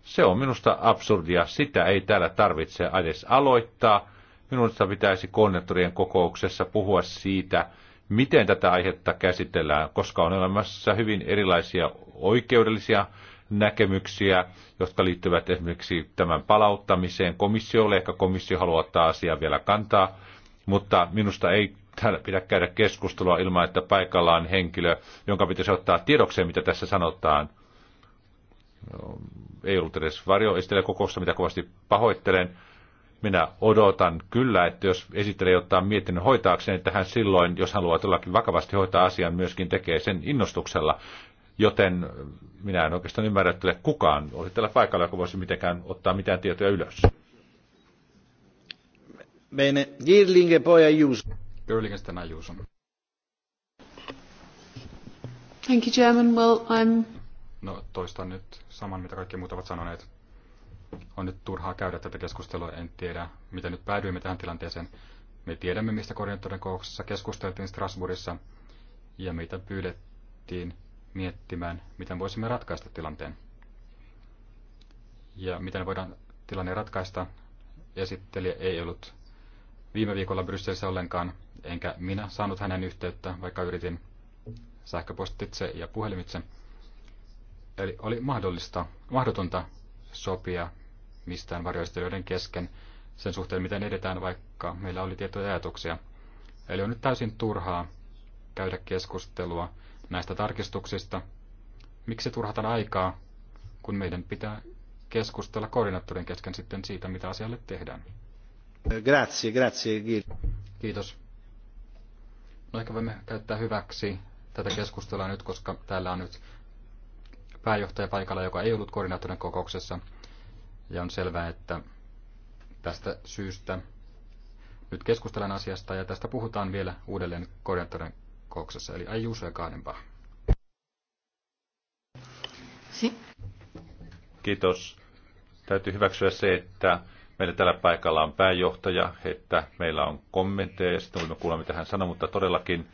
se on minusta absurdia. Sitä ei täällä tarvitse edes aloittaa. Minusta pitäisi konnettorien kokouksessa puhua siitä, miten tätä aihetta käsitellään, koska on olemassa hyvin erilaisia oikeudellisia näkemyksiä, jotka liittyvät esimerkiksi tämän palauttamiseen komissiolle. Ehkä komissio haluaa ottaa asiaa vielä kantaa, mutta minusta ei täällä pidä käydä keskustelua ilman, että paikalla on henkilö, jonka pitäisi ottaa tiedokseen, mitä tässä sanotaan. Ei ollut edes kokousta, mitä kovasti pahoittelen minä odotan kyllä, että jos esittelee ottaa mietinnön hoitaakseen, että hän silloin, jos haluaa tullakin vakavasti hoitaa asian, myöskin tekee sen innostuksella. Joten äh, minä en oikeastaan ymmärrä, että kukaan oli tällä paikalla, joka voisi mitenkään ottaa mitään tietoja ylös. Bene, Girling e poi Ayuso. Girling sitten Thank you, Well, I'm... No, toistan nyt saman, mitä kaikki muut ovat sanoneet on nyt turhaa käydä tätä keskustelua. En tiedä, miten nyt päädyimme tähän tilanteeseen. Me tiedämme, mistä koordinaattorin kokouksessa keskusteltiin Strasbourgissa ja meitä pyydettiin miettimään, miten voisimme ratkaista tilanteen. Ja miten voidaan tilanne ratkaista. Esittelijä ei ollut viime viikolla Brysselissä ollenkaan, enkä minä saanut hänen yhteyttä, vaikka yritin sähköpostitse ja puhelimitse. Eli oli mahdollista, mahdotonta sopia mistään varjoistelijoiden kesken sen suhteen, miten edetään, vaikka meillä oli tiettyjä ajatuksia. Eli on nyt täysin turhaa käydä keskustelua näistä tarkistuksista. Miksi turhata aikaa, kun meidän pitää keskustella koordinaattorin kesken sitten siitä, mitä asialle tehdään? Grazie, grazie, Gil. Kiitos. No ehkä voimme käyttää hyväksi tätä keskustelua nyt, koska täällä on nyt pääjohtaja paikalla, joka ei ollut koordinaattorin kokouksessa. Ja on selvää, että tästä syystä nyt keskustellaan asiasta ja tästä puhutaan vielä uudelleen koordinaattorin kouksessa, eli Ajuso ja Kaadenpa. Si. Kiitos. Täytyy hyväksyä se, että meillä tällä paikalla on pääjohtaja, että meillä on kommentteja ja sitten voimme kuulla, mitä hän sanoo, mutta todellakin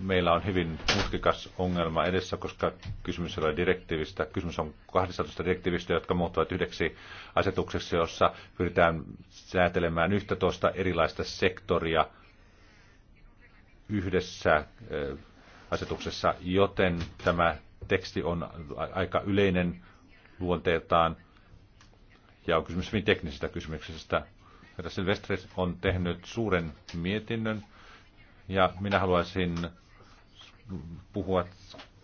meillä on hyvin mutkikas ongelma edessä, koska kysymys ei ole direktiivistä. Kysymys on 12 direktiivistä, jotka muuttuvat yhdeksi asetukseksi, jossa pyritään säätelemään 11 erilaista sektoria yhdessä asetuksessa, joten tämä teksti on aika yleinen luonteeltaan ja on kysymys hyvin teknisistä kysymyksistä. Herra Silvestris on tehnyt suuren mietinnön ja minä haluaisin puhua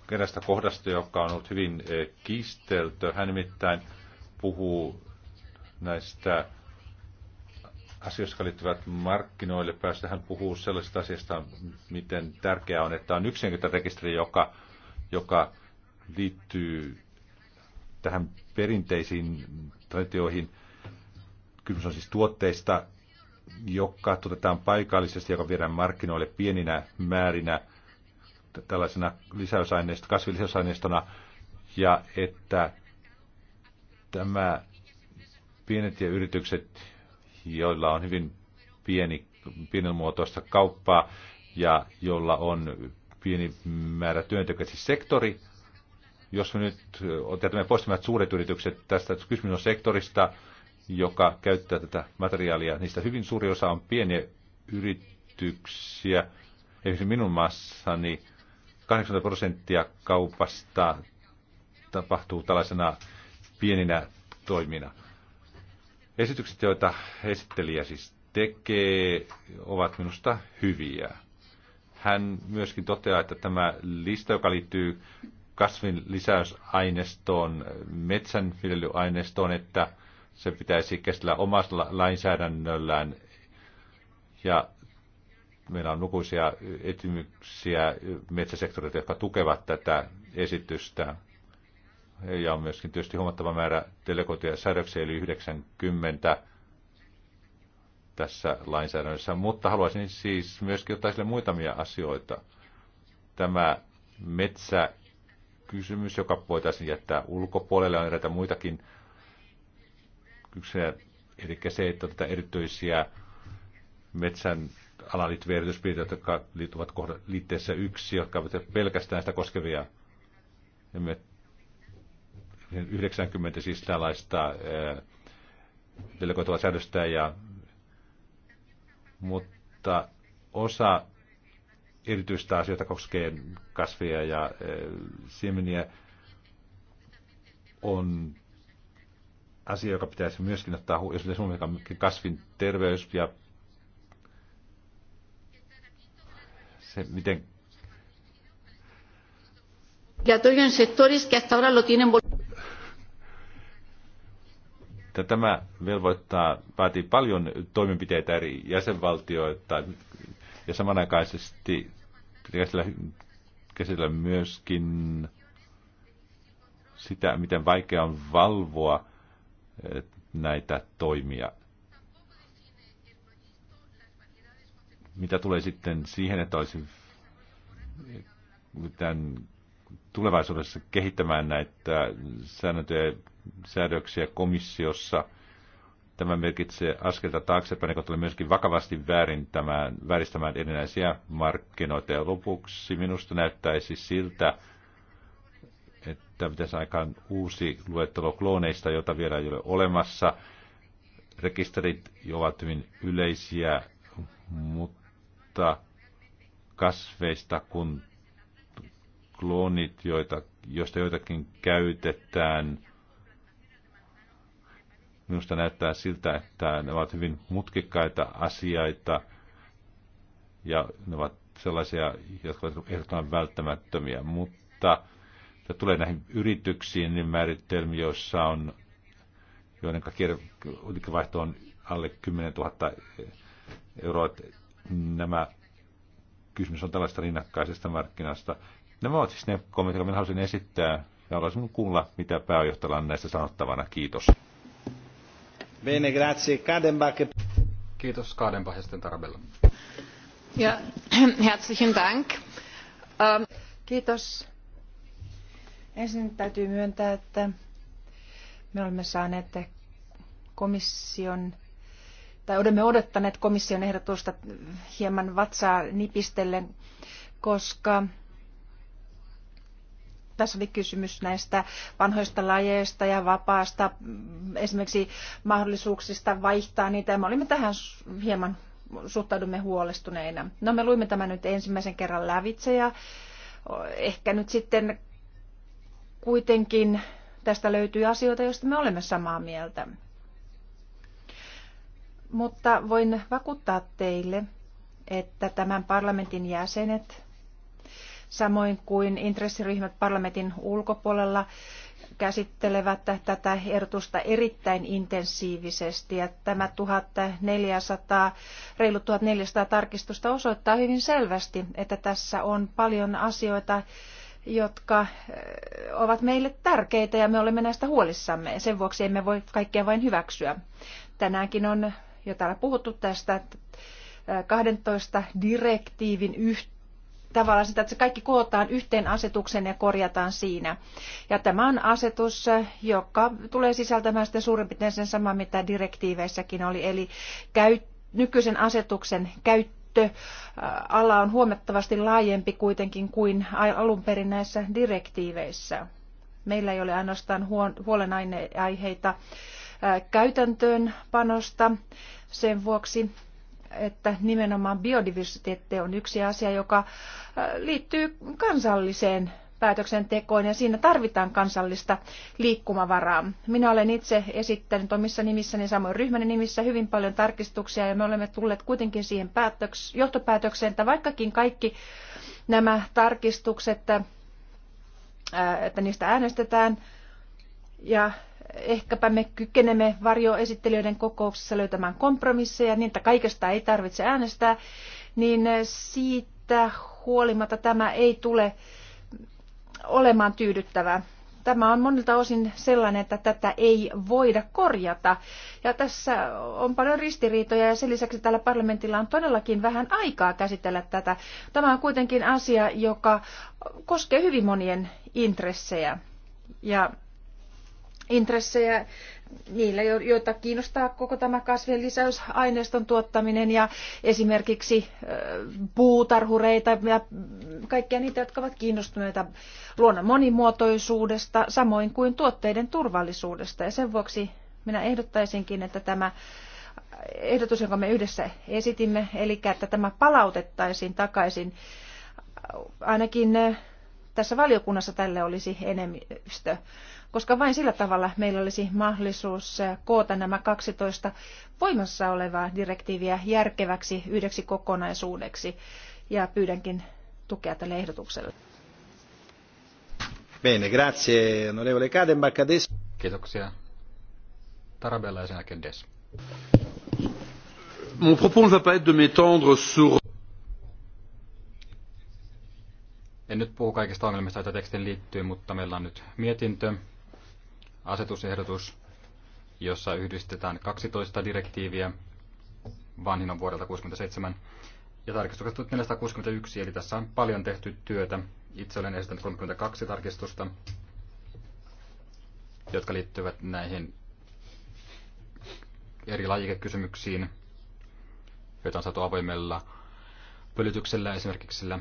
kerästä kohdasta, joka on ollut hyvin eh, kiisteltö. Hän nimittäin puhuu näistä asioista, jotka liittyvät markkinoille päästä. Hän puhuu sellaisesta asiasta, miten tärkeää on, että on yksinkertainen rekisteri, joka, joka liittyy tähän perinteisiin traditioihin. Kysymys on siis tuotteista, jotka tuotetaan paikallisesti, joka viedään markkinoille pieninä määrinä – tällaisena lisäysaineistona, kasvilisäysaineistona, ja että tämä pienet ja yritykset, joilla on hyvin pieni, pienimuotoista kauppaa ja jolla on pieni määrä työntekijöitä, siis sektori, jos me nyt otetaan pois nämä suuret yritykset, tästä kysymys on sektorista, joka käyttää tätä materiaalia, niistä hyvin suuri osa on pieniä yrityksiä. Esimerkiksi minun maassani 80 prosenttia kaupasta tapahtuu tällaisena pieninä toimina. Esitykset, joita esittelijä siis tekee, ovat minusta hyviä. Hän myöskin toteaa, että tämä lista, joka liittyy kasvin lisäysaineistoon, viljelyaineistoon, että se pitäisi käsitellä omalla lainsäädännöllään ja Meillä on lukuisia etymyksiä metsäsektorilta, jotka tukevat tätä esitystä. Ja on myöskin tietysti huomattava määrä telekotia säädöksiä, eli 90 tässä lainsäädännössä. Mutta haluaisin siis myöskin ottaa sille muutamia asioita. Tämä metsäkysymys, joka voitaisiin jättää ulkopuolelle, on eräitä muitakin yksi, eli se, että tätä erityisiä metsän alaan erityispiirteitä, jotka liittyvät liitteessä yksi, jotka ovat pelkästään sitä koskevia. Ja 90 siis tällaista delegoitavaa säädöstä, ja, mutta osa erityistä asioita koskee kasveja ja ää, siemeniä on asia, joka pitäisi myöskin ottaa, jos pitäisi huomioon kasvin terveys ja se, miten... Tämä velvoittaa, vaatii paljon toimenpiteitä eri jäsenvaltioita ja samanaikaisesti käsitellä, käsitellä myöskin sitä, miten vaikea on valvoa eh, näitä toimia Mitä tulee sitten siihen, että olisi tämän tulevaisuudessa kehittämään näitä säännöntöjä säädöksiä komissiossa. Tämä merkitsee askelta taaksepäin, kun tulee myöskin vakavasti väärintämään, vääristämään erinäisiä markkinoita. Ja lopuksi minusta näyttäisi siltä, että pitäisi aikaan uusi luettelo klooneista, jota vielä ei ole olemassa. Rekisterit ovat hyvin yleisiä, mutta puhuta kasveista, kun kloonit, joita, joista joitakin käytetään. Minusta näyttää siltä, että ne ovat hyvin mutkikkaita asioita ja ne ovat sellaisia, jotka ovat ehdottoman välttämättömiä. Mutta että tulee näihin yrityksiin, niin määritelmiin, joissa on, joiden vaihto on alle 10 000 euroa nämä kysymys on tällaista rinnakkaisesta markkinasta. Nämä ovat siis ne kommentit, joita halusin esittää ja haluaisin kuulla, mitä pääjohtajalla on näistä sanottavana. Kiitos. Bene, grazie. Kadenbach. Kiitos Kadenbach ja sitten Tarabella. Ja, herzlichen Dank. Um, kiitos. Ensin täytyy myöntää, että me olemme saaneet komission tai olemme odottaneet komission ehdotusta hieman vatsaa nipistellen, koska tässä oli kysymys näistä vanhoista lajeista ja vapaasta esimerkiksi mahdollisuuksista vaihtaa niitä. Ja me olimme tähän hieman suhtaudumme huolestuneina. No me luimme tämän nyt ensimmäisen kerran lävitse ja ehkä nyt sitten kuitenkin tästä löytyy asioita, joista me olemme samaa mieltä. Mutta voin vakuuttaa teille, että tämän parlamentin jäsenet, samoin kuin intressiryhmät parlamentin ulkopuolella, käsittelevät tätä ehdotusta erittäin intensiivisesti ja tämä 1400, reilu 1400 tarkistusta osoittaa hyvin selvästi, että tässä on paljon asioita, jotka eh, ovat meille tärkeitä ja me olemme näistä huolissamme. Sen vuoksi emme voi kaikkea vain hyväksyä. Tänäänkin on jo täällä puhuttu tästä 12 direktiivin yhteydessä tavallaan sitä, että se kaikki kootaan yhteen asetukseen ja korjataan siinä. Ja tämä on asetus, joka tulee sisältämään sitten suurin piirtein sen sama, mitä direktiiveissäkin oli, eli käy, nykyisen asetuksen käyttö on huomattavasti laajempi kuitenkin kuin alun perin näissä direktiiveissä. Meillä ei ole ainoastaan huolenaiheita käytäntöön panosta sen vuoksi, että nimenomaan biodiversiteetti on yksi asia, joka liittyy kansalliseen päätöksentekoon ja siinä tarvitaan kansallista liikkumavaraa. Minä olen itse esittänyt omissa nimissäni samoin ryhmäni nimissä hyvin paljon tarkistuksia ja me olemme tulleet kuitenkin siihen päätöks- johtopäätökseen, että vaikkakin kaikki nämä tarkistukset, että niistä äänestetään ja ehkäpä me kykenemme varjoesittelijöiden kokouksessa löytämään kompromisseja, niin että kaikesta ei tarvitse äänestää, niin siitä huolimatta tämä ei tule olemaan tyydyttävää. Tämä on monilta osin sellainen, että tätä ei voida korjata. Ja tässä on paljon ristiriitoja ja sen lisäksi tällä parlamentilla on todellakin vähän aikaa käsitellä tätä. Tämä on kuitenkin asia, joka koskee hyvin monien intressejä. Ja intressejä niillä, joita kiinnostaa koko tämä kasvien lisäysaineiston tuottaminen ja esimerkiksi puutarhureita ja kaikkia niitä, jotka ovat kiinnostuneita luonnon monimuotoisuudesta, samoin kuin tuotteiden turvallisuudesta. Ja sen vuoksi minä ehdottaisinkin, että tämä ehdotus, jonka me yhdessä esitimme, eli että tämä palautettaisiin takaisin ainakin tässä valiokunnassa tälle olisi enemmistö koska vain sillä tavalla meillä olisi mahdollisuus eh, koota nämä 12 voimassa olevaa direktiiviä järkeväksi yhdeksi kokonaisuudeksi. Ja pyydänkin tukea tälle ehdotukselle. Bene, grazie, onorevole Kadenbach. Adesso... Kiitoksia. Tarabella ja Mon propos ne va pas être de m'étendre sur... En nyt puhu kaikista ongelmista, joita tekstiin liittyy, mutta meillä on nyt mietintö, asetusehdotus, jossa yhdistetään 12 direktiiviä vanhin on vuodelta 1967, ja tarkistukset 1461, eli tässä on paljon tehty työtä. Itse olen esittänyt 32 tarkistusta, jotka liittyvät näihin eri lajikekysymyksiin, joita on saatu avoimella pölytyksellä esimerkiksi sillä.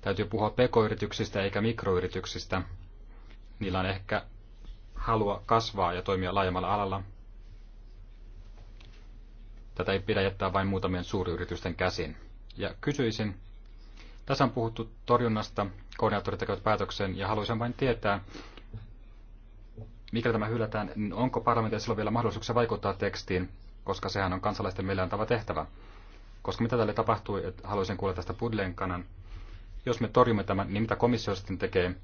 Täytyy puhua pk-yrityksistä eikä mikroyrityksistä. Niillä on ehkä halua kasvaa ja toimia laajemmalla alalla. Tätä ei pidä jättää vain muutamien suuryritysten käsin. Ja kysyisin, tässä on puhuttu torjunnasta, koordinaattorit tekevät päätöksen ja haluaisin vain tietää, mikä tämä hylätään, niin onko parlamentilla silloin vielä mahdollisuuksia vaikuttaa tekstiin, koska sehän on kansalaisten meille antava tehtävä. Koska mitä tälle tapahtuu, että haluaisin kuulla tästä Pudlenkanan. Jos me torjumme tämän, niin mitä komissio sitten tekee?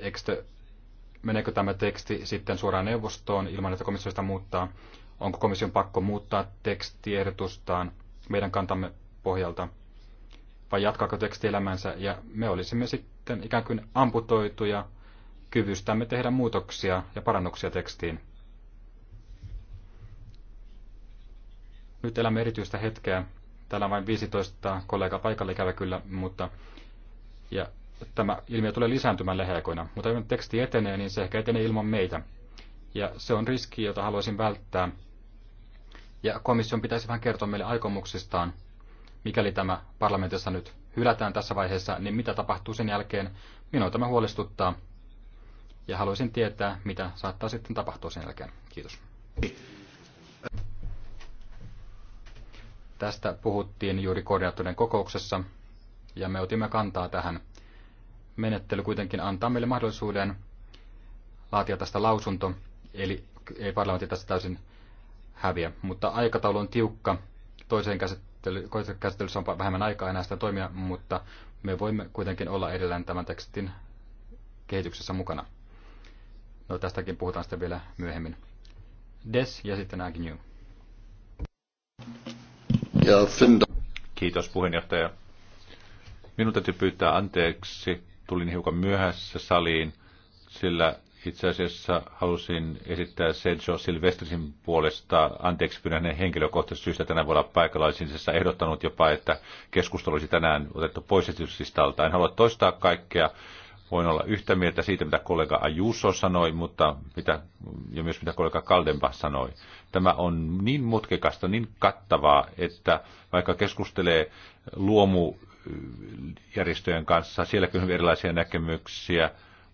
Eikö te meneekö tämä teksti sitten suoraan neuvostoon ilman, että sitä muuttaa? Onko komission pakko muuttaa tekstiehdotustaan meidän kantamme pohjalta? Vai jatkaako teksti elämänsä? Ja me olisimme sitten ikään kuin amputoituja kyvystämme tehdä muutoksia ja parannuksia tekstiin. Nyt elämme erityistä hetkeä. Täällä on vain 15 kollegaa paikalla ikävä kyllä, mutta ja tämä ilmiö tulee lisääntymään lähiaikoina, mutta kun teksti etenee, niin se ehkä etenee ilman meitä. Ja se on riski, jota haluaisin välttää. Ja komission pitäisi vähän kertoa meille aikomuksistaan, mikäli tämä parlamentissa nyt hylätään tässä vaiheessa, niin mitä tapahtuu sen jälkeen. Minua tämä huolestuttaa ja haluaisin tietää, mitä saattaa sitten tapahtua sen jälkeen. Kiitos. Tästä puhuttiin juuri koordinaattorien kokouksessa ja me otimme kantaa tähän – menettely kuitenkin antaa meille mahdollisuuden laatia tästä lausunto, eli ei parlamentti tästä täysin häviä. Mutta aikataulu on tiukka, toiseen käsittely, käsittelyssä on vähemmän aikaa enää sitä toimia, mutta me voimme kuitenkin olla edelleen tämän tekstin kehityksessä mukana. No tästäkin puhutaan sitten vielä myöhemmin. Des ja sitten Agnew. Kiitos puheenjohtaja. Minun täytyy pyytää anteeksi tulin hiukan myöhässä saliin, sillä itse asiassa halusin esittää Sergio Silvestrisin puolesta anteeksi pyydän henkilökohtaisesta syystä tänä vuonna paikalla. Olisin siis ehdottanut jopa, että keskustelu olisi tänään otettu pois esityslistalta. En halua toistaa kaikkea. Voin olla yhtä mieltä siitä, mitä kollega Ajuso sanoi, mutta mitä, ja myös mitä kollega Kaldenba sanoi. Tämä on niin mutkikasta, niin kattavaa, että vaikka keskustelee luomu järjestöjen kanssa. Sielläkin on hyvin erilaisia näkemyksiä.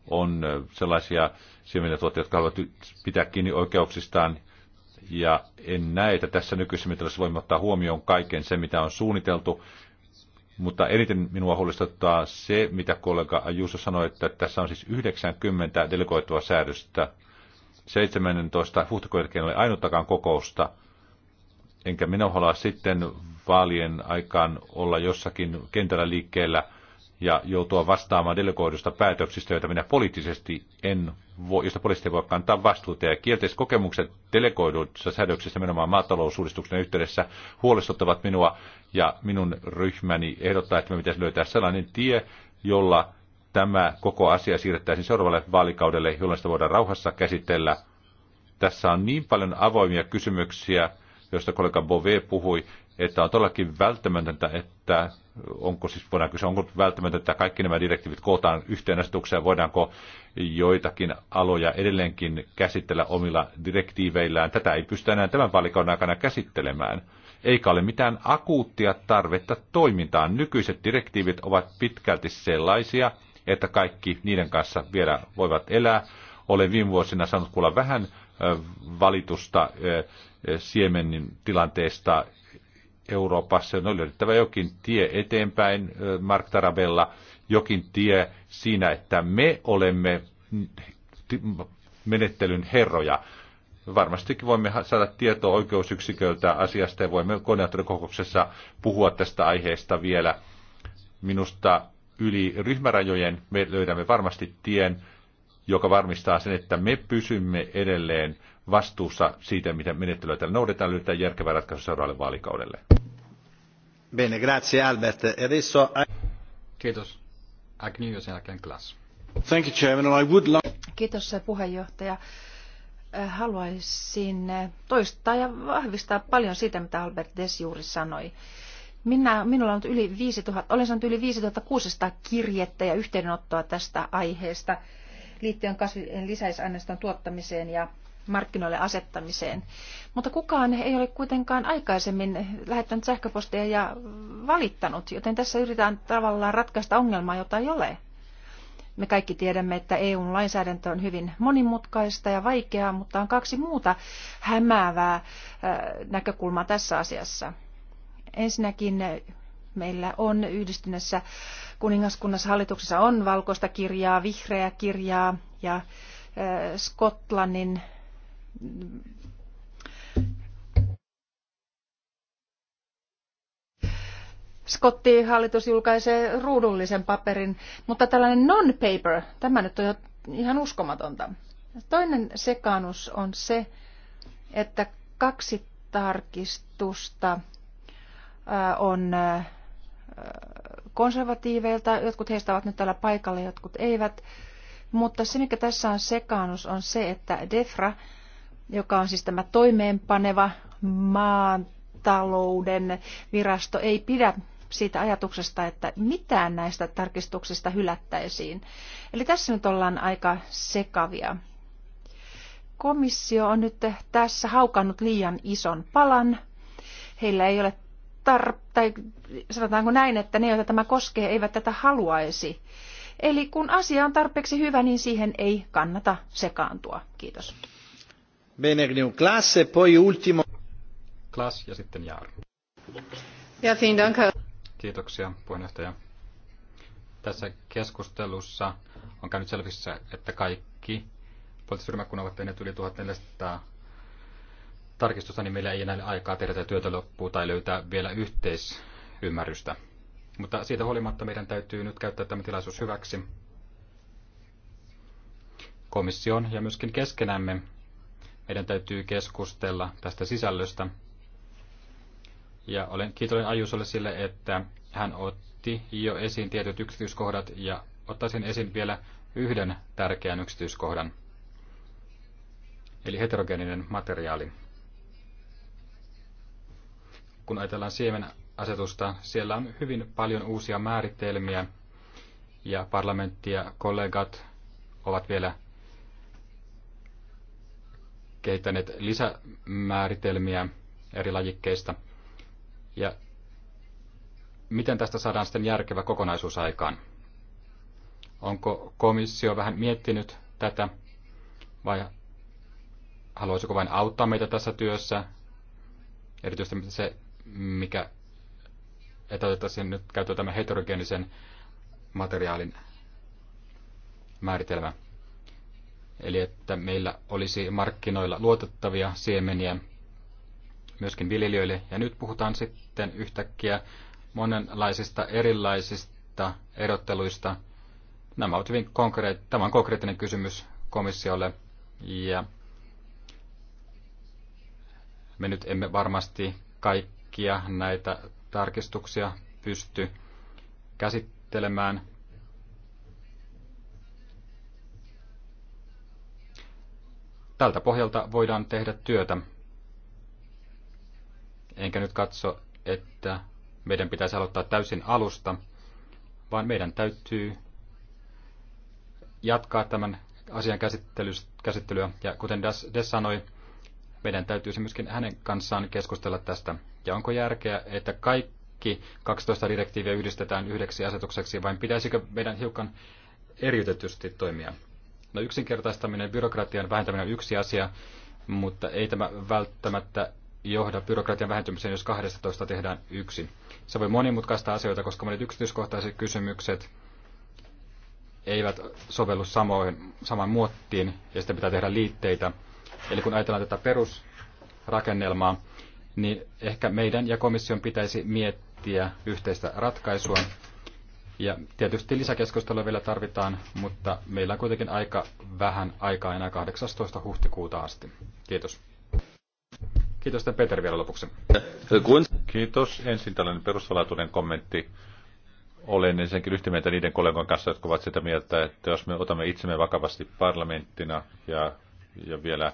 On sellaisia siementuottajia, jotka haluavat pitää kiinni oikeuksistaan. Ja en näe, että tässä nykyisessä mitalassa voimme ottaa huomioon kaiken se, mitä on suunniteltu. Mutta eniten minua huolestuttaa se, mitä kollega Ajuso sanoi, että tässä on siis 90 delegoitua säädöstä. 17. huhtikuun jälkeen oli ainuttakaan kokousta. Enkä minä halua sitten vaalien aikaan olla jossakin kentällä liikkeellä ja joutua vastaamaan delegoidusta päätöksistä, joita minä poliittisesti en voi, josta poliittisesti voi kantaa vastuuta. Ja kielteiset kokemukset delegoidussa säädöksissä nimenomaan maatalousuudistuksen yhteydessä huolestuttavat minua ja minun ryhmäni ehdottaa, että me pitäisi löytää sellainen tie, jolla tämä koko asia siirrettäisiin seuraavalle vaalikaudelle, jolloin sitä voidaan rauhassa käsitellä. Tässä on niin paljon avoimia kysymyksiä, joista kollega Bove puhui, että on todellakin välttämätöntä, että onko siis, voidaan kysyä, onko välttämätöntä, että kaikki nämä direktiivit kootaan yhteen asetukseen, voidaanko joitakin aloja edelleenkin käsitellä omilla direktiiveillään. Tätä ei pystytä enää tämän vaalikauden aikana käsittelemään. Eikä ole mitään akuuttia tarvetta toimintaan. Nykyiset direktiivit ovat pitkälti sellaisia, että kaikki niiden kanssa vielä voivat elää. Olen viime vuosina saanut kuulla vähän valitusta siemenin tilanteesta Euroopassa. On löydettävä jokin tie eteenpäin, Mark Tarabella, jokin tie siinä, että me olemme menettelyn herroja. Varmastikin voimme saada tietoa oikeusyksiköltä asiasta ja voimme koordinaattorikokouksessa puhua tästä aiheesta vielä. Minusta yli ryhmärajojen me löydämme varmasti tien, joka varmistaa sen, että me pysymme edelleen vastuussa siitä, miten menettelyä täällä noudetaan, löytää järkevä ratkaisu seuraavalle vaalikaudelle arvoisa e puhemies Thank you, I would like... Haluaisin toistaa ja vahvistaa paljon sitä, mitä Albert Des juuri sanoi. Minä, minulla on yli 5000, olen saanut yli 5600 kirjettä ja yhteydenottoa tästä aiheesta liittyen kasvien lisäisaineiston tuottamiseen ja markkinoille asettamiseen. Mutta kukaan ei ole kuitenkaan aikaisemmin lähettänyt sähköpostia ja valittanut, joten tässä yritetään tavallaan ratkaista ongelmaa, jota ei ole. Me kaikki tiedämme, että EUn lainsäädäntö on hyvin monimutkaista ja vaikeaa, mutta on kaksi muuta hämäävää äh, näkökulmaa tässä asiassa. Ensinnäkin meillä on yhdistyneessä kuningaskunnassa hallituksessa on valkoista kirjaa, vihreää kirjaa ja äh, Skotlannin Skottiin hallitus julkaisee ruudullisen paperin, mutta tällainen non-paper, tämä nyt on jo ihan uskomatonta. Toinen sekaannus on se, että kaksi tarkistusta äh, on äh, konservatiiveilta. Jotkut heistä ovat nyt täällä paikalla, jotkut eivät. Mutta se, mikä tässä on sekaannus, on se, että DEFRA joka on siis tämä toimeenpaneva maatalouden virasto, ei pidä siitä ajatuksesta, että mitään näistä tarkistuksista hylättäisiin. Eli tässä nyt ollaan aika sekavia. Komissio on nyt tässä haukannut liian ison palan. Heillä ei ole tar- tai sanotaanko näin, että ne, joita tämä koskee, eivät tätä haluaisi. Eli kun asia on tarpeeksi hyvä, niin siihen ei kannata sekaantua. Kiitos. Benegnu Klaas ja e poi ultimo. Klaas ja sitten Jaar. Ja, dank. Kiitoksia puheenjohtaja. Tässä keskustelussa on käynyt selvissä, että kaikki poliittiset kun ovat tehneet yli 1400 tarkistusta, niin meillä ei enää aikaa tehdä tätä työtä loppuun tai löytää vielä yhteisymmärrystä. Mutta siitä huolimatta meidän täytyy nyt käyttää tämä tilaisuus hyväksi komission ja myöskin keskenämme meidän täytyy keskustella tästä sisällöstä. Ja olen kiitollinen Ajusolle sille, että hän otti jo esiin tietyt yksityiskohdat ja ottaisin esiin vielä yhden tärkeän yksityiskohdan, eli heterogeeninen materiaali. Kun ajatellaan asetusta, siellä on hyvin paljon uusia määritelmiä, ja parlamentti ja kollegat ovat vielä kehittäneet lisämääritelmiä eri lajikkeista. Ja miten tästä saadaan sitten järkevä kokonaisuus aikaan? Onko komissio vähän miettinyt tätä vai haluaisiko vain auttaa meitä tässä työssä? Erityisesti se, mikä, että otettaisiin nyt käyttöön tämä heterogeenisen materiaalin määritelmä eli että meillä olisi markkinoilla luotettavia siemeniä myöskin viljelijöille. Ja nyt puhutaan sitten yhtäkkiä monenlaisista erilaisista erotteluista. Nämä ovat hyvin konkreet, tämä on konkreettinen kysymys komissiolle ja me nyt emme varmasti kaikkia näitä tarkistuksia pysty käsittelemään, tältä pohjalta voidaan tehdä työtä. Enkä nyt katso, että meidän pitäisi aloittaa täysin alusta, vaan meidän täytyy jatkaa tämän asian käsittelyä. Ja kuten Des sanoi, meidän täytyisi myöskin hänen kanssaan keskustella tästä. Ja onko järkeä, että kaikki 12 direktiiviä yhdistetään yhdeksi asetukseksi, vai pitäisikö meidän hiukan eriytetysti toimia? No yksinkertaistaminen, byrokratian vähentäminen on yksi asia, mutta ei tämä välttämättä johda byrokratian vähentymiseen, jos 12 tehdään yksi. Se voi monimutkaista asioita, koska monet yksityiskohtaiset kysymykset eivät sovellu samoin, samaan muottiin, ja sitten pitää tehdä liitteitä. Eli kun ajatellaan tätä perusrakennelmaa, niin ehkä meidän ja komission pitäisi miettiä yhteistä ratkaisua, ja tietysti lisäkeskustelua vielä tarvitaan, mutta meillä on kuitenkin aika vähän aikaa enää 18. huhtikuuta asti. Kiitos. Kiitos sitten Peter vielä lopuksi. Kiitos. Ensin tällainen perustalaatuinen kommentti. Olen ensinnäkin yhtä mieltä niiden kollegojen kanssa, jotka ovat sitä mieltä, että jos me otamme itsemme vakavasti parlamenttina ja, ja vielä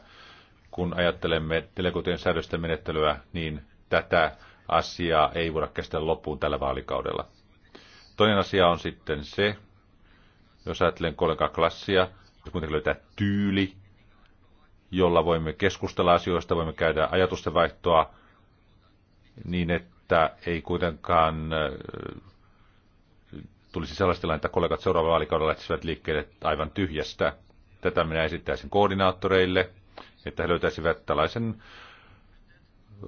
kun ajattelemme delegoitujen säädösten menettelyä, niin tätä asiaa ei voida kestää loppuun tällä vaalikaudella. Toinen asia on sitten se, jos ajattelen kollega klassia, jos kuitenkin löytää tyyli, jolla voimme keskustella asioista, voimme käydä ajatusten vaihtoa niin, että ei kuitenkaan äh, tulisi sellaista tilanne, että kollegat seuraavalla vaalikaudella lähtisivät liikkeelle aivan tyhjästä. Tätä minä esittäisin koordinaattoreille, että he löytäisivät tällaisen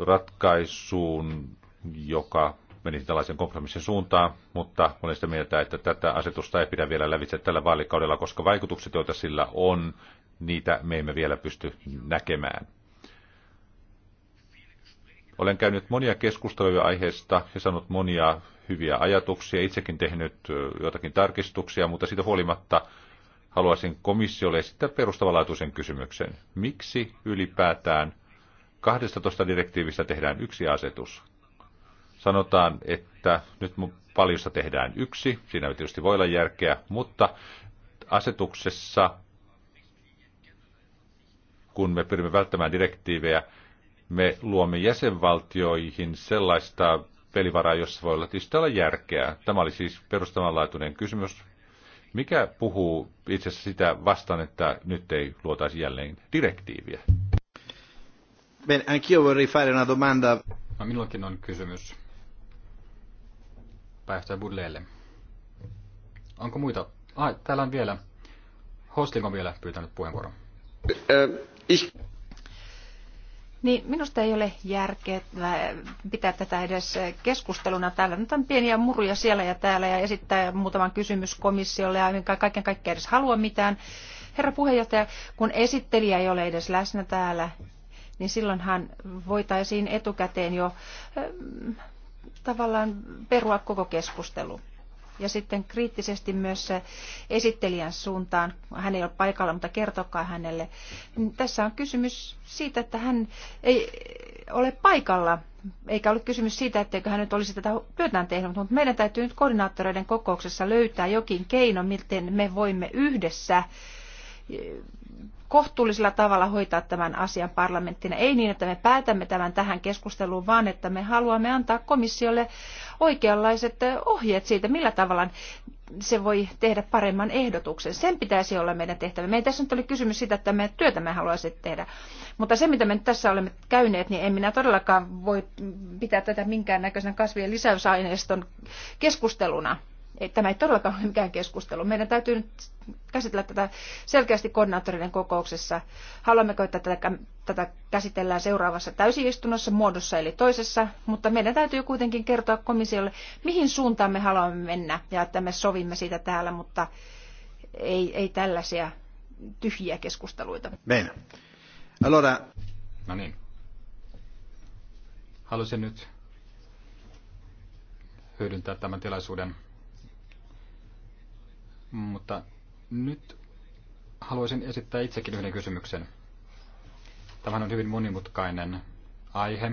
ratkaisuun, joka menisi tällaisen kompromissin suuntaan, mutta olen sitä mieltä, että tätä asetusta ei pidä vielä lävitse tällä vaalikaudella, koska vaikutukset, joita sillä on, niitä me emme vielä pysty näkemään. Olen käynyt monia keskusteluja aiheesta ja saanut monia hyviä ajatuksia, itsekin tehnyt jotakin tarkistuksia, mutta siitä huolimatta haluaisin komissiolle esittää perustavanlaatuisen kysymyksen. Miksi ylipäätään 12 direktiivistä tehdään yksi asetus? sanotaan, että nyt paljossa tehdään yksi, siinä tietysti voi olla järkeä, mutta asetuksessa, kun me pyrimme välttämään direktiivejä, me luomme jäsenvaltioihin sellaista pelivaraa, jossa voi olla tietysti olla järkeä. Tämä oli siis perustavanlaatuinen kysymys. Mikä puhuu itse asiassa sitä vastaan, että nyt ei luotaisi jälleen direktiiviä? Ben, anch'io vorrei fare una domanda. ma no, minullakin on kysymys pääjohtaja Budleelle. Onko muita? Ai, täällä on vielä. Hosling on vielä pyytänyt puheenvuoron. Äh, niin, minusta ei ole järkeä äh, pitää tätä edes keskusteluna. Täällä nyt on pieniä muruja siellä ja täällä ja esittää muutaman kysymys komissiolle ja kaiken kaikkiaan edes halua mitään. Herra puheenjohtaja, kun esittelijä ei ole edes läsnä täällä, niin silloinhan voitaisiin etukäteen jo äh, tavallaan perua koko keskustelu. Ja sitten kriittisesti myös esittelijän suuntaan, hän ei ole paikalla, mutta kertokaa hänelle. Tässä on kysymys siitä, että hän ei ole paikalla, eikä ole kysymys siitä, etteikö hän nyt olisi tätä työtään tehnyt, mutta meidän täytyy nyt koordinaattoreiden kokouksessa löytää jokin keino, miten me voimme yhdessä kohtuullisella tavalla hoitaa tämän asian parlamenttina. Ei niin, että me päätämme tämän tähän keskusteluun, vaan että me haluamme antaa komissiolle oikeanlaiset ohjeet siitä, millä tavalla se voi tehdä paremman ehdotuksen. Sen pitäisi olla meidän tehtävä. Me ei tässä nyt ole kysymys siitä, että me työtä me haluaisi tehdä. Mutta se, mitä me nyt tässä olemme käyneet, niin en minä todellakaan voi pitää tätä minkäännäköisenä kasvien lisäysaineiston keskusteluna Tämä ei todellakaan ole mikään keskustelu. Meidän täytyy nyt käsitellä tätä selkeästi koordinaattoreiden kokouksessa. Haluammeko, että tätä, tätä käsitellään seuraavassa täysistunnossa muodossa eli toisessa, mutta meidän täytyy kuitenkin kertoa komissiolle, mihin suuntaan me haluamme mennä ja että me sovimme siitä täällä, mutta ei, ei tällaisia tyhjiä keskusteluita. Meina. Allora... No niin. Halusin nyt hyödyntää tämän tilaisuuden mutta nyt haluaisin esittää itsekin yhden kysymyksen. Tämähän on hyvin monimutkainen aihe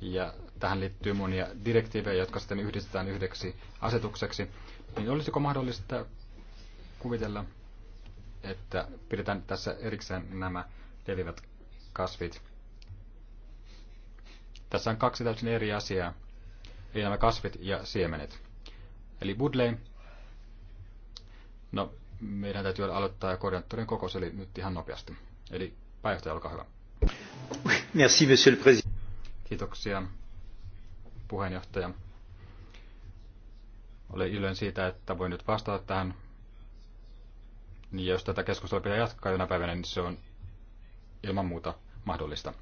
ja tähän liittyy monia direktiivejä, jotka sitten yhdistetään yhdeksi asetukseksi. Niin olisiko mahdollista kuvitella, että pidetään tässä erikseen nämä levivät kasvit? Tässä on kaksi täysin eri asiaa, eli nämä kasvit ja siemenet. Eli Budley No, meidän täytyy aloittaa koordinaattorin kokous, eli nyt ihan nopeasti. Eli pääjohtaja, olkaa hyvä. Merci, monsieur le président. Kiitoksia, puheenjohtaja. Olen iloinen siitä, että voin nyt vastata tähän. Niin jos tätä keskustelua pitää jatkaa jonain päivänä, niin se on ilman muuta mahdollista.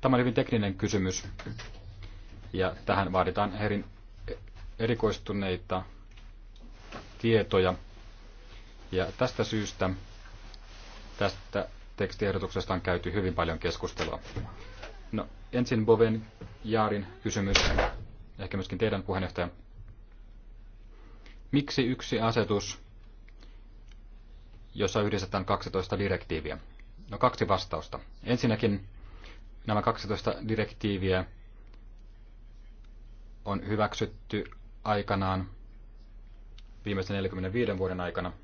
Tämä on hyvin tekninen kysymys, ja tähän vaaditaan herin erikoistuneita tietoja ja tästä syystä tästä tekstiehdotuksesta on käyty hyvin paljon keskustelua. No, ensin Boven Jaarin kysymys, ehkä myöskin teidän puheenjohtaja. Miksi yksi asetus, jossa yhdistetään 12 direktiiviä? No kaksi vastausta. Ensinnäkin nämä 12 direktiiviä on hyväksytty aikanaan viimeisen 45 vuoden aikana –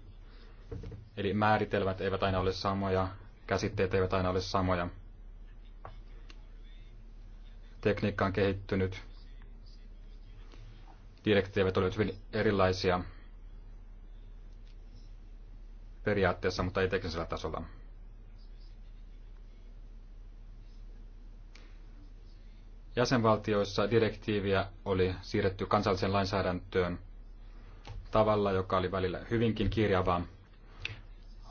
Eli määritelmät eivät aina ole samoja, käsitteet eivät aina ole samoja. Tekniikka on kehittynyt, direktiivit olivat hyvin erilaisia periaatteessa, mutta ei teknisellä tasolla. Jäsenvaltioissa direktiiviä oli siirretty kansalliseen lainsäädäntöön tavalla, joka oli välillä hyvinkin kirjavaa,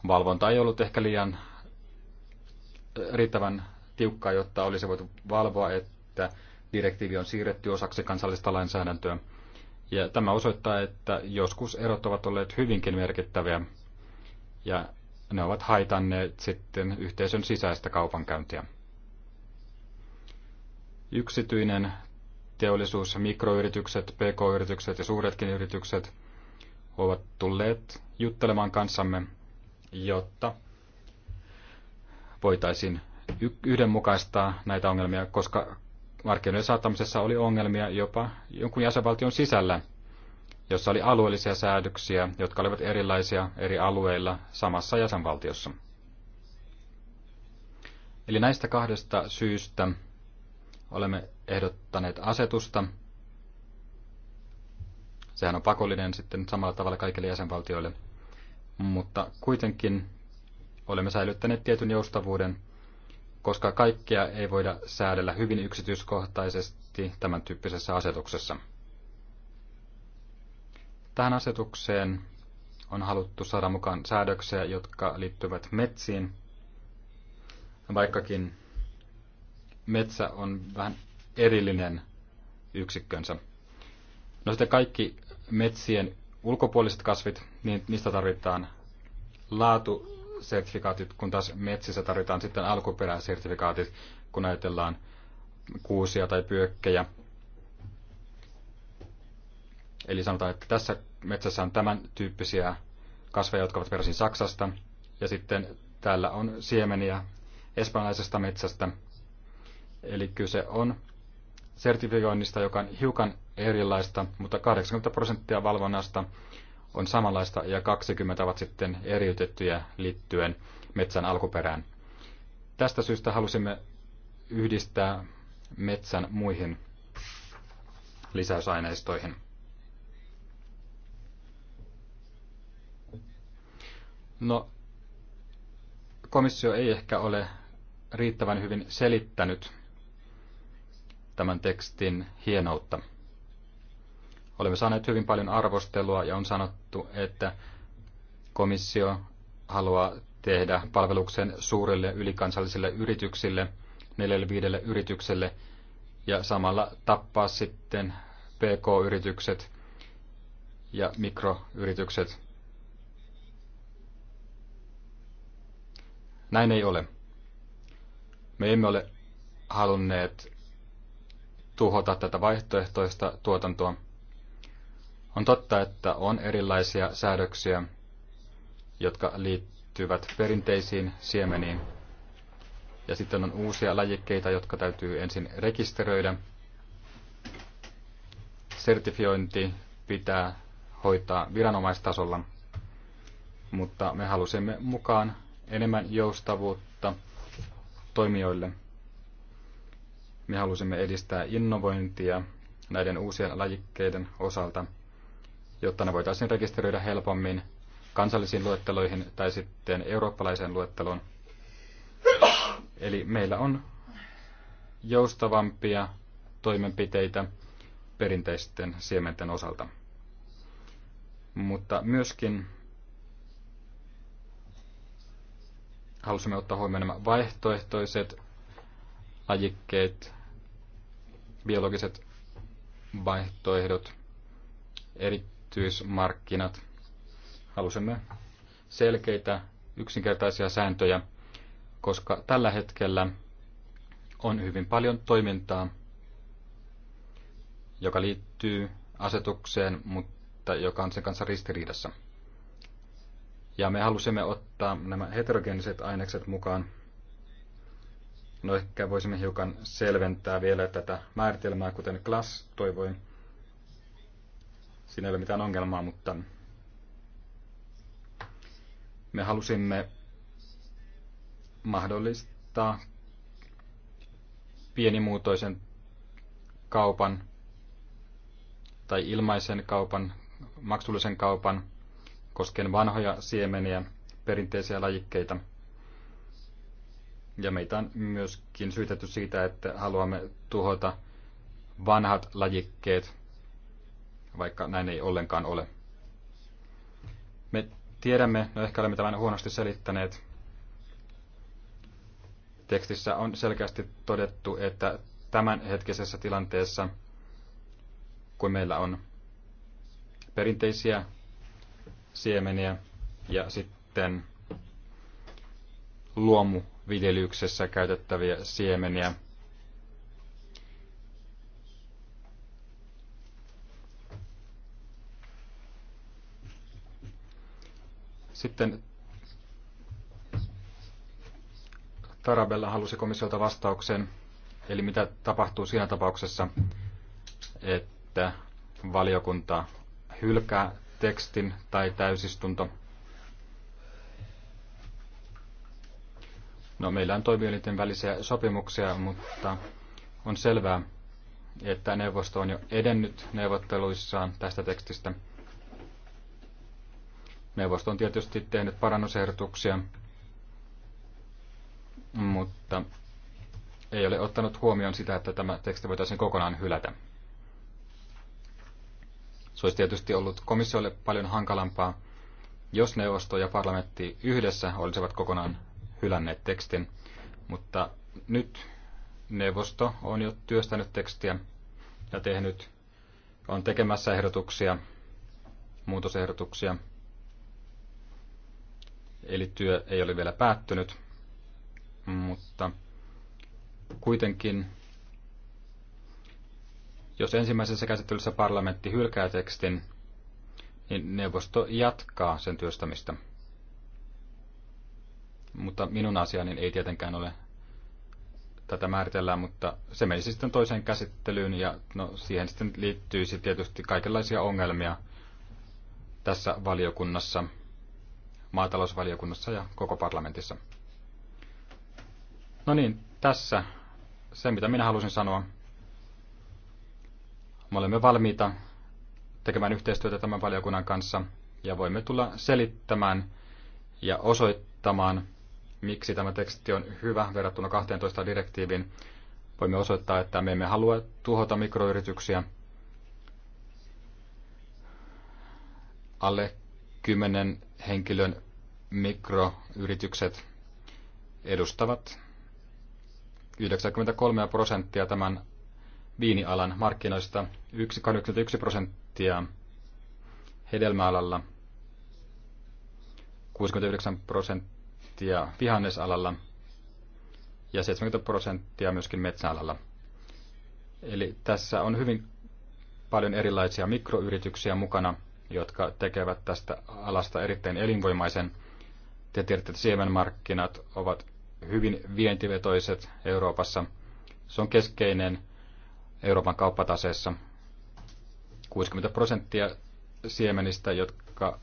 valvonta ei ollut ehkä liian äh, riittävän tiukkaa, jotta olisi voitu valvoa, että direktiivi on siirretty osaksi kansallista lainsäädäntöä. Ja tämä osoittaa, että joskus erot ovat olleet hyvinkin merkittäviä ja ne ovat haitanneet sitten yhteisön sisäistä kaupankäyntiä. Yksityinen teollisuus, mikroyritykset, pk-yritykset ja suuretkin yritykset ovat tulleet juttelemaan kanssamme jotta voitaisiin yhdenmukaistaa näitä ongelmia, koska markkinoiden saattamisessa oli ongelmia jopa jonkun jäsenvaltion sisällä, jossa oli alueellisia säädöksiä, jotka olivat erilaisia eri alueilla samassa jäsenvaltiossa. Eli näistä kahdesta syystä olemme ehdottaneet asetusta. Sehän on pakollinen sitten samalla tavalla kaikille jäsenvaltioille – mutta kuitenkin olemme säilyttäneet tietyn joustavuuden, koska kaikkea ei voida säädellä hyvin yksityiskohtaisesti tämän tyyppisessä asetuksessa. Tähän asetukseen on haluttu saada mukaan säädöksiä, jotka liittyvät metsiin, vaikkakin metsä on vähän erillinen yksikkönsä. No sitten kaikki metsien ulkopuoliset kasvit, niin niistä tarvitaan laatusertifikaatit, kun taas metsissä tarvitaan sitten alkuperäsertifikaatit, kun ajatellaan kuusia tai pyökkejä. Eli sanotaan, että tässä metsässä on tämän tyyppisiä kasveja, jotka ovat peräisin Saksasta, ja sitten täällä on siemeniä espanjalaisesta metsästä. Eli kyse on sertifioinnista, joka on hiukan erilaista, mutta 80 prosenttia valvonnasta on samanlaista ja 20 ovat sitten eriytettyjä liittyen metsän alkuperään. Tästä syystä halusimme yhdistää metsän muihin lisäysaineistoihin. No, komissio ei ehkä ole riittävän hyvin selittänyt tämän tekstin hienoutta. Olemme saaneet hyvin paljon arvostelua ja on sanottu, että komissio haluaa tehdä palveluksen suurille ylikansallisille yrityksille, neljälle viidelle yritykselle ja samalla tappaa sitten PK-yritykset ja mikroyritykset. Näin ei ole. Me emme ole halunneet tuhota tätä vaihtoehtoista tuotantoa. On totta, että on erilaisia säädöksiä, jotka liittyvät perinteisiin siemeniin. Ja sitten on uusia lajikkeita, jotka täytyy ensin rekisteröidä. Sertifiointi pitää hoitaa viranomaistasolla, mutta me halusimme mukaan enemmän joustavuutta toimijoille – me halusimme edistää innovointia näiden uusien lajikkeiden osalta, jotta ne voitaisiin rekisteröidä helpommin kansallisiin luetteloihin tai sitten eurooppalaiseen luetteloon. Eli meillä on joustavampia toimenpiteitä perinteisten siementen osalta. Mutta myöskin halusimme ottaa huomioon nämä vaihtoehtoiset lajikkeet biologiset vaihtoehdot, erityismarkkinat. Halusimme selkeitä, yksinkertaisia sääntöjä, koska tällä hetkellä on hyvin paljon toimintaa, joka liittyy asetukseen, mutta joka on sen kanssa ristiriidassa. Ja me halusimme ottaa nämä heterogeeniset ainekset mukaan No ehkä voisimme hiukan selventää vielä tätä määritelmää, kuten class, toivoi. Siinä ei ole mitään ongelmaa, mutta me halusimme mahdollistaa pienimuotoisen kaupan tai ilmaisen kaupan, maksullisen kaupan koskien vanhoja siemeniä, perinteisiä lajikkeita – ja meitä on myöskin syytetty siitä, että haluamme tuhota vanhat lajikkeet, vaikka näin ei ollenkaan ole. Me tiedämme, no ehkä olemme tämän huonosti selittäneet, tekstissä on selkeästi todettu, että tämän hetkisessä tilanteessa, kun meillä on perinteisiä siemeniä ja sitten luomu viljelyksessä käytettäviä siemeniä. Sitten Tarabella halusi komissiolta vastauksen, eli mitä tapahtuu siinä tapauksessa, että valiokunta hylkää tekstin tai täysistunto. No meillä on toimielinten välisiä sopimuksia, mutta on selvää, että neuvosto on jo edennyt neuvotteluissaan tästä tekstistä. Neuvosto on tietysti tehnyt parannusehdotuksia, mutta ei ole ottanut huomioon sitä, että tämä teksti voitaisiin kokonaan hylätä. Se olisi tietysti ollut komissiolle paljon hankalampaa, jos neuvosto ja parlamentti yhdessä olisivat kokonaan hylänneet tekstin, mutta nyt neuvosto on jo työstänyt tekstiä ja tehnyt, on tekemässä ehdotuksia, muutosehdotuksia. Eli työ ei ole vielä päättynyt, mutta kuitenkin, jos ensimmäisessä käsittelyssä parlamentti hylkää tekstin, niin neuvosto jatkaa sen työstämistä. Mutta minun asiani ei tietenkään ole tätä määritellään, mutta se menisi sitten toiseen käsittelyyn ja no, siihen sitten liittyisi tietysti kaikenlaisia ongelmia tässä valiokunnassa, maatalousvaliokunnassa ja koko parlamentissa. No niin, tässä se, mitä minä halusin sanoa. Me olemme valmiita tekemään yhteistyötä tämän valiokunnan kanssa ja voimme tulla selittämään ja osoittamaan, miksi tämä teksti on hyvä verrattuna 12 direktiiviin. Voimme osoittaa, että me emme halua tuhota mikroyrityksiä. Alle 10 henkilön mikroyritykset edustavat 93 prosenttia tämän viinialan markkinoista, 81 prosenttia hedelmäalalla, 69 prosenttia prosenttia vihannesalalla ja 70 prosenttia myöskin metsäalalla. Eli tässä on hyvin paljon erilaisia mikroyrityksiä mukana, jotka tekevät tästä alasta erittäin elinvoimaisen. Te tiedätte, että siemenmarkkinat ovat hyvin vientivetoiset Euroopassa. Se on keskeinen Euroopan kauppataseessa. 60 prosenttia siemenistä, jotka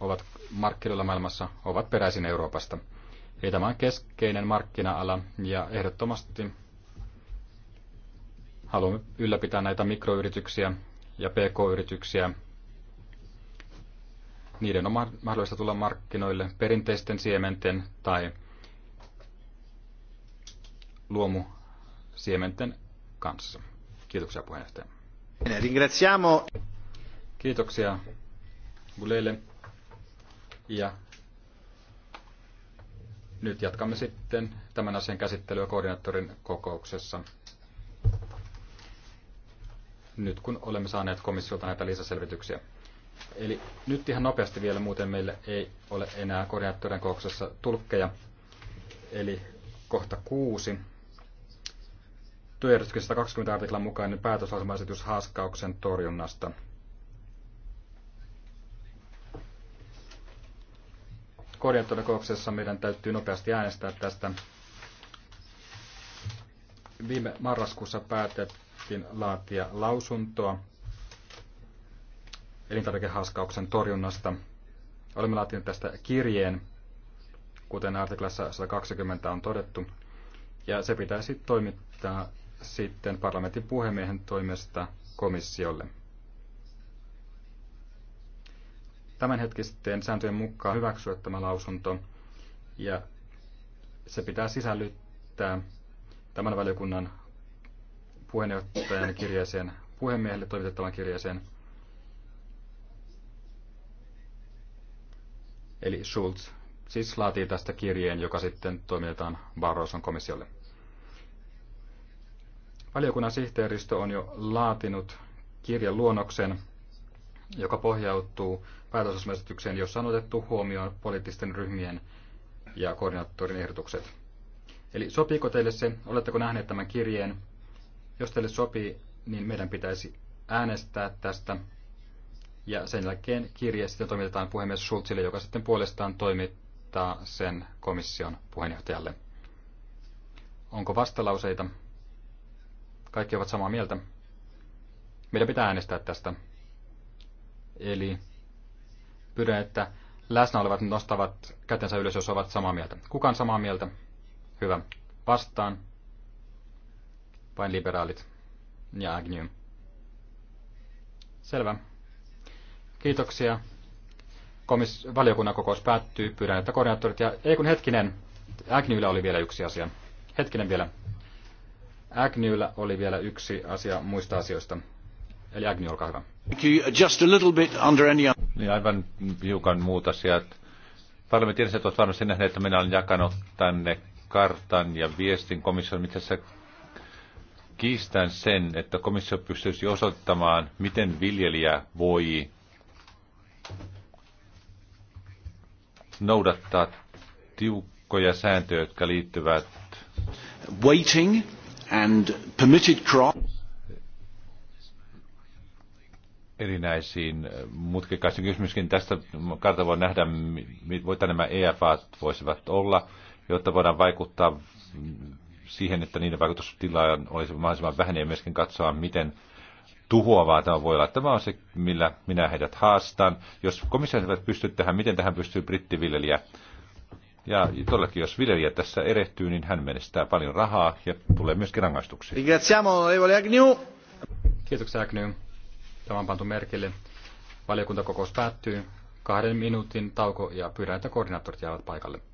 ovat markkinoilla maailmassa ovat peräisin Euroopasta. Eli tämä on keskeinen markkina-ala ja ehdottomasti haluamme ylläpitää näitä mikroyrityksiä ja pk-yrityksiä. Niiden on mahdollista tulla markkinoille perinteisten siementen tai luomusiementen kanssa. Kiitoksia puheenjohtaja. Ringraziamo. Kiitoksia Bulelle. Ja nyt jatkamme sitten tämän asian käsittelyä koordinaattorin kokouksessa. Nyt kun olemme saaneet komissiolta näitä lisäselvityksiä. Eli nyt ihan nopeasti vielä, muuten meillä ei ole enää koordinaattorin kokouksessa tulkkeja. Eli kohta kuusi. Työjärjestyksen 120 artiklan mukainen päätöslausumaesitys haaskauksen torjunnasta. koordinaattorikouksessa meidän täytyy nopeasti äänestää tästä. Viime marraskuussa päätettiin laatia lausuntoa elintarvikehaskauksen torjunnasta. Olemme laatineet tästä kirjeen, kuten artiklassa 120 on todettu, ja se pitäisi toimittaa sitten parlamentin puhemiehen toimesta komissiolle. tämänhetkisten sääntöjen mukaan hyväksyä tämä lausunto ja se pitää sisällyttää tämän valiokunnan puheenjohtajan kirjeeseen, puhemiehelle toimitettavan kirjeeseen. Eli Schulz siis laatii tästä kirjeen, joka sitten toimitetaan Barroson komissiolle. Valiokunnan sihteeristö on jo laatinut kirjan luonnoksen joka pohjautuu päätösosmesitykseen, jossa on otettu huomioon poliittisten ryhmien ja koordinaattorin ehdotukset. Eli sopiiko teille se? Oletteko nähneet tämän kirjeen? Jos teille sopii, niin meidän pitäisi äänestää tästä. Ja sen jälkeen kirje sitten toimitetaan puhemies Schulzille, joka sitten puolestaan toimittaa sen komission puheenjohtajalle. Onko vastalauseita? Kaikki ovat samaa mieltä. Meidän pitää äänestää tästä. Eli pyydän, että läsnä olevat nostavat kätensä ylös, jos ovat samaa mieltä. Kukaan samaa mieltä? Hyvä. Vastaan. Vain liberaalit. Ja Agnew. Selvä. Kiitoksia. Komis- valiokunnan kokous päättyy. Pyydän, että koordinaattorit ja... Ei kun hetkinen. Agnewllä oli vielä yksi asia. Hetkinen vielä. Agnewllä oli vielä yksi asia muista asioista. Eli Agni, olkaa hyvä. Just a little bit under any... other. Niin aivan hiukan muuta sieltä. Parlamentin jäsenet ovat varmasti nähneet, että minä olen jakanut tänne kartan ja viestin komission, mitä se kiistän sen, että komissio pystyisi osoittamaan, miten viljelijä voi noudattaa tiukkoja sääntöjä, jotka liittyvät waiting and permitted crops erinäisiin äh, mutkikaisiin kysymyksiin. Tästä kartta voi nähdä, mitä nämä EFA voisivat olla, jotta voidaan vaikuttaa siihen, että niiden vaikutus olisi mahdollisimman vähän ja myöskin katsoa, miten tuhoavaa tämä voi olla. Tämä on se, millä minä heidät haastan. Jos komissaari eivät pysty tähän, miten tähän pystyy brittiviljelijä? Ja todellakin, jos viljelijä tässä erehtyy, niin hän menestää paljon rahaa ja tulee myöskin rangaistuksia. Agnew. Kiitoksia, Agnew. Tämä on pantu merkille. Valiokuntakokous päättyy. Kahden minuutin tauko ja pyydän, että koordinaattorit jäävät paikalle.